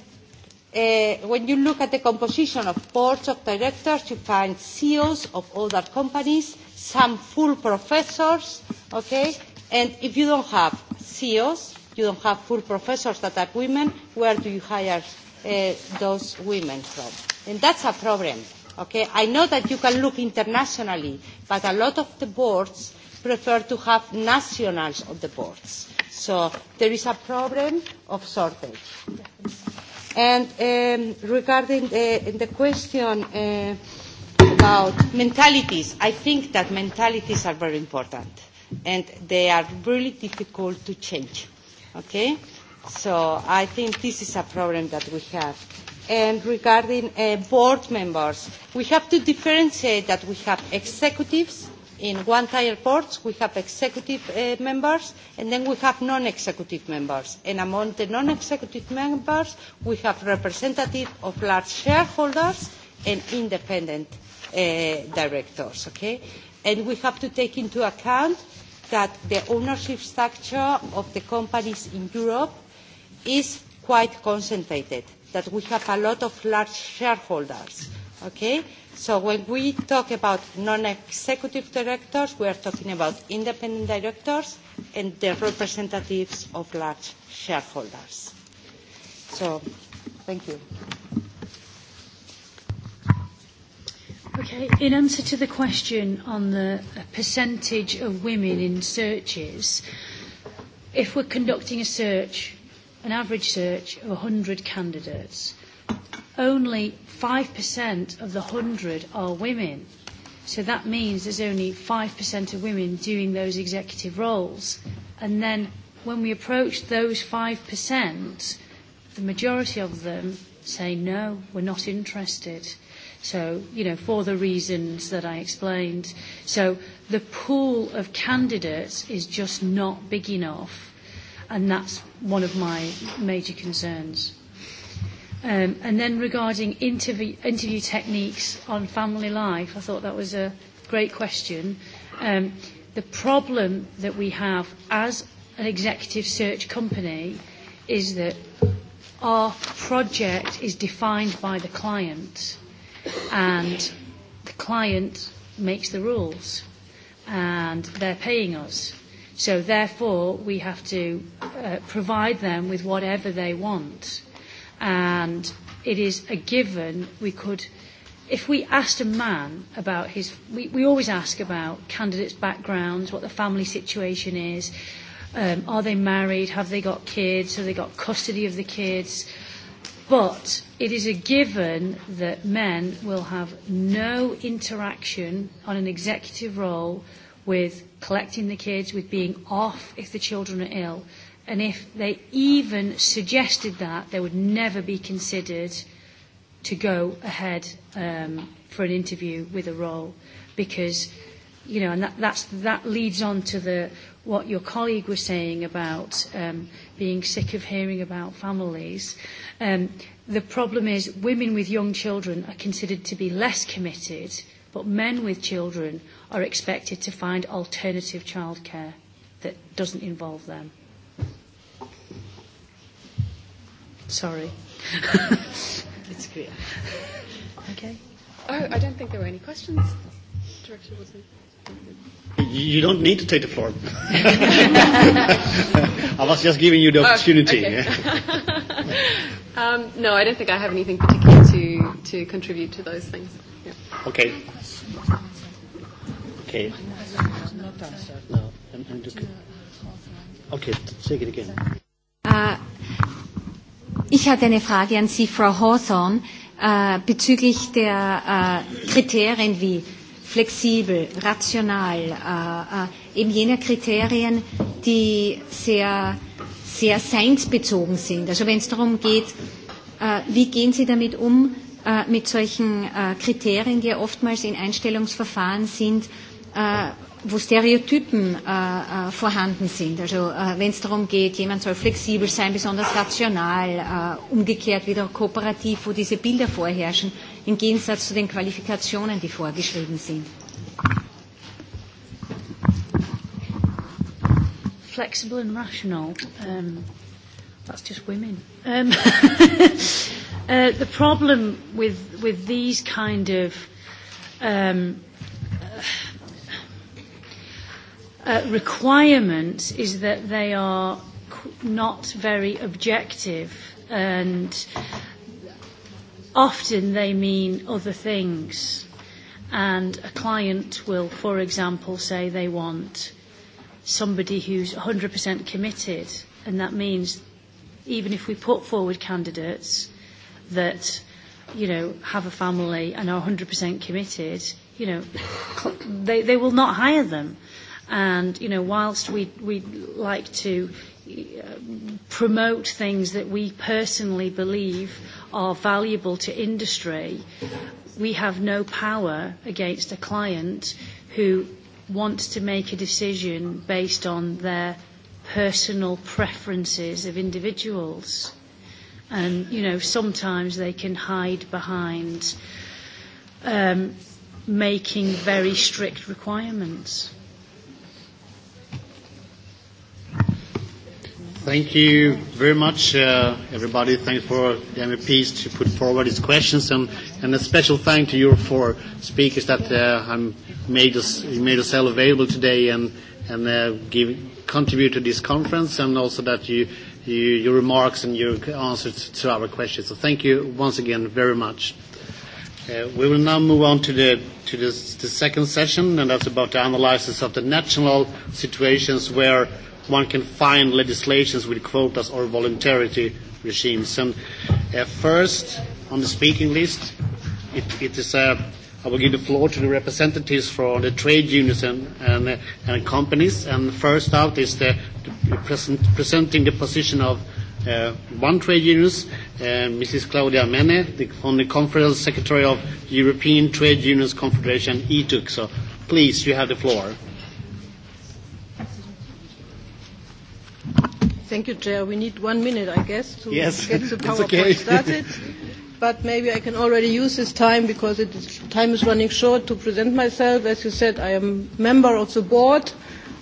uh, when you look at the composition of boards of directors, you find CEOs of other companies, some full professors, okay? And if you don't have CEOs, you don't have full professors that are women, where do you hire uh, those women from? And that's a problem, okay? I know that you can look internationally, but a lot of the boards prefer to have nationals on the boards. So there is a problem of shortage. And um, regarding the, the question... Uh, about mentalities, I think that mentalities are very important and they are really difficult to change. Okay? So I think this is a problem that we have. And regarding uh, board members, we have to differentiate that we have executives in one tier boards, we have executive uh, members, and then we have non-executive members. And among the non-executive members, we have representatives of large shareholders and independent directors. Okay? And we have to take into account that the ownership structure of the companies in Europe is quite concentrated, that we have a lot of large shareholders. Okay? So when we talk about non-executive directors, we are talking about independent directors and the representatives of large shareholders. So thank you. Okay, in answer to the question on the percentage of women in searches, if we're conducting a search, an average search of 100 candidates, only 5% of the 100 are women. So that means there's only 5% of women doing those executive roles. And then when we approach those 5%, the majority of them say, no, we're not interested. So, you know, for the reasons that I explained. So the pool of candidates is just not big enough, and that's one of my major concerns. and then regarding interview, techniques on family life, I thought that was a great question. the problem that we have as an executive search company is that our project is defined by the client and the client makes the rules, and they're paying us. So therefore, we have to uh, provide them with whatever they want, and it is a given we could. If we asked a man about his, we, we always ask about candidates' backgrounds, what the family situation is, um, are they married, have they got kids, have they got custody of the kids, But it is a given that men will have no interaction on an executive role with collecting the kids, with being off if the children are ill. And if they even suggested that, they would never be considered to go ahead um, for an interview with a role because, you know, and that, that's, that leads on to the what your colleague was saying about um, being sick of hearing about families. Um, the problem is women with young children are considered to be less committed, but men with children are expected to find alternative childcare that doesn't involve them. Sorry. it's clear. Okay. Oh, I don't think there were any questions. Director Woodson? You don't need to take the floor. I was just giving you the opportunity. Okay. um, no, I don't think I have anything particular to, to contribute to those things. Yeah. Okay. Okay. No. I'm, I'm just... Okay, say it again. Uh, ich hatte eine Frage an Sie, Frau Hawthorne, uh, bezüglich der uh, Kriterien wie flexibel, rational, äh, äh, eben jener Kriterien, die sehr, sehr seinsbezogen sind. Also wenn es darum geht, äh, wie gehen Sie damit um, äh, mit solchen äh, Kriterien, die ja oftmals in Einstellungsverfahren sind, äh, wo Stereotypen äh, äh, vorhanden sind. Also äh, wenn es darum geht, jemand soll flexibel sein, besonders rational, äh, umgekehrt wieder kooperativ, wo diese Bilder vorherrschen, im Gegensatz zu den Qualifikationen, die vorgeschrieben sind. Flexible and rational. Um, that's just women. Um, uh, the problem with, with these kind of um, uh, requirements is that they are qu not very objective and often they mean other things. And a client will, for example, say they want somebody who's 100% committed. And that means even if we put forward candidates that, you know, have a family and are 100% committed, you know, they, they will not hire them. And, you know, whilst we, we like to promote things that we personally believe are valuable to industry, we have no power against a client who wants to make a decision based on their personal preferences of individuals. And, you know, sometimes they can hide behind um, making very strict requirements. Thank you very much, uh, everybody. Thanks for the MEPs to put forward these questions, and, and a special thank to your four speakers that uh, I'm made us, you made yourself available today and, and uh, give, contribute to this conference, and also that you, you your remarks and your answers to our questions. So thank you once again very much. Uh, we will now move on to the to this, the second session, and that's about the analysis of the national situations where one can find legislations with quotas or voluntarity regimes. And uh, first, on the speaking list, it, it is, uh, I will give the floor to the representatives for the trade unions and, and, uh, and companies. And first out is the, the present, presenting the position of uh, one trade unions, uh, Mrs. Claudia Mene, the, from the Conference Secretary of European Trade Unions Confederation, ETUC. So please, you have the floor. Thank you, Chair. We need one minute, I guess, to yes, get the PowerPoint okay. started. But maybe I can already use this time because it is, time is running short to present myself. As you said, I am member of the board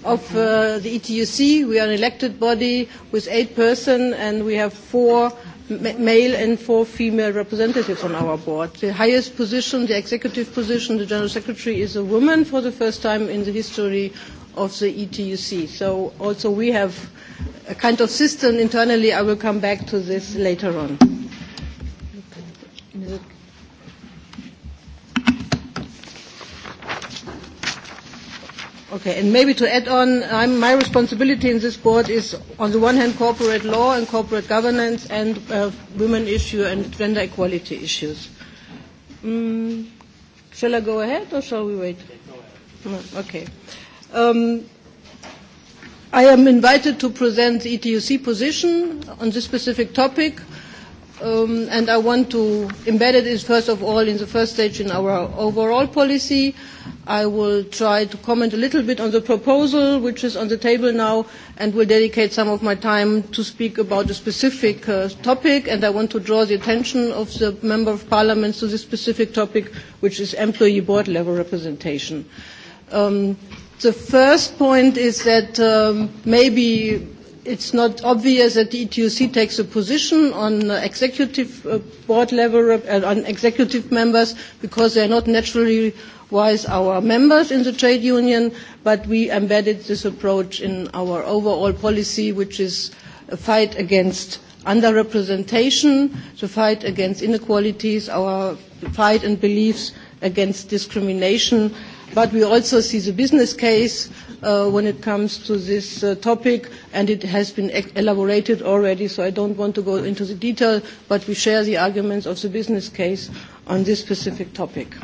of uh, the ETUC. We are an elected body with eight persons, and we have four male and four female representatives on our board. The highest position, the executive position, the general secretary is a woman for the first time in the history of the ETUC. So also we have a kind of system internally. I will come back to this later on. Okay, and maybe to add on, I'm, my responsibility in this board is, on the one hand, corporate law and corporate governance, and uh, women issue and gender equality issues. Mm, shall I go ahead or shall we wait? okay. Um, I am invited to present the ETUC position on this specific topic, um, and I want to embed it first of all in the first stage in our overall policy. I will try to comment a little bit on the proposal which is on the table now, and will dedicate some of my time to speak about a specific uh, topic. And I want to draw the attention of the member of parliament to this specific topic, which is employee board level representation. Um, The first point is that um, maybe it's not obvious that the ETUC takes a position on executive board level, uh, on executive members, because they are not naturally wise our members in the trade union, but we embedded this approach in our overall policy, which is a fight against underrepresentation, the fight against inequalities, our fight and beliefs against discrimination, But we also see the business case uh, when it comes to this uh, topic, and it has been elaborated already, so I don't want to go into the detail, but we share the arguments of the business case on this specific topic.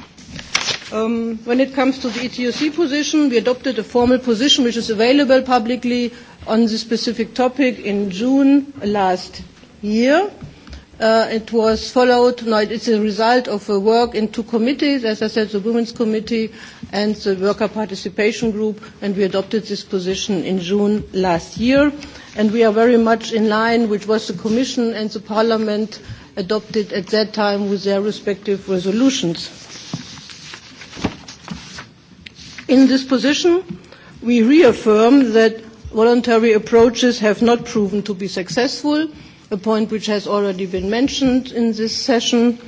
Um, when it comes to the ETOC position, we adopted a formal position which is available publicly on this specific topic in June last year. Uh, it was followed, no, it's a result of a work in two committees, as I said, the Women's Committee and the worker participation group, and we adopted this position in June last year. And we are very much in line with what the Commission and the Parliament adopted at that time with their respective resolutions. In this position, we reaffirm that voluntary approaches have not proven to be successful, a point which has already been mentioned in this session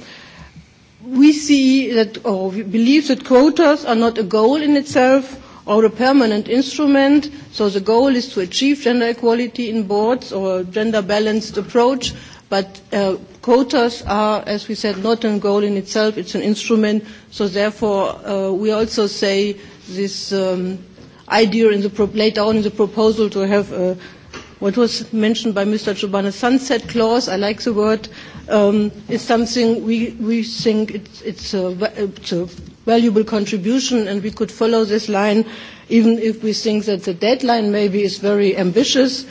we see that, or we believe that quotas are not a goal in itself or a permanent instrument. So the goal is to achieve gender equality in boards or a gender balanced approach. But uh, quotas are, as we said, not a goal in itself. It's an instrument. So therefore, uh, we also say this um, idea in the pro- laid down in the proposal to have a What was mentioned by Mr. Chobana, sunset clause, I like the word, um, is something we, we think it's, it's, a, it's a valuable contribution and we could follow this line even if we think that the deadline maybe is very ambitious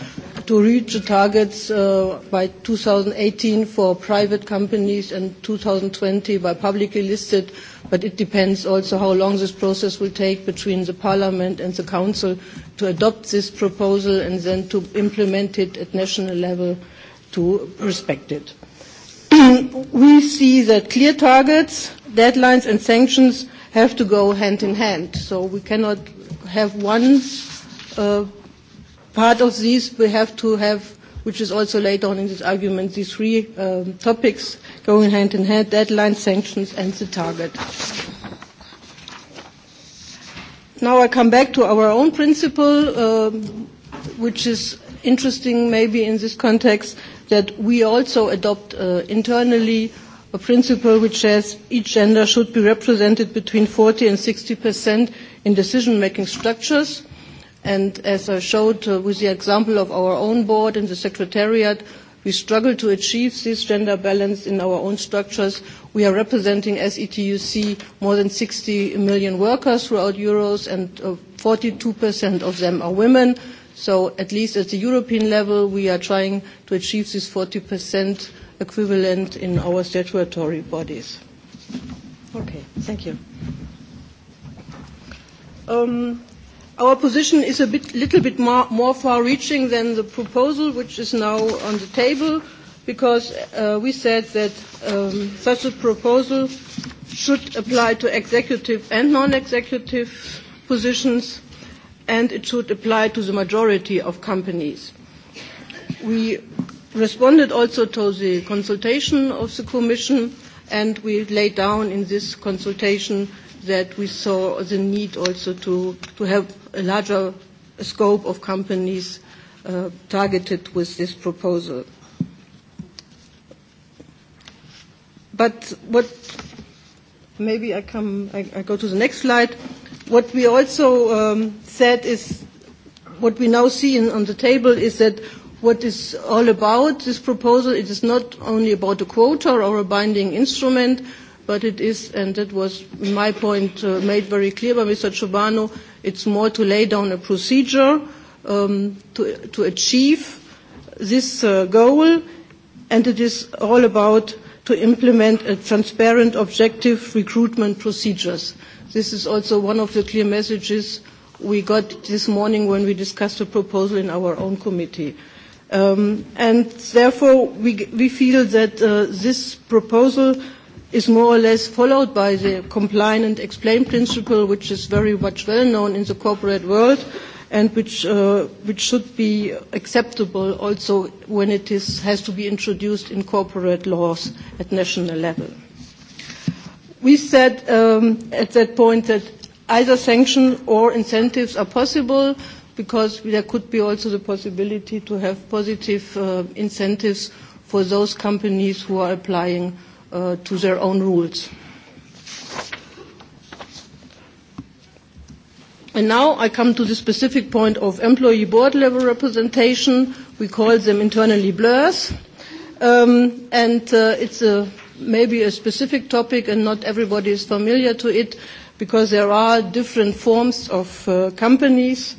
to reach the targets uh, by 2018 for private companies and 2020 by publicly listed, but it depends also how long this process will take between the Parliament and the Council to adopt this proposal and then to implement it at national level to respect it. we see that clear targets, deadlines and sanctions have to go hand in hand, so we cannot have one uh, part of these we have to have, which is also later on in this argument, these three um, topics going hand in hand, deadline, sanctions, and the target. Now I come back to our own principle, um, which is interesting maybe in this context, that we also adopt uh, internally a principle which says each gender should be represented between 40 and 60 percent in decision-making structures – And as I showed uh, with the example of our own board and the secretariat, we struggle to achieve this gender balance in our own structures. We are representing as ETUC more than 60 million workers throughout Euros and 42% of them are women. So at least at the European level, we are trying to achieve this 40% equivalent in our statutory bodies. Okay, thank you. Um, Our position is a bit, little bit more, more far-reaching than the proposal which is now on the table, because uh, we said that um, such a proposal should apply to executive and non-executive positions, and it should apply to the majority of companies. We responded also to the consultation of the Commission, and we laid down in this consultation that we saw the need also to, to have a larger scope of companies uh, targeted with this proposal. But what maybe I come, I, I go to the next slide. What we also um, said is, what we now see in, on the table is that what is all about this proposal, it is not only about a quota or a binding instrument, but it is, and that was my point uh, made very clear by Mr. Chobano, It's more to lay down a procedure um, to, to achieve this uh, goal, and it is all about to implement a transparent, objective recruitment procedures. This is also one of the clear messages we got this morning when we discussed a proposal in our own committee. Um, and therefore, we, we feel that uh, this proposal is more or less followed by the compliant and explain principle, which is very much well known in the corporate world and which, uh, which should be acceptable also when it is, has to be introduced in corporate laws at national level. We said um, at that point that either sanction or incentives are possible because there could be also the possibility to have positive uh, incentives for those companies who are applying uh, to their own rules. And now I come to the specific point of employee board level representation. We call them internally blurs. Um, and uh, it's a, maybe a specific topic and not everybody is familiar to it because there are different forms of uh, companies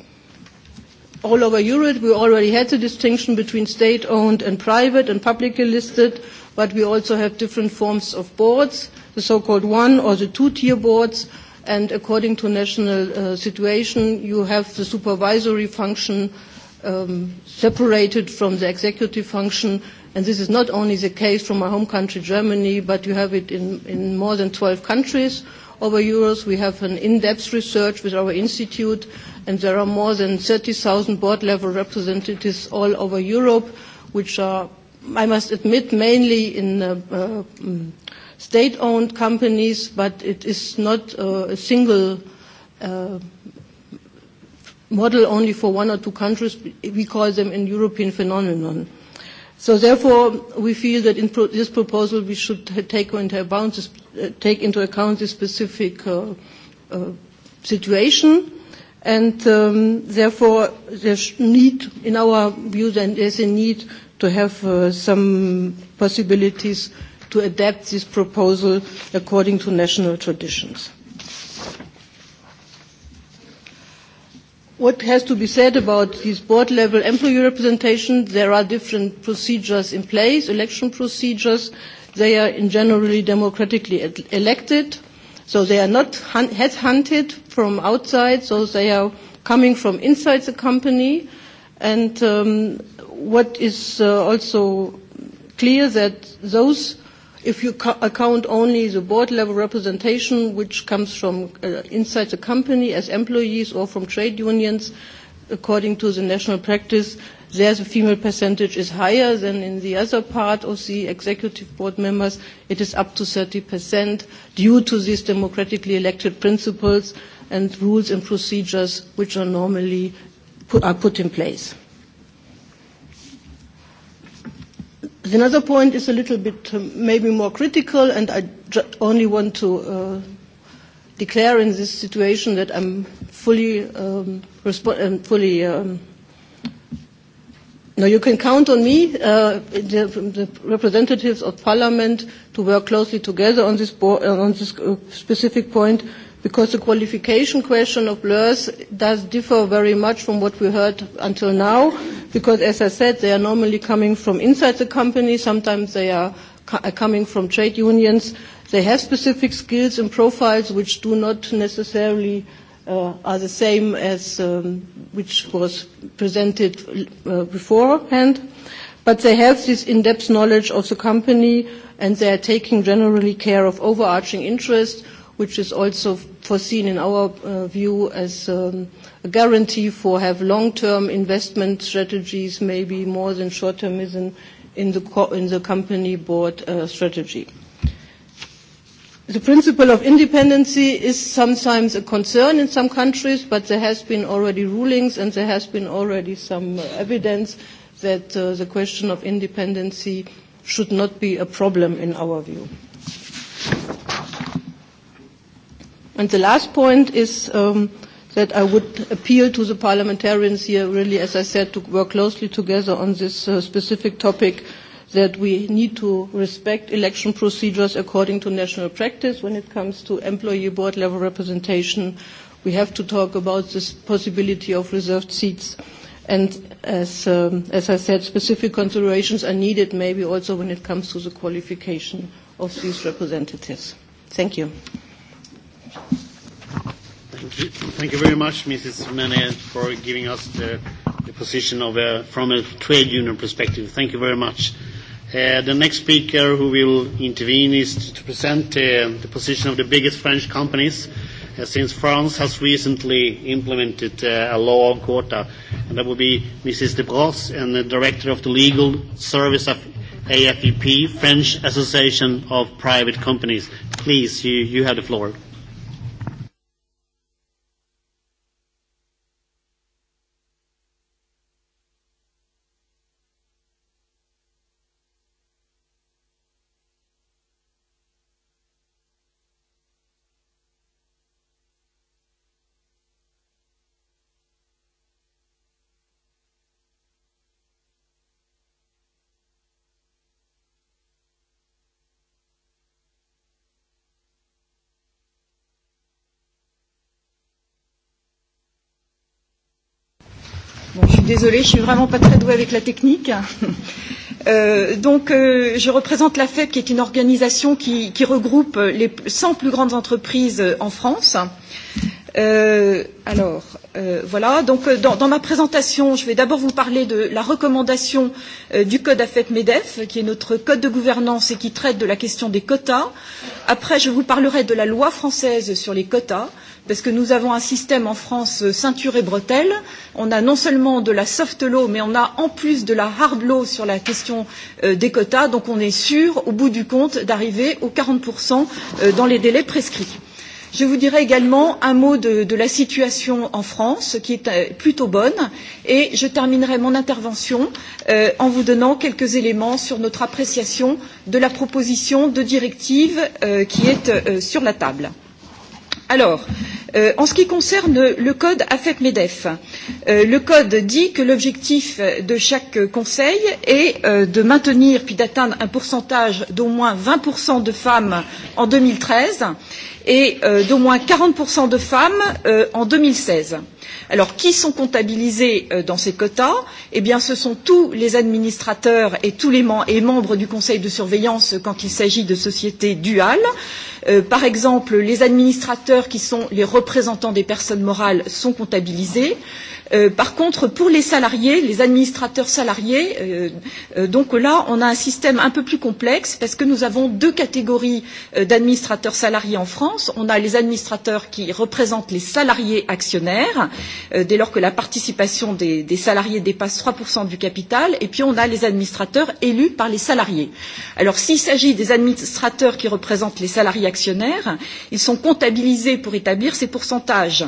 all over Europe. We already had the distinction between state-owned and private and publicly listed but we also have different forms of boards, the so-called one or the two-tier boards, and according to national uh, situation, you have the supervisory function um, separated from the executive function, and this is not only the case from my home country, Germany, but you have it in, in more than 12 countries over euros. We have an in-depth research with our institute, and there are more than 30,000 board-level representatives all over Europe, which are I must admit, mainly in uh, uh, state-owned companies, but it is not uh, a single uh, model only for one or two countries. We call them an European phenomenon. So therefore, we feel that in pro- this proposal we should take into account this, uh, take into account this specific uh, uh, situation. And um, therefore, there's need, in our view, then there's a need to have uh, some possibilities to adapt this proposal according to national traditions. What has to be said about this board level employee representation? There are different procedures in place, election procedures. They are in generally democratically elected, so they are not head hunted from outside, so they are coming from inside the company. And um, what is uh, also clear that those, if you account only the board level representation, which comes from uh, inside the company as employees or from trade unions, according to the national practice, there the female percentage is higher than in the other part of the executive board members. It is up to 30% due to these democratically elected principles and rules and procedures which are normally put, are put in place. Another point is a little bit maybe more critical, and I j only want to uh, declare in this situation that I'm fully, um, resp- um, fully. Um, no, you can count on me, uh, the, the representatives of Parliament, to work closely together on this, bo- on this uh, specific point because the qualification question of blurs does differ very much from what we heard until now, because as I said, they are normally coming from inside the company, sometimes they are coming from trade unions. They have specific skills and profiles which do not necessarily uh, are the same as um, which was presented uh, beforehand, but they have this in-depth knowledge of the company and they are taking generally care of overarching interests which is also foreseen in our uh, view as um, a guarantee for have long-term investment strategies, maybe more than short-termism in the, co- in the company board uh, strategy. The principle of independency is sometimes a concern in some countries, but there has been already rulings and there has been already some uh, evidence that uh, the question of independency should not be a problem in our view. And the last point is um, that I would appeal to the parliamentarians here, really, as I said, to work closely together on this uh, specific topic that we need to respect election procedures according to national practice when it comes to employee board level representation. We have to talk about this possibility of reserved seats. And as, um, as I said, specific considerations are needed maybe also when it comes to the qualification of these representatives. Thank you. Thank you very much, Mrs. Mene, for giving us the, the position of a, from a trade union perspective. Thank you very much. Uh, the next speaker who will intervene is to present uh, the position of the biggest French companies uh, since France has recently implemented uh, a law on quota. And that will be Mrs. De Brosse and the Director of the Legal Service of AFEP, French Association of Private Companies. Please, you, you have the floor. désolée, je suis vraiment pas très douée avec la technique. Euh, donc, euh, je représente la FEP, qui est une organisation qui, qui regroupe les 100 plus grandes entreprises en France. Euh, alors, euh, voilà. Donc, dans, dans ma présentation, je vais d'abord vous parler de la recommandation euh, du code AFEP-MEDEF, qui est notre code de gouvernance et qui traite de la question des quotas. Après, je vous parlerai de la loi française sur les quotas. Euh, parce que nous avons un système en France ceinture et bretelles. On a non seulement de la soft law, mais on a en plus de la hard law sur la question des quotas. Donc on est sûr, au bout du compte, d'arriver aux quarante dans les délais prescrits. Je vous dirai également un mot de, la situation en France, qui est plutôt bonne, et je terminerai mon intervention en vous donnant quelques éléments sur notre appréciation de la proposition de directive qui est sur la table Alors, euh, en ce qui concerne le code AFEP medef euh, le code dit que l'objectif de chaque conseil est euh, de maintenir puis d'atteindre un pourcentage d'au moins 20% de femmes en 2013 et euh, d'au moins 40% de femmes euh, en 2016. Alors, qui sont comptabilisés euh, dans ces quotas Eh bien, ce sont tous les administrateurs et tous les mem et membres du conseil de surveillance quand il s'agit de sociétés duales par exemple, les administrateurs qui sont les représentants des personnes morales sont comptabilisés. par contre, pour les salariés, les administrateurs salariés, donc là, on a un système un peu plus complexe parce que nous avons deux catégories d'administrateurs salariés en France. On a les administrateurs qui représentent les salariés actionnaires, dès lors que la participation des, salariés dépasse trois du capital, et puis on a les administrateurs élus par les salariés. Alors, s'il s'agit des administrateurs qui représentent les salariés actionnaires, ils sont comptabilisés pour établir ces pourcentages,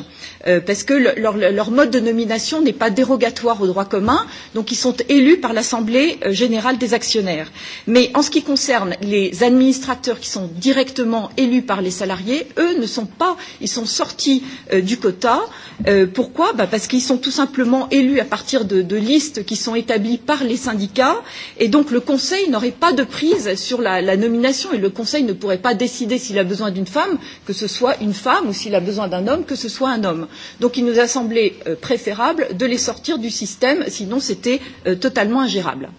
euh, parce que le, leur, leur mode de nomination n'est pas dérogatoire au droit commun, donc ils sont élus par l'Assemblée générale des actionnaires. Mais en ce qui concerne les administrateurs qui sont directement élus par les salariés, eux ne sont pas, ils sont sortis euh, du quota. Euh, pourquoi bah Parce qu'ils sont tout simplement élus à partir de, de listes qui sont établies par les syndicats, et donc le Conseil n'aurait pas de prise sur la, la nomination, et le Conseil ne pourrait pas décider si s'il a besoin d'une femme, que ce soit une femme, ou s'il a besoin d'un homme, que ce soit un homme. Donc il nous a semblé préférable de les sortir du système, sinon c'était totalement ingérable.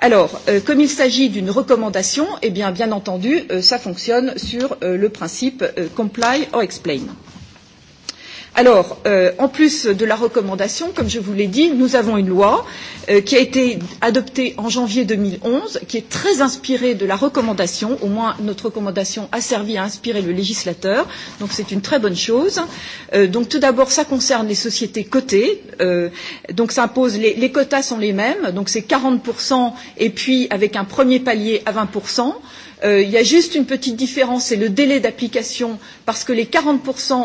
Alors, comme il s'agit d'une recommandation, eh bien, bien entendu, cela fonctionne sur le principe comply or explain. Alors, euh, en plus de la recommandation, comme je vous l'ai dit, nous avons une loi euh, qui a été adoptée en janvier 2011, qui est très inspirée de la recommandation. Au moins, notre recommandation a servi à inspirer le législateur, donc c'est une très bonne chose. Euh, donc, tout d'abord, ça concerne les sociétés cotées. Euh, donc, ça impose les, les quotas sont les mêmes, donc c'est 40 et puis avec un premier palier à 20 il y a juste une petite différence, c'est le délai d'application, parce que les quarante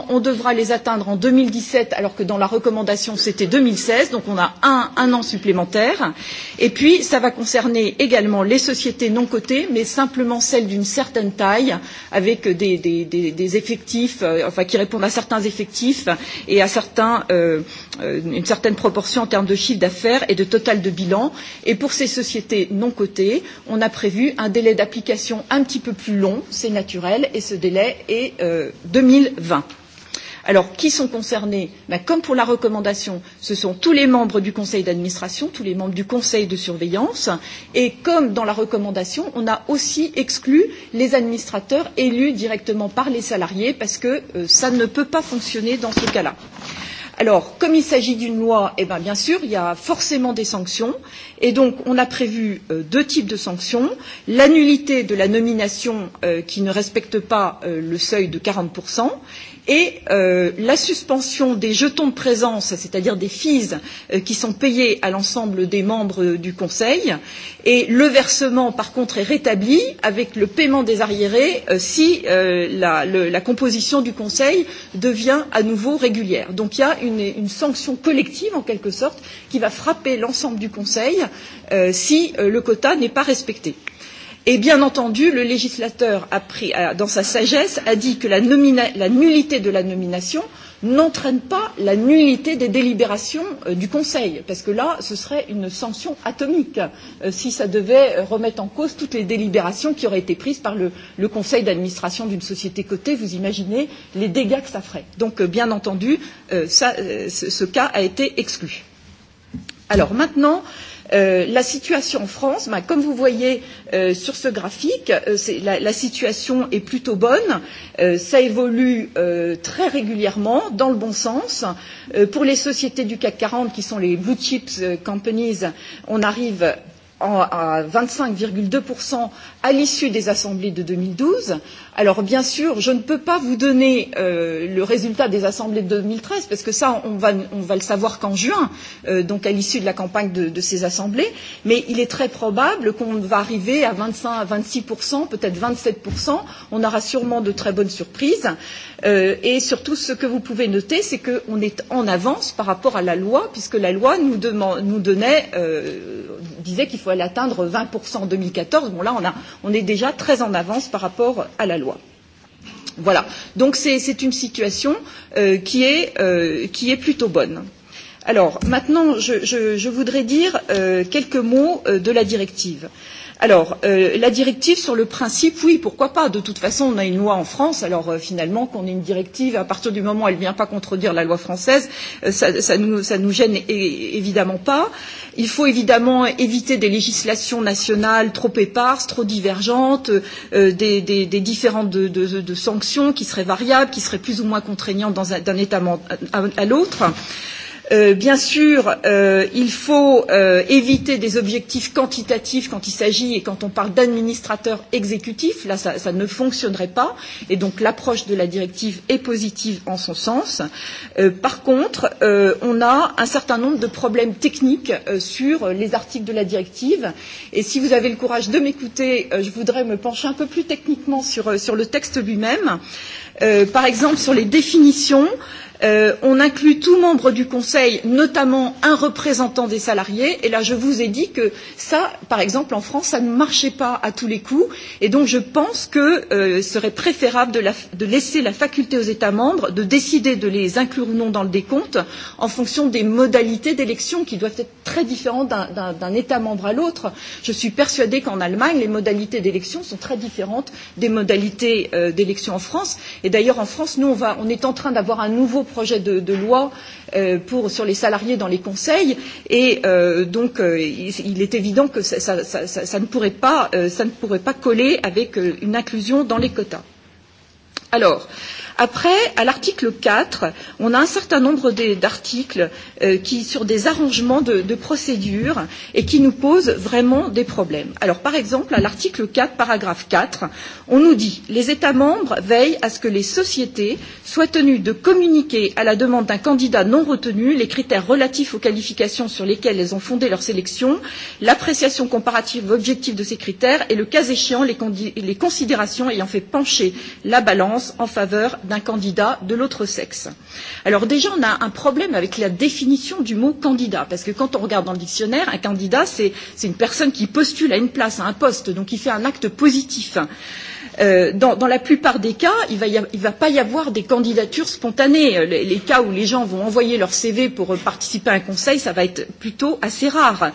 on devra les atteindre en deux mille dix sept, alors que dans la recommandation, c'était deux mille seize, donc on a un, an supplémentaire. Et puis, cela va concerner également les sociétés non cotées, mais simplement celles d'une certaine taille, avec des, effectifs, enfin, qui répondent à certains effectifs et à certains une certaine proportion en termes de chiffre d'affaires et de total de bilan. Et pour ces sociétés non cotées, on a prévu un délai d'application un petit peu plus long, c'est naturel, et ce délai est euh, 2020. Alors, qui sont concernés ben, Comme pour la recommandation, ce sont tous les membres du conseil d'administration, tous les membres du conseil de surveillance. Et comme dans la recommandation, on a aussi exclu les administrateurs élus directement par les salariés parce que euh, ça ne peut pas fonctionner dans ce cas-là. Euh, Alors, comme il s'agit d'une loi, eh bien, bien sûr, il y a forcément des sanctions. Et donc, on a prévu euh, deux types de sanctions. La nullité de la nomination euh, qui ne respecte pas euh, le seuil de 40 et la suspension des jetons de présence, c'est-à-dire des fees qui sont payés à l'ensemble des membres du Conseil, et le versement, par contre, est rétabli avec le paiement des arriérés si la, composition du Conseil devient à nouveau régulière. Donc il y a une, sanction collective, en quelque sorte, qui va frapper l'ensemble du Conseil si le quota n'est pas respecté. Et bien entendu, le législateur a pris, a, dans sa sagesse, a dit que la, nomina, la nullité de la nomination n'entraîne pas la nullité des délibérations euh, du Conseil, parce que là, ce serait une sanction atomique euh, si ça devait remettre en cause toutes les délibérations qui auraient été prises par le, le Conseil d'administration d'une société cotée. Vous imaginez les dégâts que ça ferait. Donc, euh, bien entendu, euh, ça, euh, ce, ce cas a été exclu. Alors maintenant. Euh, la situation en France, comme vous voyez sur ce graphique, la, situation est plutôt bonne. cela évolue très régulièrement dans le bon sens. pour les sociétés du CAC quarante, qui sont les blue chips companies, on arrive en, à 25,2% à l'issue des assemblées de 2012. Alors bien sûr, je ne peux pas vous donner euh, le résultat des assemblées de 2013 parce que ça, on va, on va le savoir qu'en juin, euh, donc à l'issue de la campagne de, de ces assemblées. Mais il est très probable qu'on va arriver à 25, à 26%, peut-être 27%. On aura sûrement de très bonnes surprises. Euh, et surtout, ce que vous pouvez noter, c'est qu'on est en avance par rapport à la loi puisque la loi nous, demand, nous donnait euh, disait qu'il fallait atteindre 20% en 2014. Bon, là, on, a, on est déjà très en avance par rapport à la loi. Voilà. Donc, c'est une situation euh, qui, est, euh, qui est plutôt bonne. Alors, maintenant, je, je, je voudrais dire euh, quelques mots euh, de la directive. Euh, Alors, euh, la directive sur le principe, oui, pourquoi pas. De toute façon, on a une loi en France. Alors, euh, finalement, qu'on ait une directive, à partir du moment où elle ne vient pas contredire la loi française, euh, ça, ça, nous, ça nous gêne évidemment pas. Il faut évidemment éviter des législations nationales trop éparses, trop divergentes, euh, des, des, des différentes de, de, de sanctions qui seraient variables, qui seraient plus ou moins contraignantes d'un État à l'autre. Euh, bien sûr, il faut éviter des objectifs quantitatifs quand il s'agit et quand on parle d'administrateur exécutif Là, ça, ne fonctionnerait pas. Et donc, l'approche de la directive est positive en son sens. par contre, on a un certain nombre de problèmes techniques sur les articles de la directive. Et si vous avez le courage de m'écouter, je voudrais me pencher un peu plus techniquement sur, le texte lui-même. par exemple, sur les définitions on inclut tout membre du Conseil, notamment un représentant des salariés. Et là, je vous ai dit que ça, par exemple, en France, ça ne marchait pas à tous les coups. Et donc, je pense qu'il serait préférable de, laisser la faculté aux États membres de décider de les inclure ou non dans le décompte en fonction des modalités d'élection qui doivent être très différentes d'un État membre à l'autre. Je suis persuadée qu'en Allemagne, les modalités d'élection sont très différentes des modalités d'élection en France. Et d'ailleurs, en France, nous, on, est en train d'avoir un nouveau projet de, de loi euh, pour, sur les salariés dans les conseils et euh, donc euh, il, il est évident que ça, ça, ça, ça, ça, ne pourrait pas, euh, ça ne pourrait pas coller avec euh, une inclusion dans les quotas. Alors, euh, Après, à l'article 4, on a un certain nombre d'articles euh, qui sur des arrangements de, de procédures et qui nous posent vraiment des problèmes. Alors, par exemple, à l'article 4, paragraphe 4, on nous dit les États membres veillent à ce que les sociétés soient tenues de communiquer à la demande d'un candidat non retenu les critères relatifs aux qualifications sur lesquelles elles ont fondé leur sélection, l'appréciation comparative objective de ces critères et, le cas échéant, les, les considérations ayant fait pencher la balance en faveur d'un d'un candidat de l'autre sexe. Alors déjà, on a un problème avec la définition du mot candidat, parce que quand on regarde dans le dictionnaire, un candidat, c'est une personne qui postule à une place, à un poste, donc qui fait un acte positif dans, dans la plupart des cas, il ne va, va pas y avoir des candidatures spontanées. Les, les cas où les gens vont envoyer leur CV pour participer à un conseil, ça va être plutôt assez rare.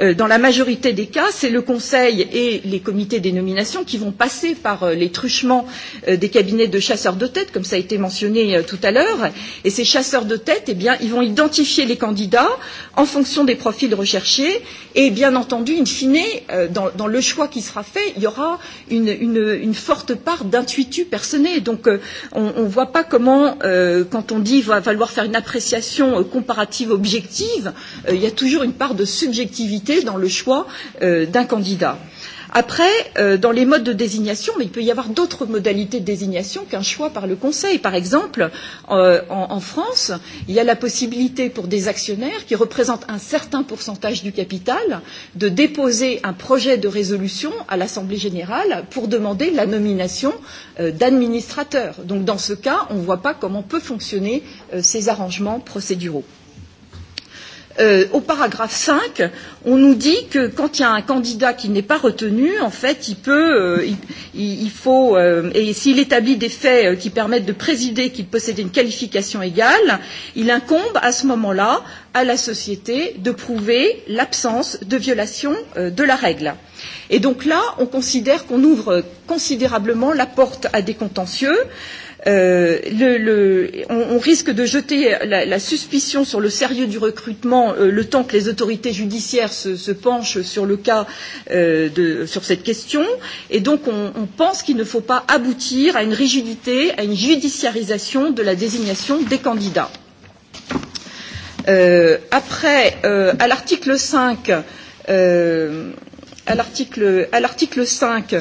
Euh, dans la majorité des cas, c'est le conseil et les comités des nominations qui vont passer par euh, les truchements euh, des cabinets de chasseurs de tête, comme ça a été mentionné euh, tout à l'heure. Et ces chasseurs de tête, eh bien, ils vont identifier les candidats en fonction des profils recherchés. Et bien entendu, in fine, euh, dans, dans le choix qui sera fait, il y aura une, une, une forte part d'intuitu personnel. Donc euh, on ne voit pas comment, euh, quand on dit va falloir faire une appréciation euh, comparative objective, euh, il y a toujours une part de subjectivité dans le choix euh, d'un candidat. Euh, Après, euh, dans les modes de désignation, mais il peut y avoir d'autres modalités de désignation qu'un choix par le Conseil. Par exemple, euh, en, en France, il y a la possibilité pour des actionnaires qui représentent un certain pourcentage du capital de déposer un projet de résolution à l'Assemblée générale pour demander la nomination euh, d'administrateurs. Donc dans ce cas, on ne voit pas comment peuvent fonctionner euh, ces arrangements procéduraux au paragraphe cinq, on nous dit que quand il y a un candidat qui n'est pas retenu, en fait, il peut, il, faut, et s'il établit des faits qui permettent de présider qu'il possédait une qualification égale, il incombe à ce moment-là à la société de prouver l'absence de violation de la règle. Et donc là, on considère qu'on ouvre considérablement la porte à des contentieux euh, le, le, on, on risque de jeter la, la suspicion sur le sérieux du recrutement euh, le temps que les autorités judiciaires se, se penchent sur le cas euh, de, sur cette question et donc on, on pense qu'il ne faut pas aboutir à une rigidité, à une judiciarisation de la désignation des candidats. Euh, après, euh, à l'article 5, euh, à l'article cinq,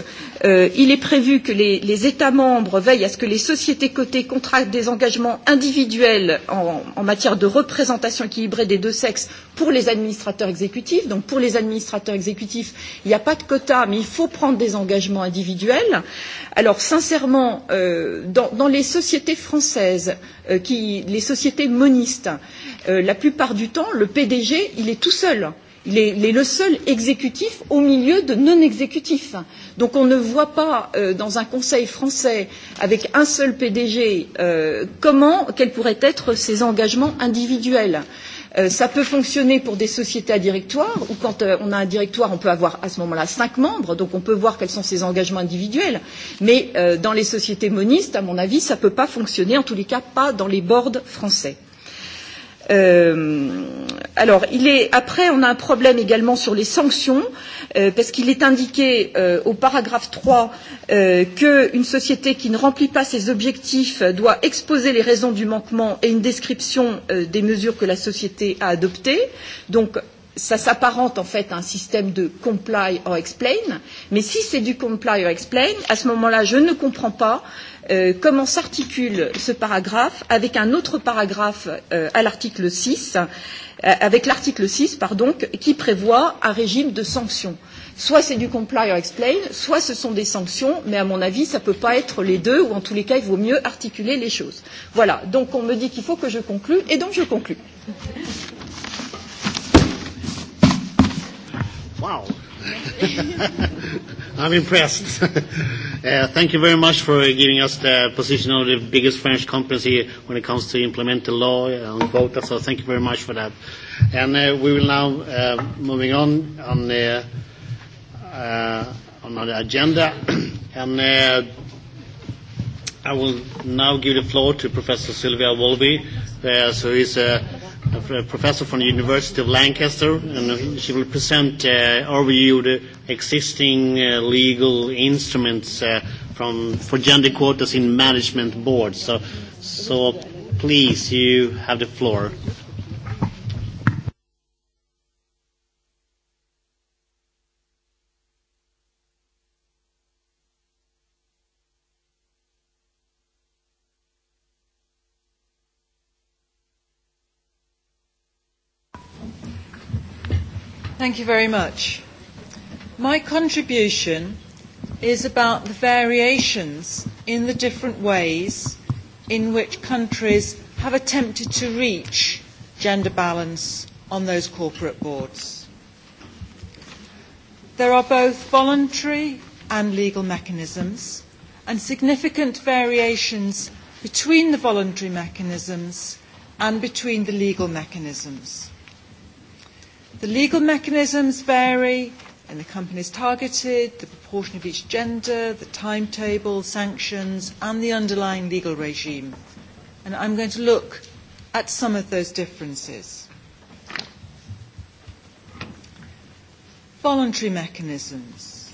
il est prévu que les, États membres veillent à ce que les sociétés cotées contractent des engagements individuels en, matière de représentation équilibrée des deux sexes pour les administrateurs exécutifs. Donc pour les administrateurs exécutifs, il n'y a pas de quota, mais il faut prendre des engagements individuels. Alors sincèrement, dans, les sociétés françaises, les sociétés monistes, la plupart du temps, le PDG, il est tout seul. Euh, Il est, il est le seul exécutif au milieu de non-exécutifs. Donc on ne voit pas euh, dans un conseil français avec un seul PDG euh, comment, quels pourraient être ses engagements individuels. Euh, ça peut fonctionner pour des sociétés à directoire, où quand euh, on a un directoire, on peut avoir à ce moment-là cinq membres, donc on peut voir quels sont ses engagements individuels. Mais euh, dans les sociétés monistes, à mon avis, ça ne peut pas fonctionner, en tous les cas pas dans les boards français alors, il est, après, on a un problème également sur les sanctions, euh, parce qu'il est indiqué euh, au paragraphe 3 euh, qu'une société qui ne remplit pas ses objectifs doit exposer les raisons du manquement et une description euh, des mesures que la société a adoptées. Donc, ça s'apparente en fait à un système de comply or explain, mais si c'est du comply or explain, à ce moment-là, je ne comprends pas euh, comment s'articule ce paragraphe avec un autre paragraphe euh, à l'article 6, euh, avec l'article 6, pardon, qui prévoit un régime de sanctions. Soit c'est du comply or explain, soit ce sont des sanctions, mais à mon avis, ça ne peut pas être les deux, ou en tous les cas, il vaut mieux articuler les choses. Voilà, donc on me dit qu'il faut que je conclue, et donc je conclue. Wow. I'm impressed. uh, thank you very much for giving us the position of the biggest French companies here when it comes to implement the law on quota. So thank you very much for that. And uh, we will now uh, moving on on the uh, on the agenda, and uh, I will now give the floor to Professor Sylvia Wolby, uh, so he's a uh, a professor from the University of Lancaster, and she will present uh, overview of the existing uh, legal instruments uh, from for gender quotas in management boards. So, so please, you have the floor. Thank you very much. My contribution is about the variations in the different ways in which countries have attempted to reach gender balance on those corporate boards. There are both voluntary and legal mechanisms and significant variations between the voluntary mechanisms and between the legal mechanisms. The legal mechanisms vary, and the companies targeted, the proportion of each gender, the timetable, sanctions, and the underlying legal regime. And I'm going to look at some of those differences. Voluntary mechanisms.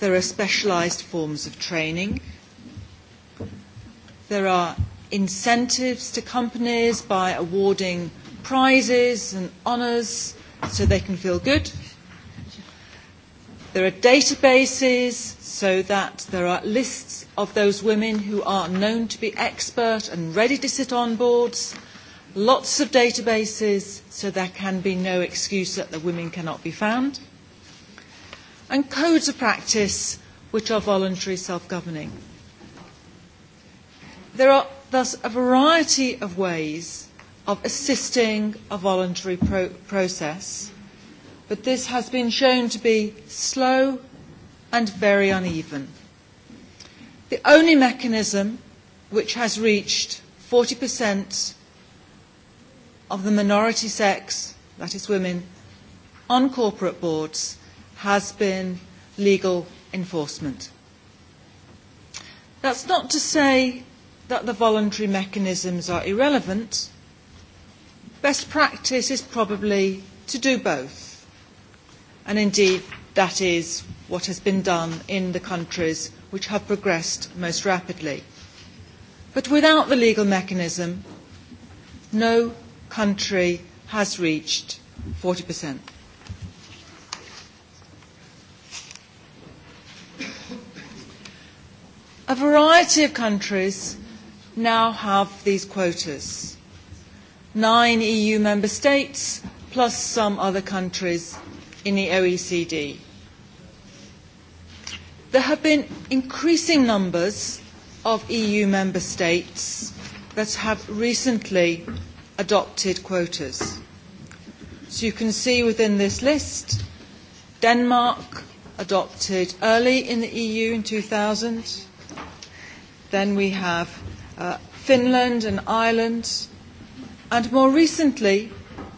There are specialised forms of training. There are incentives to companies by awarding prizes and honours so they can feel good. There are databases so that there are lists of those women who are known to be expert and ready to sit on boards. Lots of databases so there can be no excuse that the women cannot be found. And codes of practice which are voluntary self-governing. There are thus a variety of ways of assisting a voluntary pro- process, but this has been shown to be slow and very uneven. The only mechanism which has reached 40% of the minority sex, that is women, on corporate boards has been legal enforcement. That's not to say that the voluntary mechanisms are irrelevant, Best practice is probably to do both. And indeed, that is what has been done in the countries which have progressed most rapidly. But without the legal mechanism, no country has reached 40%. A variety of countries now have these quotas nine EU member states plus some other countries in the OECD. There have been increasing numbers of EU member states that have recently adopted quotas. So you can see within this list, Denmark adopted early in the EU in 2000. Then we have uh, Finland and Ireland And more recently,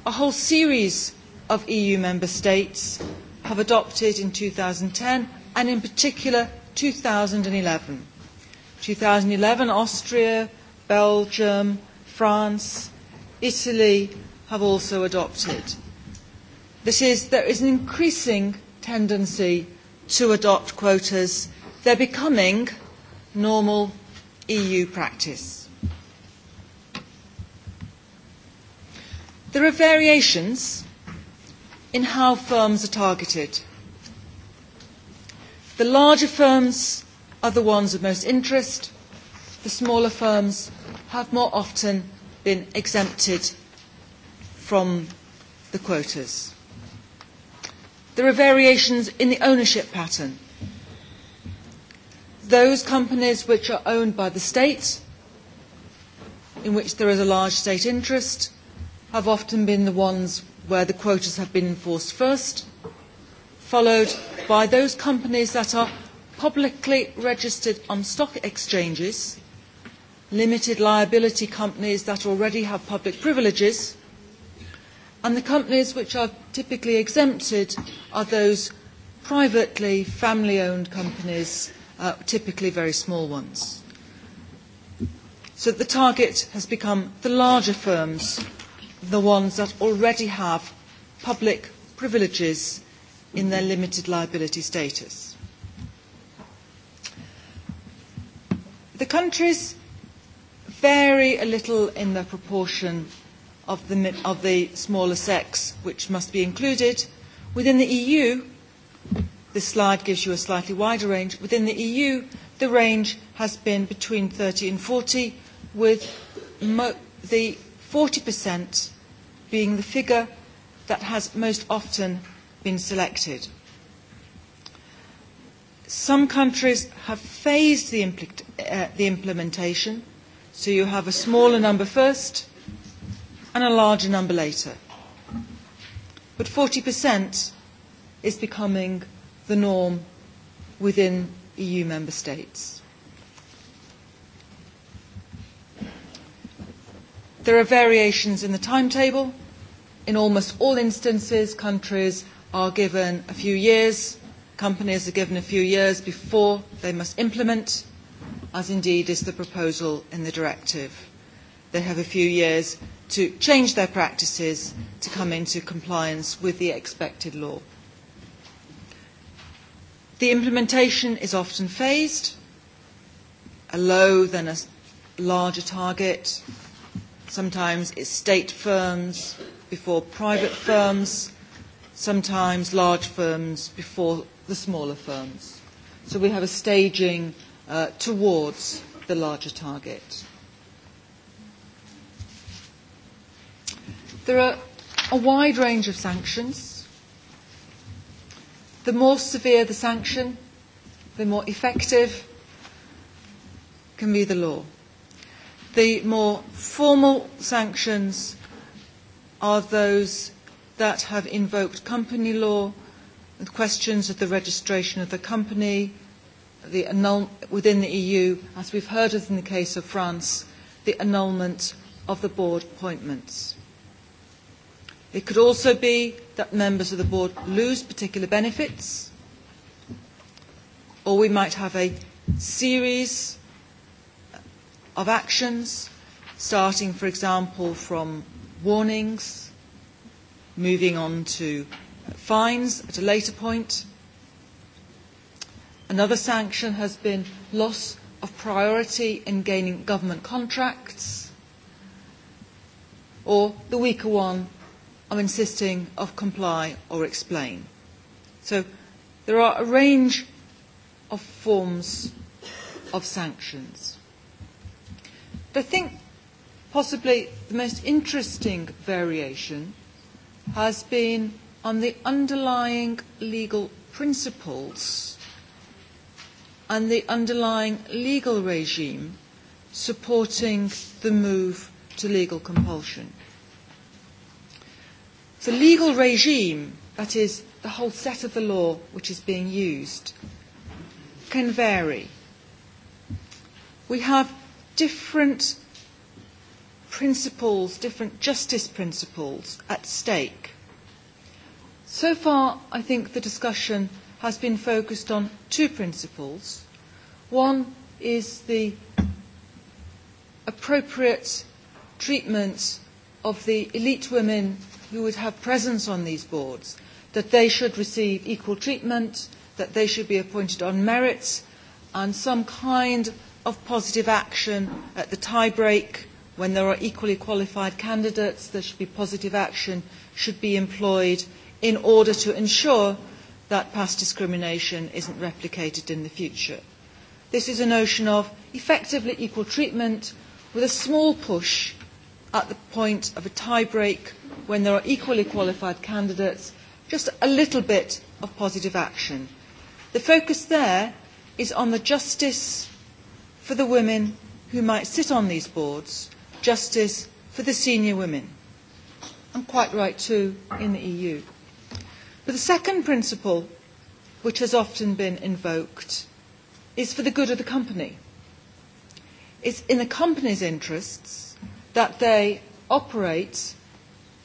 a whole series of EU member states have adopted in 2010 and in particular 2011. 2011, Austria, Belgium, France, Italy have also adopted. This is, there is an increasing tendency to adopt quotas. They're becoming normal EU practice. There are variations in how firms are targeted. The larger firms are the ones of most interest. The smaller firms have more often been exempted from the quotas. There are variations in the ownership pattern. Those companies which are owned by the state, in which there is a large state interest, have often been the ones where the quotas have been enforced first, followed by those companies that are publicly registered on stock exchanges, limited liability companies that already have public privileges, and the companies which are typically exempted are those privately family-owned companies, typically very small ones. So the target has become the larger firms the ones that already have public privileges in their limited liability status. The countries vary a little in the proportion of the, of the smaller sex which must be included. Within the EU, this slide gives you a slightly wider range. Within the EU, the range has been between 30 and 40, with mo- the 40% being the figure that has most often been selected. Some countries have phased the, impl- uh, the implementation, so you have a smaller number first and a larger number later. But 40% is becoming the norm within EU member states. There are variations in the timetable. In almost all instances, countries are given a few years, companies are given a few years before they must implement, as indeed is the proposal in the directive. They have a few years to change their practices to come into compliance with the expected law. The implementation is often phased, a low, then a larger target, Sometimes it's state firms before private firms, sometimes large firms before the smaller firms. So we have a staging uh, towards the larger target. There are a wide range of sanctions. The more severe the sanction, the more effective can be the law. The more formal sanctions are those that have invoked company law, the questions of the registration of the company the annul- within the EU, as we've heard of in the case of France, the annulment of the board appointments. It could also be that members of the board lose particular benefits, or we might have a series of actions, starting, for example, from warnings, moving on to fines at a later point. Another sanction has been loss of priority in gaining government contracts, or the weaker one of insisting of comply or explain. So there are a range of forms of sanctions. I think possibly the most interesting variation has been on the underlying legal principles and the underlying legal regime supporting the move to legal compulsion. The legal regime, that is, the whole set of the law which is being used, can vary. We have different principles, different justice principles at stake. So far, I think the discussion has been focused on two principles. One is the appropriate treatment of the elite women who would have presence on these boards, that they should receive equal treatment, that they should be appointed on merits, and some kind of positive action at the tie-break when there are equally qualified candidates, there should be positive action should be employed in order to ensure that past discrimination isn't replicated in the future. This is a notion of effectively equal treatment with a small push at the point of a tie-break when there are equally qualified candidates, just a little bit of positive action. The focus there is on the justice for the women who might sit on these boards, justice for the senior women. And quite right too in the EU. But the second principle, which has often been invoked, is for the good of the company. It's in the company's interests that they operate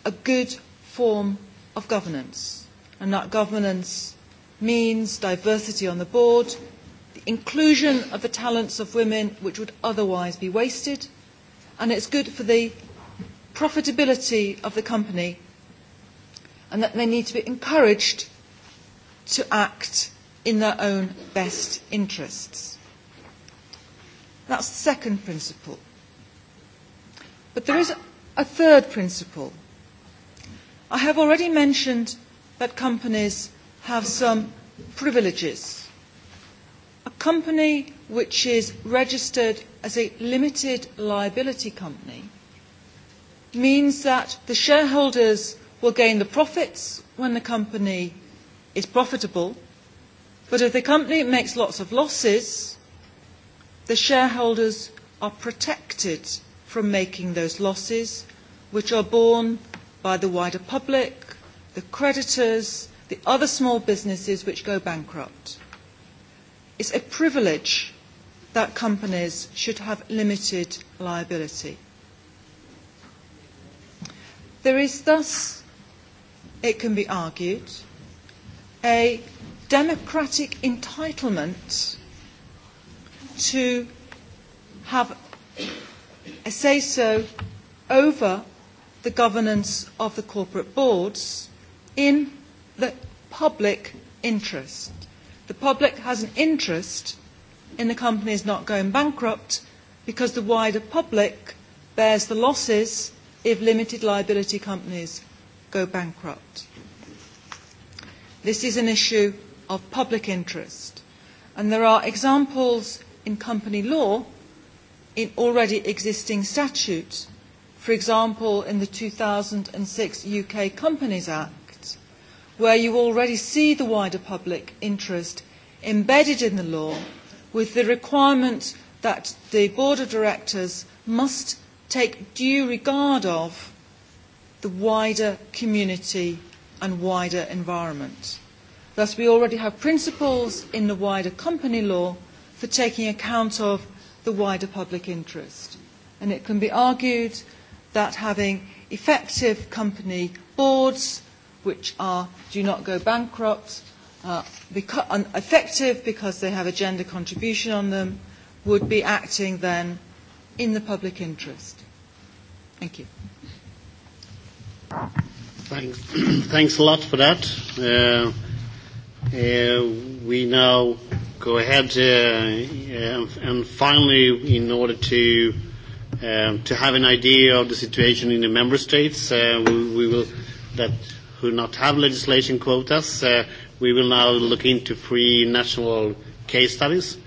a good form of governance. And that governance means diversity on the board, inclusion of the talents of women which would otherwise be wasted, and it's good for the profitability of the company, and that they need to be encouraged to act in their own best interests. That's the second principle. But there is a third principle. I have already mentioned that companies have some privileges A company which is registered as a limited liability company means that the shareholders will gain the profits when the company is profitable, but if the company makes lots of losses, the shareholders are protected from making those losses, which are borne by the wider public, the creditors, the other small businesses which go bankrupt is a privilege that companies should have limited liability. There is thus, it can be argued, a democratic entitlement to have a say so over the governance of the corporate boards in the public interest. The public has an interest in the companies not going bankrupt because the wider public bears the losses if limited liability companies go bankrupt. This is an issue of public interest, and there are examples in company law in already existing statutes, for example, in the two thousand six UK Companies Act, where you already see the wider public interest embedded in the law with the requirement that the board of directors must take due regard of the wider community and wider environment. Thus, we already have principles in the wider company law for taking account of the wider public interest. And it can be argued that having effective company boards which are do not go bankrupt, uh, effective because they have a gender contribution on them, would be acting then in the public interest. Thank you. Thanks, Thanks a lot for that. Uh, uh, we now go ahead uh, and, and finally, in order to um, to have an idea of the situation in the member states, uh, we, we will that who not have legislation quotas. Uh, we will now look into three national case studies.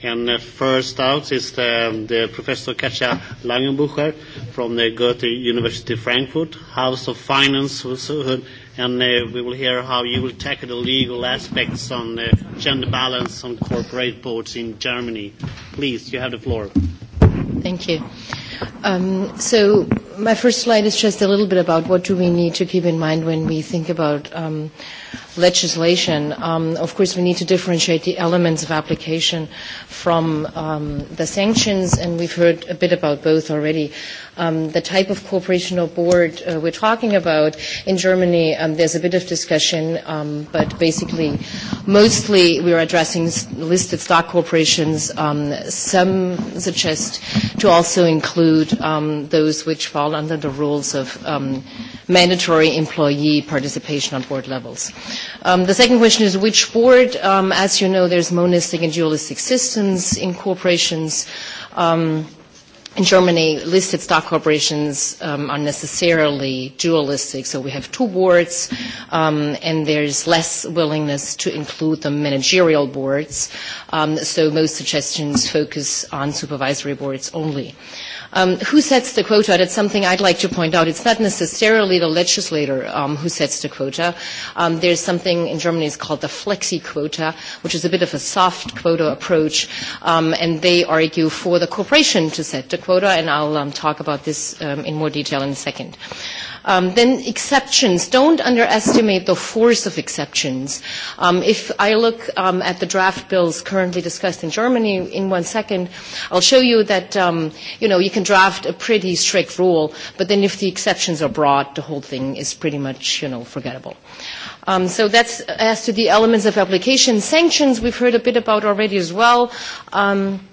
And uh, first out is the, the Professor Katja Langenbucher from the Goethe University Frankfurt, House of Finance, and uh, we will hear how you will tackle the legal aspects on uh, gender balance on corporate boards in Germany. Please, you have the floor. Thank you. Um, so my first slide is just a little bit about what do we need to keep in mind when we think about um, legislation, um, of course, we need to differentiate the elements of application from um, the sanctions, and we've heard a bit about both already. Um, the type of cooperation or board uh, we're talking about in Germany, um, there's a bit of discussion, um, but basically, mostly we are addressing listed stock corporations. Um, some suggest to also include um, those which fall under the rules of um, mandatory employee participation on board levels. Um, the second question is which board? Um, as you know, there's monistic and dualistic systems in corporations. Um, in Germany, listed stock corporations um, are necessarily dualistic, so we have two boards, um, and there's less willingness to include the managerial boards, um, so most suggestions focus on supervisory boards only. Um, who sets the quota? That's something I'd like to point out. It's not necessarily the legislator um, who sets the quota. Um, there's something in Germany is called the flexi quota, which is a bit of a soft quota approach, um, and they argue for the corporation to set the quota, and I'll um, talk about this um, in more detail in a second. Um, then exceptions. Don't underestimate the force of exceptions. Um, if I look um, at the draft bills currently discussed in Germany in one second, I'll show you that um, you know you can draft a pretty strict rule, but then if the exceptions are broad, the whole thing is pretty much you know forgettable. Um, so that's as to the elements of application. Sanctions we've heard a bit about already as well. Um,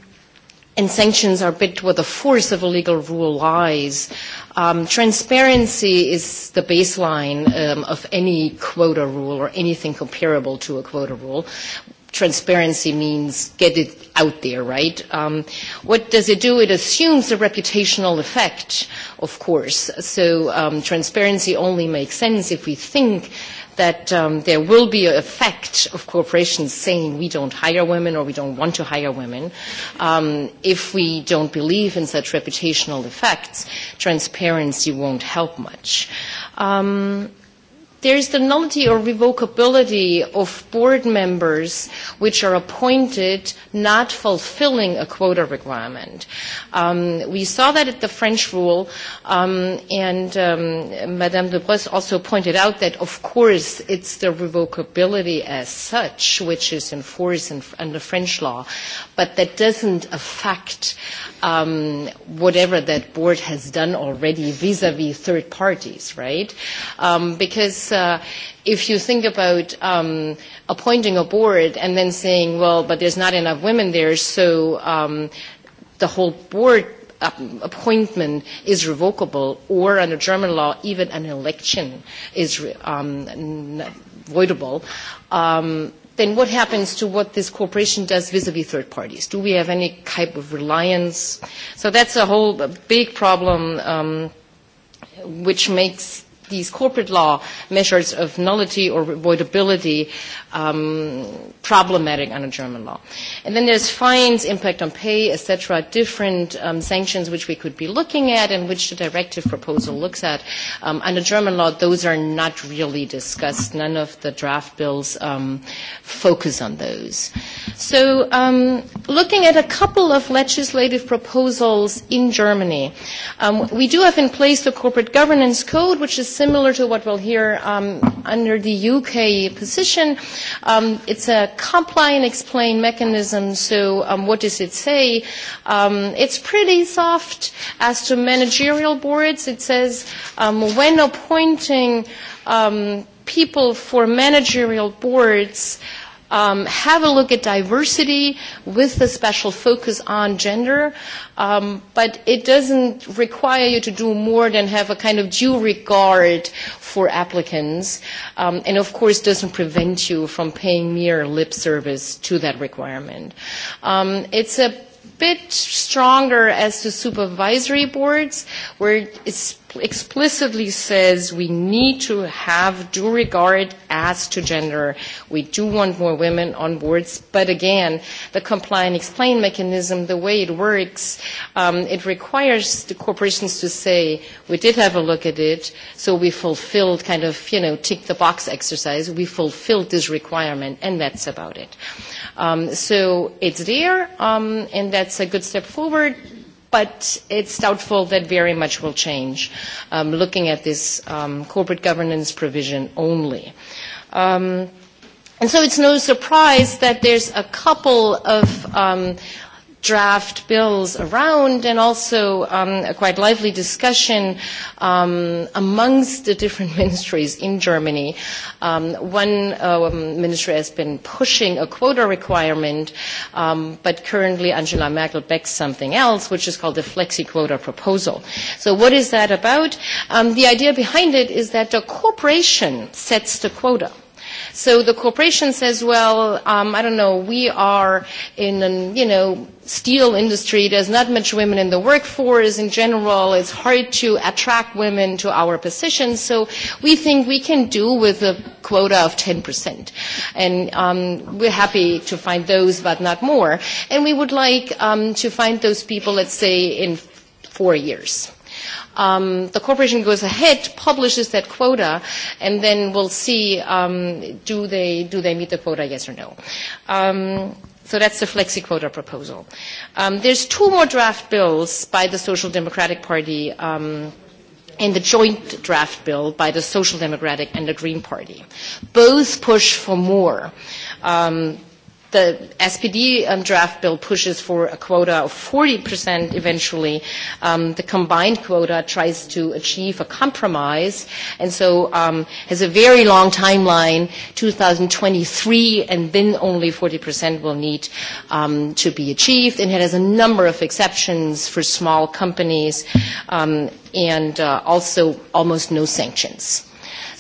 and sanctions are bit where the force of a legal rule lies. Um, transparency is the baseline um, of any quota rule or anything comparable to a quota rule. Transparency means get it out there, right? Um, what does it do? It assumes a reputational effect, of course. So um, transparency only makes sense if we think that um, there will be an effect of corporations saying we don't hire women or we don't want to hire women um, if we don't believe in such reputational effects transparency won't help much um, There is the nullity or revocability of board members which are appointed not fulfilling a quota requirement. Um, we saw that at the French rule, um, and um, Madame de Bresse also pointed out that, of course, it's the revocability as such which is enforced in, under French law, but that doesn't affect um, whatever that board has done already vis-à-vis third parties, right? Um, because uh, if you think about um, appointing a board and then saying, well, but there's not enough women there, so um, the whole board appointment is revocable, or under German law, even an election is um, voidable. Um, then what happens to what this corporation does vis a vis third parties? Do we have any type of reliance? So that's a whole big problem um, which makes these corporate law measures of nullity or avoidability um, problematic under German law. And then there's fines, impact on pay, etc., different um, sanctions which we could be looking at and which the directive proposal looks at. Um, under German law, those are not really discussed. None of the draft bills um, focus on those. So um, looking at a couple of legislative proposals in Germany, um, we do have in place the Corporate Governance Code, which is similar to what we'll hear um, under the UK position. Um, it's a comply and explain mechanism. So um, what does it say? Um, it's pretty soft as to managerial boards. It says um, when appointing um, people for managerial boards, um, have a look at diversity with a special focus on gender, um, but it doesn't require you to do more than have a kind of due regard for applicants, um, and of course doesn't prevent you from paying mere lip service to that requirement. Um, it's a bit stronger as to supervisory boards, where it's explicitly says we need to have due regard as to gender. We do want more women on boards, but again, the comply and explain mechanism, the way it works, um, it requires the corporations to say, we did have a look at it, so we fulfilled kind of, you know, tick the box exercise, we fulfilled this requirement, and that's about it. Um, so it's there, um, and that's a good step forward but it's doubtful that very much will change looking at this corporate governance provision only. and so it's no surprise that there's a couple of draft bills around and also um, a quite lively discussion um, amongst the different ministries in Germany. Um, one uh, ministry has been pushing a quota requirement, um, but currently Angela Merkel backs something else, which is called the flexi quota proposal. So what is that about? Um, the idea behind it is that the corporation sets the quota So the corporation says, well, um, I don't know, we are in an, you know, steel industry, there's not much women in the workforce in general, it's hard to attract women to our positions, so we think we can do with a quota of 10%. And um, we're happy to find those, but not more. And we would like um, to find those people, let's say, in four years um, the corporation goes ahead, publishes that quota, and then we'll see um, do they do they meet the quota, yes or no. Um, so that's the flexi quota proposal. Um, there's two more draft bills by the Social Democratic Party. Um, and the joint draft bill by the Social Democratic and the Green Party. Both push for more. Um, the SPD um, draft bill pushes for a quota of 40% eventually. Um, the combined quota tries to achieve a compromise and so um, has a very long timeline, 2023, and then only 40% will need um, to be achieved. And it has a number of exceptions for small companies um, and uh, also almost no sanctions.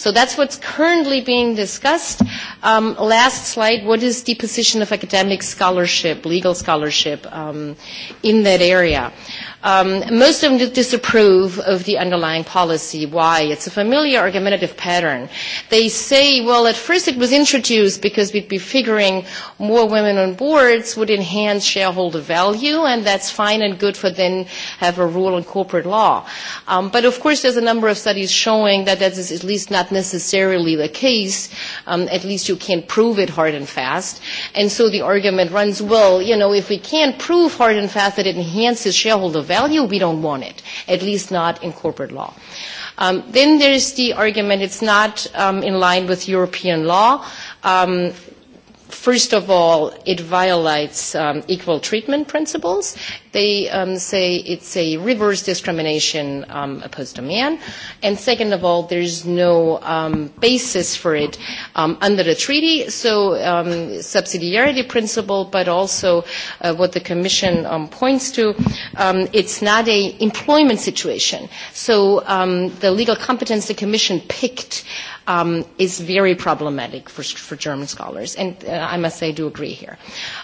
So that's what's currently being discussed. Um, last slide, what is the position of academic scholarship, legal scholarship um, in that area? Um, most of them disapprove of the underlying policy. Why? It's a familiar argumentative pattern. They say, well, at first it was introduced because we'd be figuring more women on boards would enhance shareholder value, and that's fine and good for then have a rule in corporate law. Um, but of course, there's a number of studies showing that that is at least not necessarily the case. Um, at least you can't prove it hard and fast. And so the argument runs, well, you know, if we can't prove hard and fast that it enhances shareholder value, we don't want it, at least not in corporate law. Um, then there's the argument it's not um, in line with European law. Um, First of all, it violates um, equal treatment principles. They um, say it's a reverse discrimination um, opposed to man. And second of all, there's no um, basis for it um, under the treaty. So um, subsidiarity principle, but also uh, what the Commission um, points to, um, it's not a employment situation. So um, the legal competence the Commission picked uh, um, is very problematic for, for German scholars, and uh, I must say I do agree here.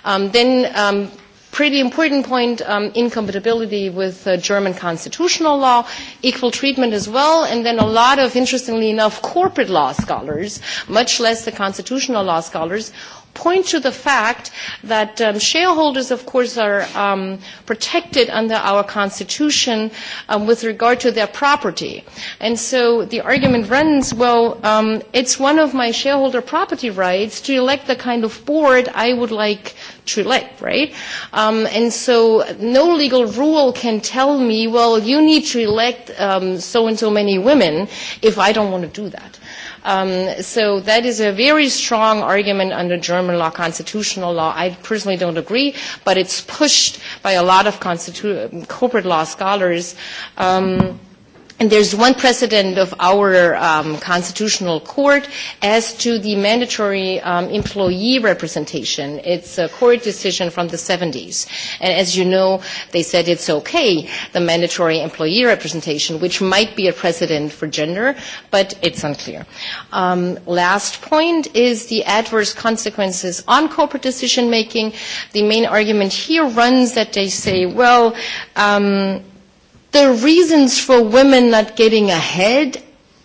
Um, then um, pretty important point, um, incompatibility with uh, German constitutional law, equal treatment as well, and then a lot of, interestingly enough, corporate law scholars, much less the constitutional law scholars, point to the fact that um, shareholders, of course, are um, protected under our constitution um, with regard to their property. And so the argument runs, well, um, it's one of my shareholder property rights to elect the kind of board I would like to elect, right? Um, and so no legal rule can tell me, well, you need to elect um, so and so many women if I don't want to do that. Um, so that is a very strong argument under German law, constitutional law. I personally don't agree, but it's pushed by a lot of constitu- corporate law scholars. Um, And there's one precedent of our um, constitutional court as to the mandatory um, employee representation. It's a court decision from the 70s. And as you know, they said it's okay, the mandatory employee representation, which might be a precedent for gender, but it's unclear. Um, last point is the adverse consequences on corporate decision making. The main argument here runs that they say, well, um, the reasons for women not getting ahead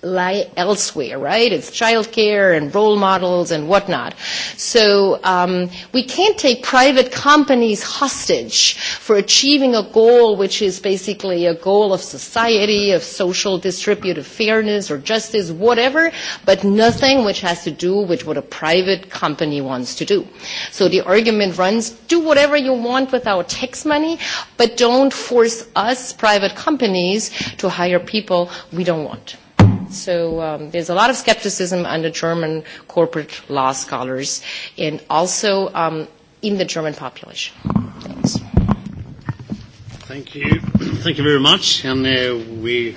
lie elsewhere, right? It's childcare and role models and whatnot. So um, we can't take private companies hostage for achieving a goal which is basically a goal of society, of social distributive fairness or justice, whatever, but nothing which has to do with what a private company wants to do. So the argument runs, do whatever you want with our tax money, but don't force us, private companies, to hire people we don't want. So um, there's a lot of skepticism under German corporate law scholars and also um, in the German population. Thanks. Thank you. Thank you very much. And uh, we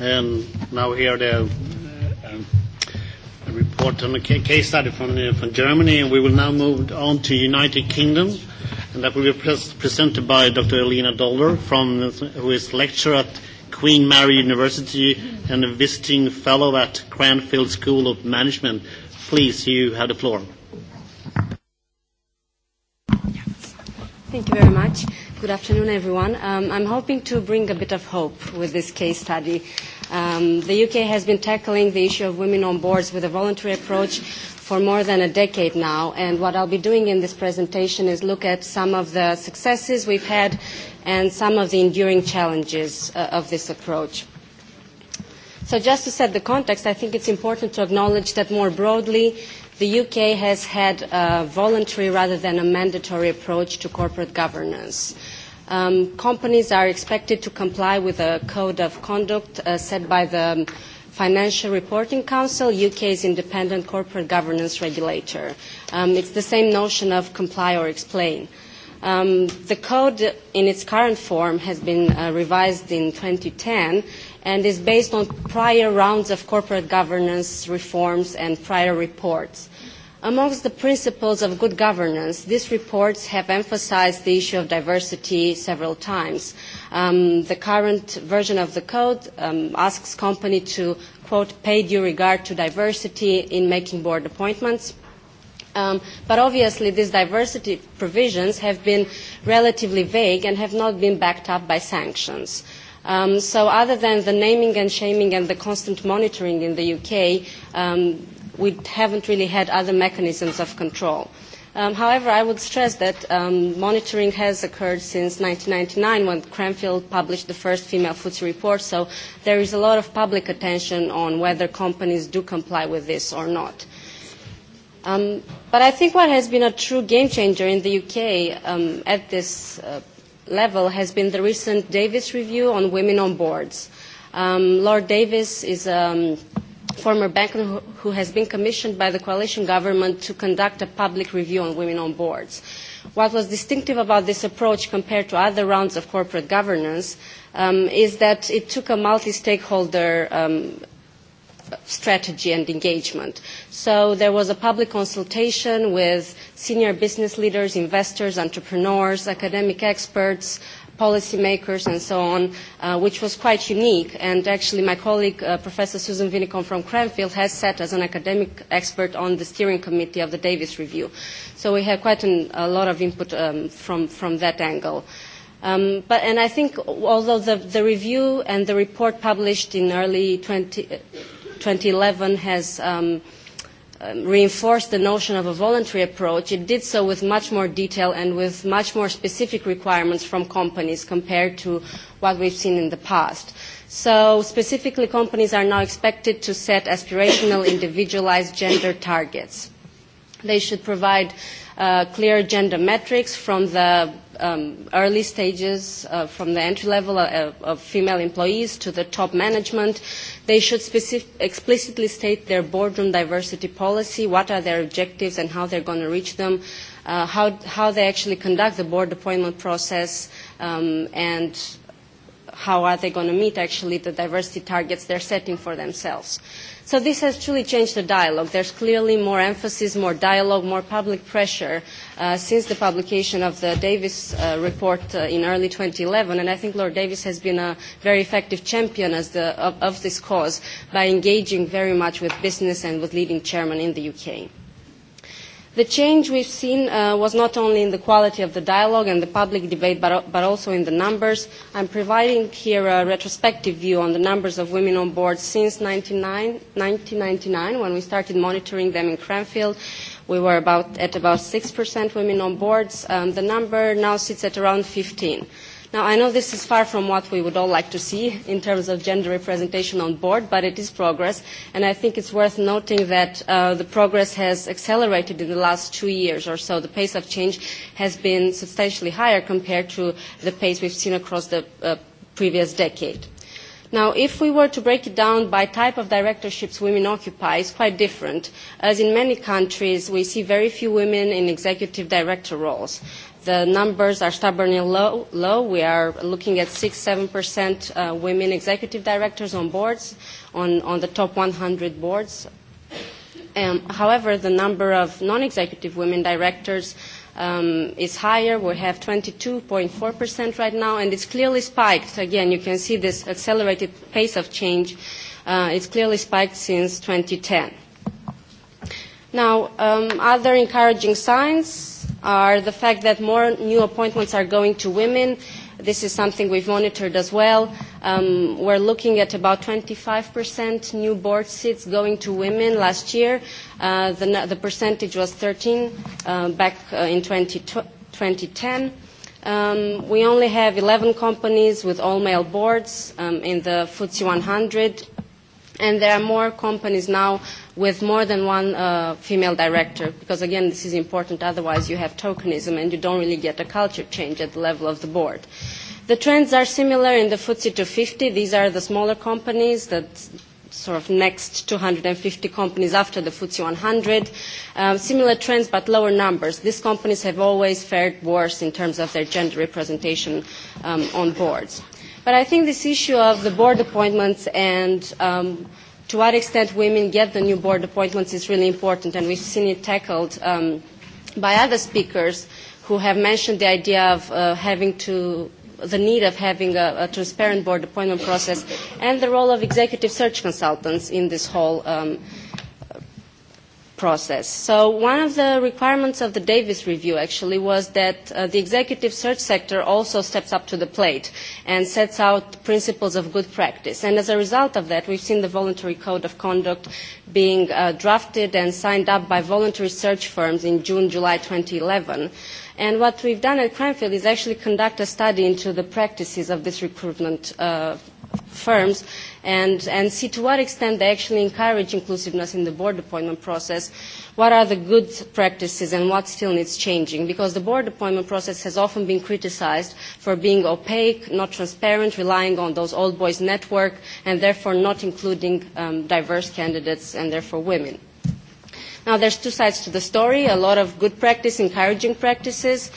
um, now hear the uh, a report on a case study from, uh, from Germany, and we will now move on to United Kingdom. And that will be pres presented by Dr. Elena Dolder, from, who is lecturer at Queen Mary University and a visiting fellow at Cranfield School of Management. Please, you have the floor. Thank you very much. Good afternoon, everyone. Um, I'm hoping to bring a bit of hope with this case study. Um, the UK has been tackling the issue of women on boards with a voluntary approach for more than a decade now. And what I'll be doing in this presentation is look at some of the successes we've had and some of the enduring challenges uh, of this approach. So just to set the context, I think it's important to acknowledge that more broadly, the UK has had a voluntary rather than a mandatory approach to corporate governance. Um, companies are expected to comply with a code of conduct uh, set by the Financial Reporting Council, UK's independent corporate governance regulator. Um, it's the same notion of comply or explain. Um, the code in its current form has been uh, revised in 2010 and is based on prior rounds of corporate governance reforms and prior reports. Amongst the principles of good governance, these reports have emphasized the issue of diversity several times. Um, the current version of the code um, asks company to, quote, pay due regard to diversity in making board appointments. Um, but obviously, these diversity provisions have been relatively vague and have not been backed up by sanctions. Um, so other than the naming and shaming and the constant monitoring in the UK, um, we haven't really had other mechanisms of control. Um, however, I would stress that um, monitoring has occurred since 1999 when Cranfield published the first female FTSE report, so there is a lot of public attention on whether companies do comply with this or not. Um, but I think what has been a true game changer in the UK um, at this uh, level has been the recent Davis review on women on boards. Um, Lord Davis is a um, former banker who has been commissioned by the coalition government to conduct a public review on women on boards. What was distinctive about this approach compared to other rounds of corporate governance um, is that it took a multi-stakeholder um, strategy and engagement. So there was a public consultation with senior business leaders, investors, entrepreneurs, academic experts, policymakers and so on, uh, which was quite unique. And actually, my colleague, uh, Professor Susan Vinicom from Cranfield, has sat as an academic expert on the steering committee of the Davis Review. So we had quite an, a lot of input um, from, from that angle. Um, but, and I think although the, the review and the report published in early 20, 2011 has um, – reinforced the notion of a voluntary approach, it did so with much more detail and with much more specific requirements from companies compared to what we've seen in the past. So specifically, companies are now expected to set aspirational, individualized gender targets. They should provide uh, clear gender metrics from the um, early stages, uh, from the entry level of, of female employees to the top management, uh, They should explicitly state their boardroom diversity policy, what are their objectives and how they're going to reach them, uh, how, how they actually conduct the board appointment process, um, and how are they going to meet actually the diversity targets they're setting for themselves. So this has truly changed the dialogue. There's clearly more emphasis, more dialogue, more public pressure uh, since the publication of the Davis uh, report uh, in early 2011. And I think Lord Davis has been a very effective champion as the, of, of this cause by engaging very much with business and with leading chairmen in the UK. The change we've seen uh, was not only in the quality of the dialogue and the public debate, but, but also in the numbers. I'm providing here a retrospective view on the numbers of women on board since 1999, when we started monitoring them in Cranfield. We were about, at about 6% women on boards. Um, the number now sits at around 15 Now, I know this is far from what we would all like to see in terms of gender representation on board, but it is progress, and I think it's worth noting that uh, the progress has accelerated in the last two years or so. The pace of change has been substantially higher compared to the pace we've seen across the uh, previous decade. Now, if we were to break it down by type of directorships women occupy, it's quite different, as in many countries we see very few women in executive director roles. The numbers are stubbornly low. low. We are looking at 6-7% uh, women executive directors on boards, on, on the top 100 boards. Um, however, the number of non-executive women directors um, is higher. We have 22.4% right now, and it's clearly spiked. Again, you can see this accelerated pace of change. Uh, it's clearly spiked since 2010. Now, um, other encouraging signs are the fact that more new appointments are going to women. This is something we've monitored as well. Um, we're looking at about 25% new board seats going to women last year. Uh, the, the percentage was 13 uh, back uh, in 20, 2010. Um, we only have 11 companies with all-male boards um, in the FTSE 100 and there are more companies now with more than one uh, female director, because again, this is important, otherwise you have tokenism and you don't really get a culture change at the level of the board. The trends are similar in the FTSE 250. These are the smaller companies that sort of next 250 companies after the FTSE 100. Um, similar trends, but lower numbers. These companies have always fared worse in terms of their gender representation um, on boards. But I think this issue of the board appointments and um, to what extent women get the new board appointments is really important, and we've seen it tackled um, by other speakers who have mentioned the idea of uh, having to the need of having a, a transparent board appointment process and the role of executive search consultants in this whole um, process. So one of the requirements of the Davis Review actually was that uh, the executive search sector also steps up to the plate and sets out principles of good practice. And as a result of that, we've seen the voluntary code of conduct being uh, drafted and signed up by voluntary search firms in June, July 2011. And what we've done at Cranfield is actually conduct a study into the practices of this recruitment uh, firms and, and see to what extent they actually encourage inclusiveness in the board appointment process, what are the good practices and what still needs changing, because the board appointment process has often been criticized for being opaque, not transparent, relying on those old boys network, and therefore not including um, diverse candidates and therefore women. Now, there's two sides to the story, a lot of good practice, encouraging practices,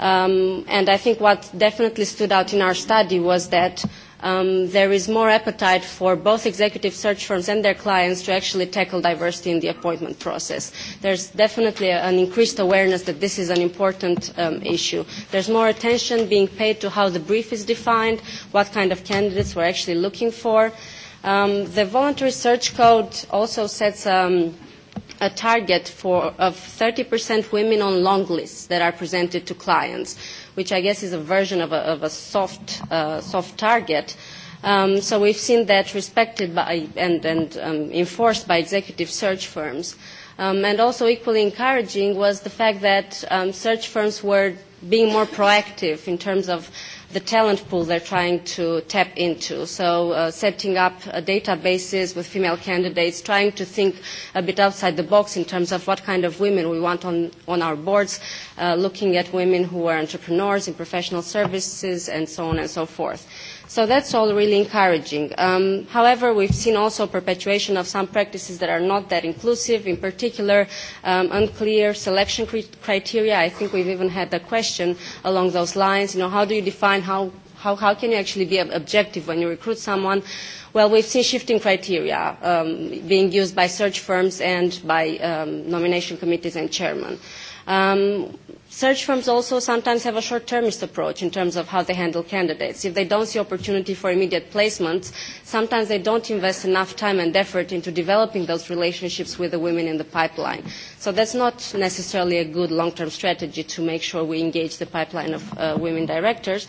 um, and I think what definitely stood out in our study was that um, there is more appetite for both executive search firms and their clients to actually tackle diversity in the appointment process. There's definitely an increased awareness that this is an important um, issue. There's more attention being paid to how the brief is defined, what kind of candidates we're actually looking for. Um, the voluntary search code also sets um, a target for, of 30% women on long lists that are presented to clients which I guess is a version of a, of a soft, uh, soft target. Um, so we've seen that respected by and, and um, enforced by executive search firms. Um, and also equally encouraging was the fact that um, search firms were being more proactive in terms of the talent pool they're trying to tap into. So uh, setting up uh, databases with female candidates, trying to think a bit outside the box in terms of what kind of women we want on, on our boards, uh, looking at women who are entrepreneurs in professional services and so on and so forth. So that's all really encouraging. Um, however, we've seen also perpetuation of some practices that are not that inclusive, in particular um, unclear selection criteria. I think we've even had a question along those lines. You know, how do you define how how, how can you actually be objective when you recruit someone? Well, we've seen shifting criteria um, being used by search firms and by um, nomination committees and chairmen. Um, search firms also sometimes have a short-termist approach in terms of how they handle candidates. If they don't see opportunity for immediate placements, sometimes they don't invest enough time and effort into developing those relationships with the women in the pipeline. So that's not necessarily a good long-term strategy to make sure we engage the pipeline of uh, women directors.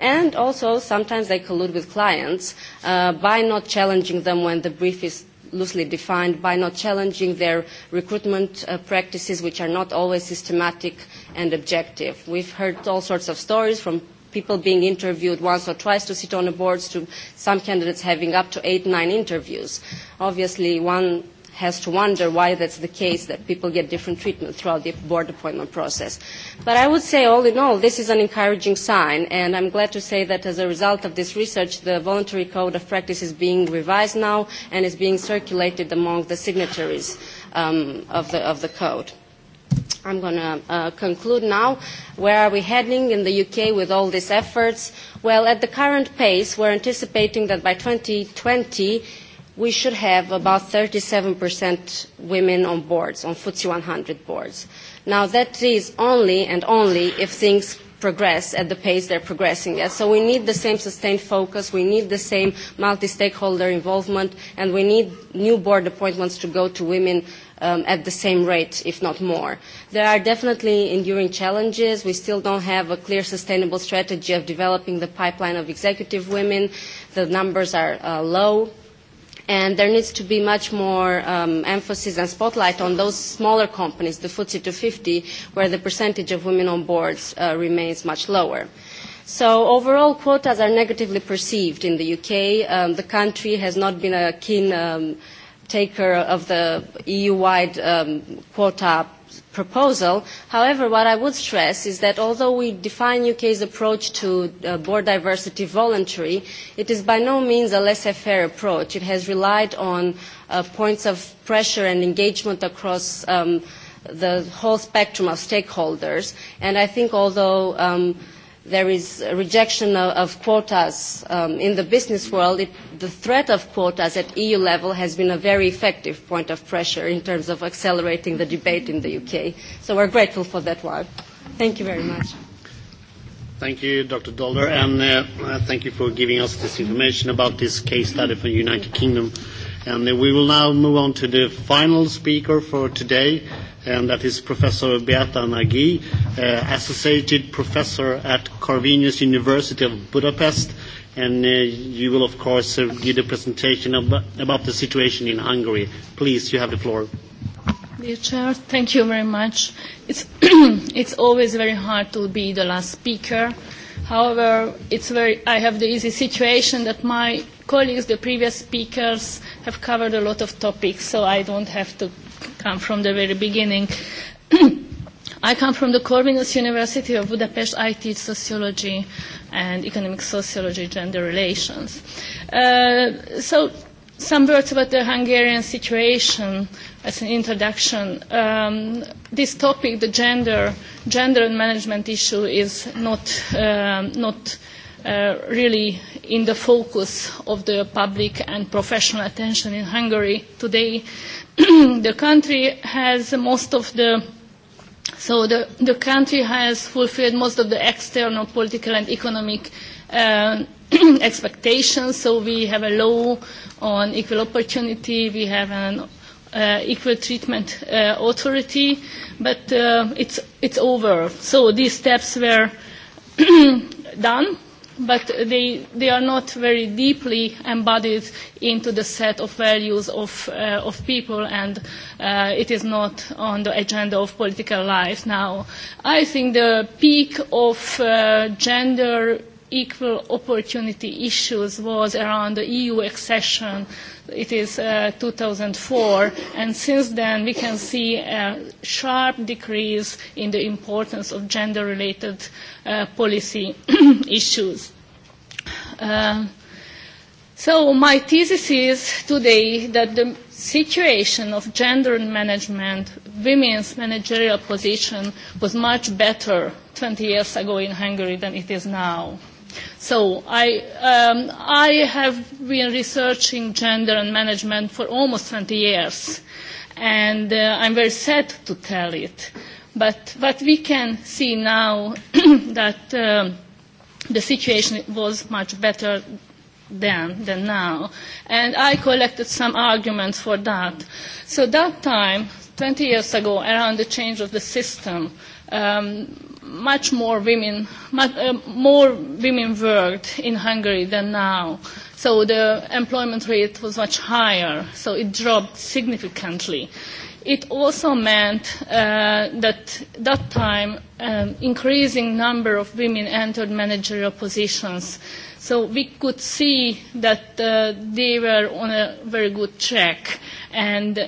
And also, sometimes they collude with clients uh, by not challenging them when the brief is loosely defined by not challenging their recruitment uh, practices, which are not always systematic and objective. We've heard all sorts of stories from people being interviewed once or twice to sit on the boards to some candidates having up to eight, nine interviews. Obviously, one has to wonder why that's the case, that people get different treatment throughout the board appointment process. But I would say, all in all, this is an encouraging sign, and I'm glad to say that as a result of this research, the voluntary code of practice is being revised now and is being circulated among the signatories um, of, the, of the code. I'm going to uh, conclude now. Where are we heading in the UK with all these efforts? Well, at the current pace, we're anticipating that by 2020, we should have about 37% women on boards, on FTSE 100 boards. Now, that is only and only if things progress at the pace they're progressing at. So we need the same sustained focus, we need the same multi-stakeholder involvement, and we need new board appointments to go to women um, at the same rate, if not more. There are definitely enduring challenges. We still don't have a clear sustainable strategy of developing the pipeline of executive women. The numbers are uh, low and there needs to be much more um, emphasis and spotlight on those smaller companies, the FTSE 250, where the percentage of women on boards uh, remains much lower. So overall, quotas are negatively perceived in the UK. Um, the country has not been a keen um, taker of the EU-wide um, quota proposal. However, what I would stress is that although we define UK's approach to uh, board diversity voluntary, it is by no means a laissez-faire approach. It has relied on uh, points of pressure and engagement across um, the whole spectrum of stakeholders. And I think although um, there is a rejection of, of quotas um, in the business world, it, the threat of quotas at EU level has been a very effective point of pressure in terms of accelerating the debate in the UK. So we're grateful for that one. Thank you very much. Thank you, Dr. Dolder, and uh, thank you for giving us this information about this case study from the United Kingdom. And uh, we will now move on to the final speaker for today and that is Professor Beata Nagy, uh, Associated Professor at Corvinus University of Budapest, and uh, you will, of course, uh, give a presentation ab- about the situation in Hungary. Please, you have the floor. Dear Chair, thank you very much. It's, it's always very hard to be the last speaker. However, it's very, I have the easy situation that my colleagues, the previous speakers, have covered a lot of topics, so I don't have to come from the very beginning. I come from the Corvinus University of Budapest. I teach sociology and economic sociology, gender relations. Uh, so some words about the Hungarian situation as an introduction. Um, this topic, the gender, gender and management issue, is not, um, not uh, really in the focus of the public and professional attention in Hungary today. Uh, the country has most of the so the, the country has fulfilled most of the external political and economic uh, expectations. So we have a law on equal opportunity. We have an uh, equal treatment uh, authority, but uh, it's it's over. So these steps were done but they, they are not very deeply embodied into the set of values of, uh, of people and uh, it is not on the agenda of political life now. I think the peak of uh, gender equal opportunity issues was around the EU accession it is uh, 2004, and since then we can see a sharp decrease in the importance of gender-related uh, policy issues. Uh, so my thesis is today that the situation of gender management, women's managerial position, was much better 20 years ago in Hungary than it is now So I, um, I have been researching gender and management for almost 20 years, and uh, I'm very sad to tell it. But what we can see now that um, the situation was much better then than now. And I collected some arguments for that. So that time, 20 years ago, around the change of the system, um, much more women, much, uh, more women worked in Hungary than now. So the employment rate was much higher. So it dropped significantly. It also meant uh, that that time um, increasing number of women entered managerial positions. So we could see that uh, they were on a very good track. And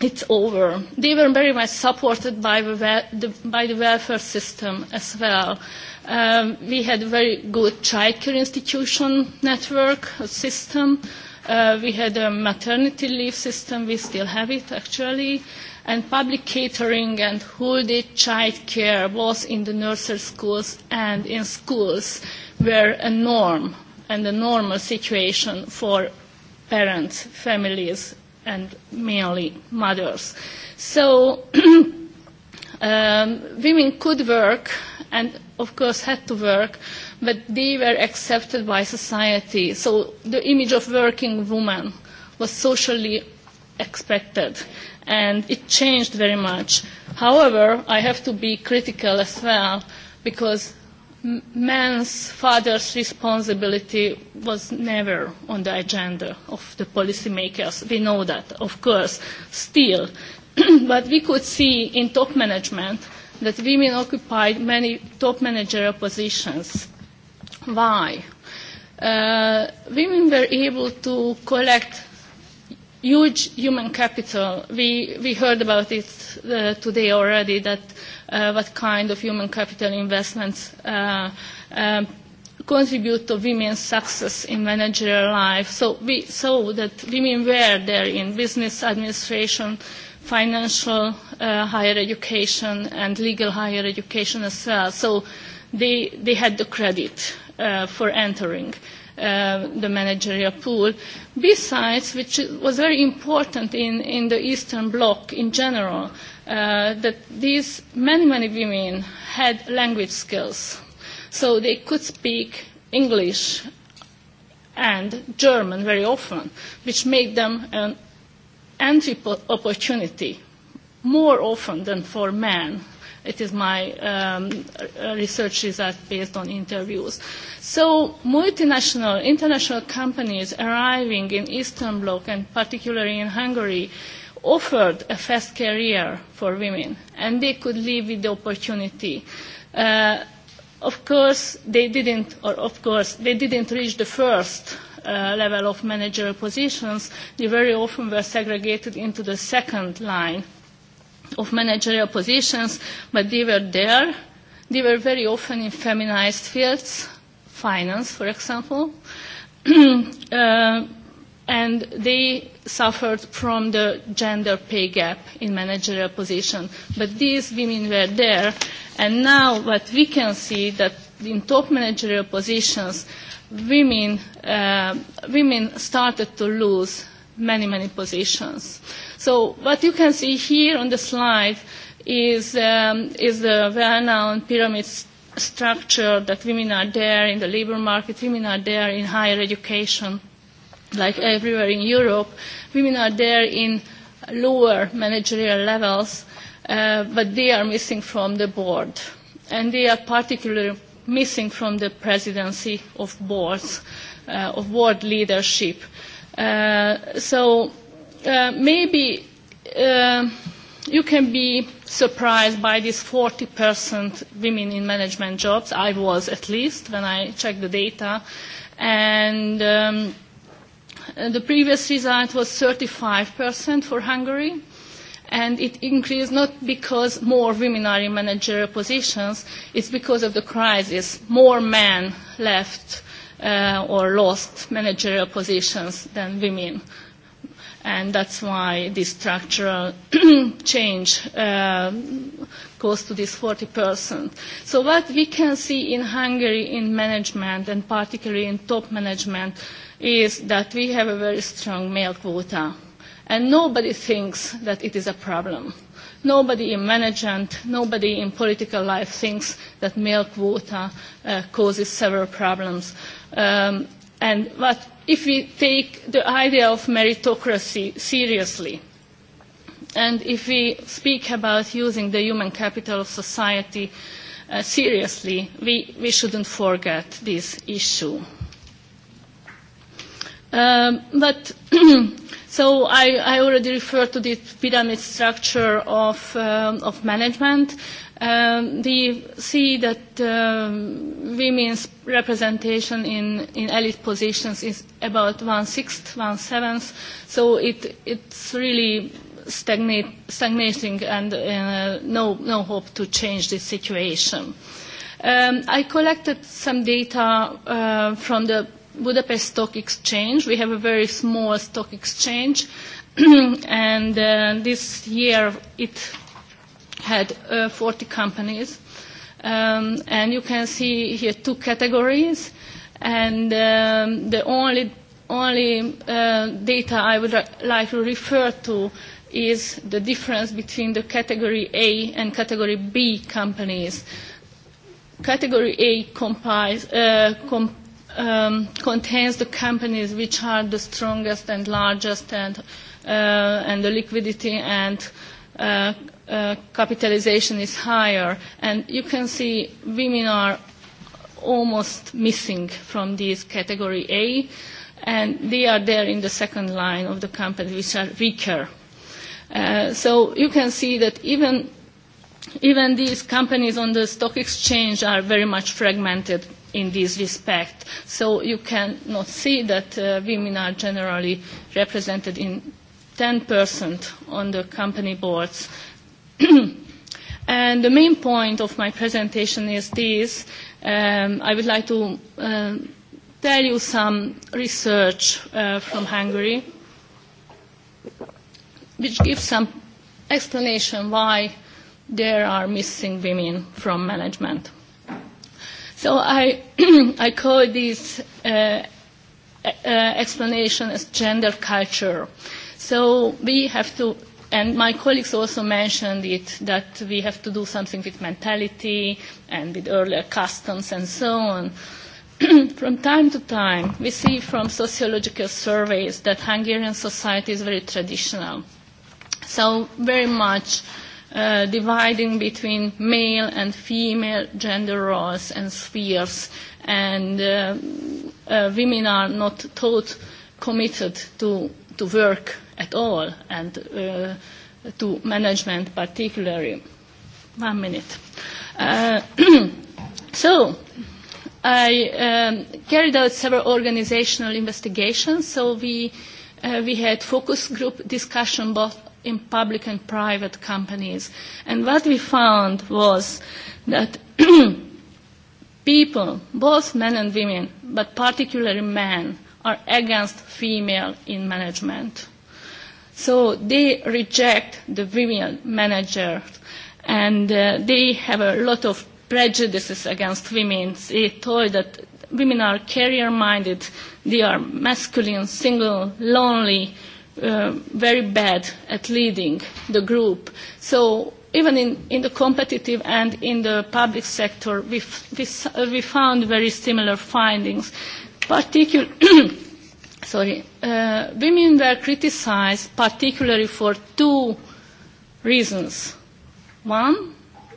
it's over. They were very much supported by the, by the welfare system as well. Um, we had a very good childcare institution network system. Uh, we had a maternity leave system. We still have it, actually. And public catering and whole day childcare, both in the nursery schools and in schools, were a norm and a normal situation for parents, families, and mainly mothers. So um, women could work and of course had to work, but they were accepted by society. So the image of working woman was socially expected and it changed very much. However, I have to be critical as well because men's father's responsibility was never on the agenda of the policymakers. We know that, of course, still. but we could see in top management that women occupied many top managerial positions. Why? Uh, women were able to collect huge human capital. We, we heard about it uh, today already that uh, what kind of human capital investments uh, um, contribute to women's success in managerial life. So we saw that women were there in business administration, financial uh, higher education, and legal higher education as well. So they, they had the credit uh, for entering. Uh, the managerial pool. Besides, which was very important in, in the Eastern Bloc in general, uh, that these many, many women had language skills. So they could speak English and German very often, which made them an entry opportunity more often than for men It is my um, research result based on interviews. So multinational, international companies arriving in Eastern Bloc and particularly in Hungary offered a fast career for women and they could live with the opportunity. Uh, of course, they didn't, or of course, they didn't reach the first uh level of managerial positions, they very often were segregated into the second line of managerial positions, but they were there. They were very often in feminized fields, finance, for example. uh, and they suffered from the gender pay gap in managerial position. But these women were there, and now what we can see that in top managerial positions, women, uh, women started to lose many, many positions. Uh, So what you can see here on the slide is, um, is the well-known pyramid structure that women are there in the labor market, women are there in higher education, like everywhere in Europe. Women are there in lower managerial levels, uh, but they are missing from the board. And they are particularly missing from the presidency of boards, uh, of board leadership. Uh, so uh, maybe uh, you can be surprised by this 40% women in management jobs. I was at least when I checked the data. And um, the previous result was 35% for Hungary. And it increased not because more women are in managerial positions, it's because of the crisis. More men left uh, or lost managerial positions than women and that's why this structural change uh, goes to this 40%. So what we can see in Hungary in management, and particularly in top management, is that we have a very strong male quota. And nobody thinks that it is a problem. Nobody in management, nobody in political life thinks that male quota uh, causes several problems. Um, and but if we take the idea of meritocracy seriously, and if we speak about using the human capital of society uh, seriously, we, we shouldn't forget this issue. Um, but so I, I already referred to the pyramid structure of, um, of management um, they see that um, women's representation in, in elite positions is about one-sixth, one-seventh, so it, it's really stagnate, stagnating and uh, no, no hope to change this situation. Um, I collected some data uh, from the Budapest Stock Exchange. We have a very small stock exchange, and uh, this year it had uh, 40 companies. Um, and you can see here two categories. And um, the only, only uh, data I would like to refer to is the difference between the category A and category B companies. Category A compiles, uh, comp um, contains the companies which are the strongest and largest and, uh, and the liquidity and uh, uh, capitalization is higher. And you can see women are almost missing from this category A, and they are there in the second line of the company, which are weaker. Uh, so you can see that even even these companies on the stock exchange are very much fragmented in this respect. So you cannot see that uh, women are generally represented in 10% on the company boards and the main point of my presentation is this. Um, I would like to uh, tell you some research uh, from Hungary, which gives some explanation why there are missing women from management. So I, I call this uh, uh, explanation as gender culture. So we have to and my colleagues also mentioned it, that we have to do something with mentality and with earlier customs and so on. from time to time, we see from sociological surveys that Hungarian society is very traditional. So very much uh, dividing between male and female gender roles and spheres, and uh, uh, women are not taught committed to to work at all and uh, to management particularly. One minute. Uh, so, I um, carried out several organizational investigations. So we, uh, we had focus group discussion both in public and private companies. And what we found was that people, both men and women, but particularly men, are against female in management. So they reject the women managers and uh, they have a lot of prejudices against women. They told that women are career-minded, they are masculine, single, lonely, uh, very bad at leading the group. So even in, in the competitive and in the public sector, we, we, we found very similar findings Particular sorry, uh, women were criticized particularly for two reasons. One,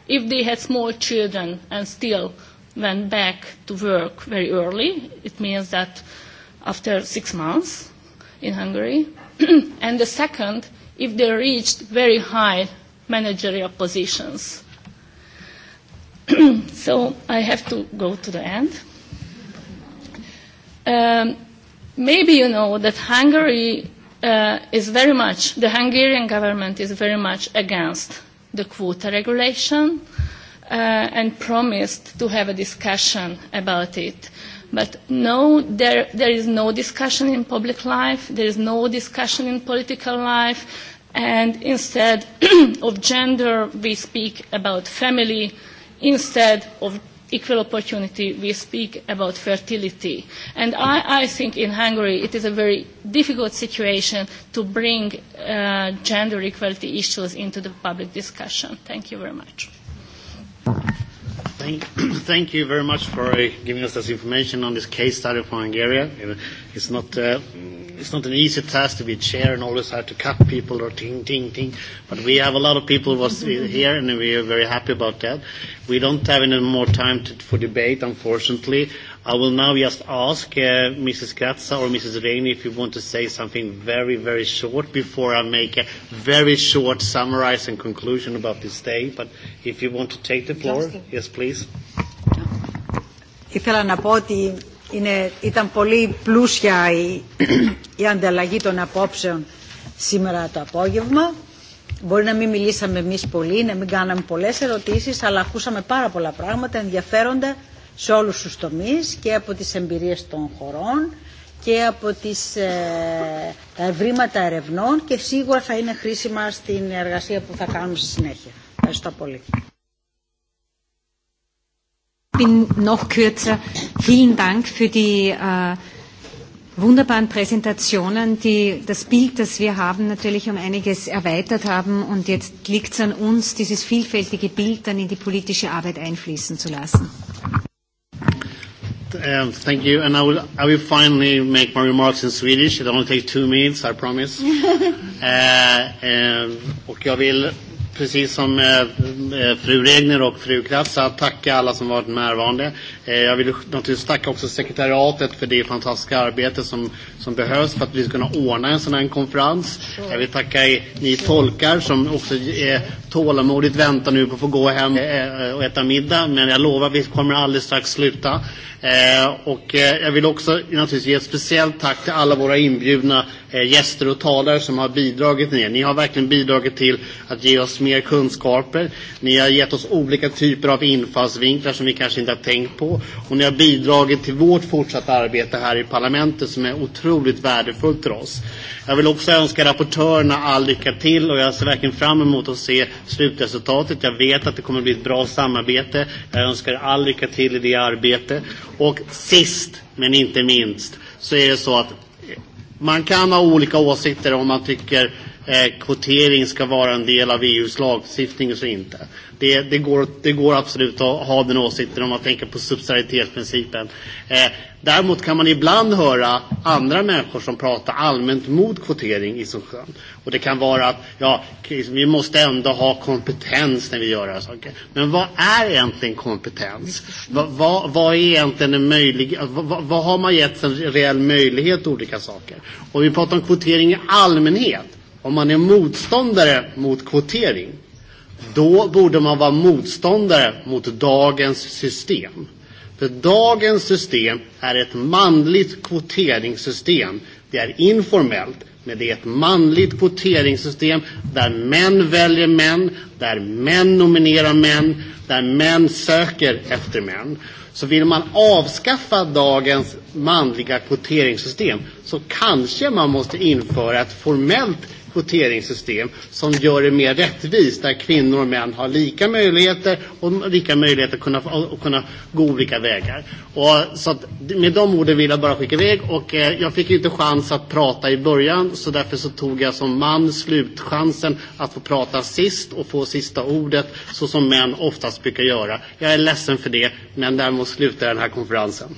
if they had small children and still went back to work very early, it means that after six months in Hungary. and the second, if they reached very high managerial positions. so I have to go to the end maybe you know that Hungary uh, is very much, the Hungarian government is very much against the quota regulation uh, and promised to have a discussion about it. But no, there, there is no discussion in public life, there is no discussion in political life, and instead of gender, we speak about family, instead of equal opportunity, we speak about fertility. And I, I think in Hungary it is a very difficult situation to bring uh, gender equality issues into the public discussion. Thank you very much. Thank, thank you very much for uh, giving us this information on this case study for Hungary. It's not uh, it's not an easy task to be chair and always have to cut people or ting, ting, ting. But we have a lot of people was here, and we are very happy about that. We don't have any more time to, for debate, unfortunately. I will now just ask uh, Mrs. Kratza or Mrs. Rainey if you want to say something very, very short before I make a very short summarize and conclusion about this day. But if you want to take the floor, yes, please. Ήθελα να πω ότι Είναι, ήταν πολύ πλούσια η, η ανταλλαγή των απόψεων σήμερα το απόγευμα. Μπορεί να μην μιλήσαμε εμείς πολύ, να μην κάναμε πολλές ερωτήσεις, αλλά ακούσαμε πάρα πολλά πράγματα ενδιαφέροντα σε όλους τους τομείς και από τις εμπειρίες των χωρών και από τις, ε, τα ευρήματα ερευνών και σίγουρα θα είναι χρήσιμα στην εργασία που θα κάνουμε στη συνέχεια. Ευχαριστώ πολύ bin noch kürzer. Vielen Dank für die äh, wunderbaren Präsentationen, die das Bild, das wir haben, natürlich um einiges erweitert haben. Und jetzt liegt es an uns, dieses vielfältige Bild dann in die politische Arbeit einfließen zu lassen. Um, thank you. And I will, I will finally make my remarks in Swedish. It only takes two minutes, I promise. uh, um, och jag vill precis som eh, fru Regner och fru att tacka alla som varit närvarande. Eh, jag vill naturligtvis tacka också sekretariatet för det fantastiska arbete som, som behövs för att vi ska kunna ordna en sån här konferens. Jag vill tacka er, ni tolkar som också eh, tålamodigt väntar nu på att få gå hem eh, och äta middag. Men jag lovar, vi kommer alldeles strax sluta och eh, jag vill också naturligtvis ge ett speciellt tack till alla våra inbjudna eh, gäster och talare som har bidragit med. Ni har verkligen bidragit till att ge oss mer kunskaper. Ni har gett oss olika typer av infallsvinklar som vi kanske inte har tänkt på. Och ni har bidragit till vårt fortsatta arbete här i parlamentet som är otroligt värdefullt för oss. Jag vill också önska rapportörerna all lycka till och jag ser verkligen fram emot att se slutresultatet. Jag vet att det kommer att bli ett bra samarbete. Jag önskar all lycka till i det arbetet. Och sist men inte minst så är det så att man kan ha olika åsikter om man tycker eh, kvotering ska vara en del av EUs lagstiftning och så inte. Det, det, går, det går absolut att ha den åsikten om man tänker på subsidiaritetsprincipen. Eh, däremot kan man ibland höra andra människor som pratar allmänt mot kvotering i sin skön. Och det kan vara att ja, vi måste ändå ha kompetens när vi gör det här saker. Men vad är egentligen kompetens? Vad, vad, vad är egentligen en möjlig, vad, vad har man gett en reell möjlighet till olika saker? Om vi pratar om kvotering i allmänhet om man är motståndare mot kvotering, då borde man vara motståndare mot dagens system. För dagens system är ett manligt kvoteringssystem. Det är informellt, men det är ett manligt kvoteringssystem där män väljer män, där män nominerar män, där män söker efter män. Så vill man avskaffa dagens manliga kvoteringssystem så kanske man måste införa ett formellt kvoteringssystem som gör det mer rättvist där kvinnor och män har lika möjligheter och lika möjligheter att kunna, att kunna gå olika vägar. Och, så att, med de orden vill jag bara skicka iväg och eh, jag fick ju inte chans att prata i början så därför så tog jag som man slutchansen att få prata sist och få sista ordet så som män oftast brukar göra. Jag är ledsen för det men däremot slutar den här konferensen.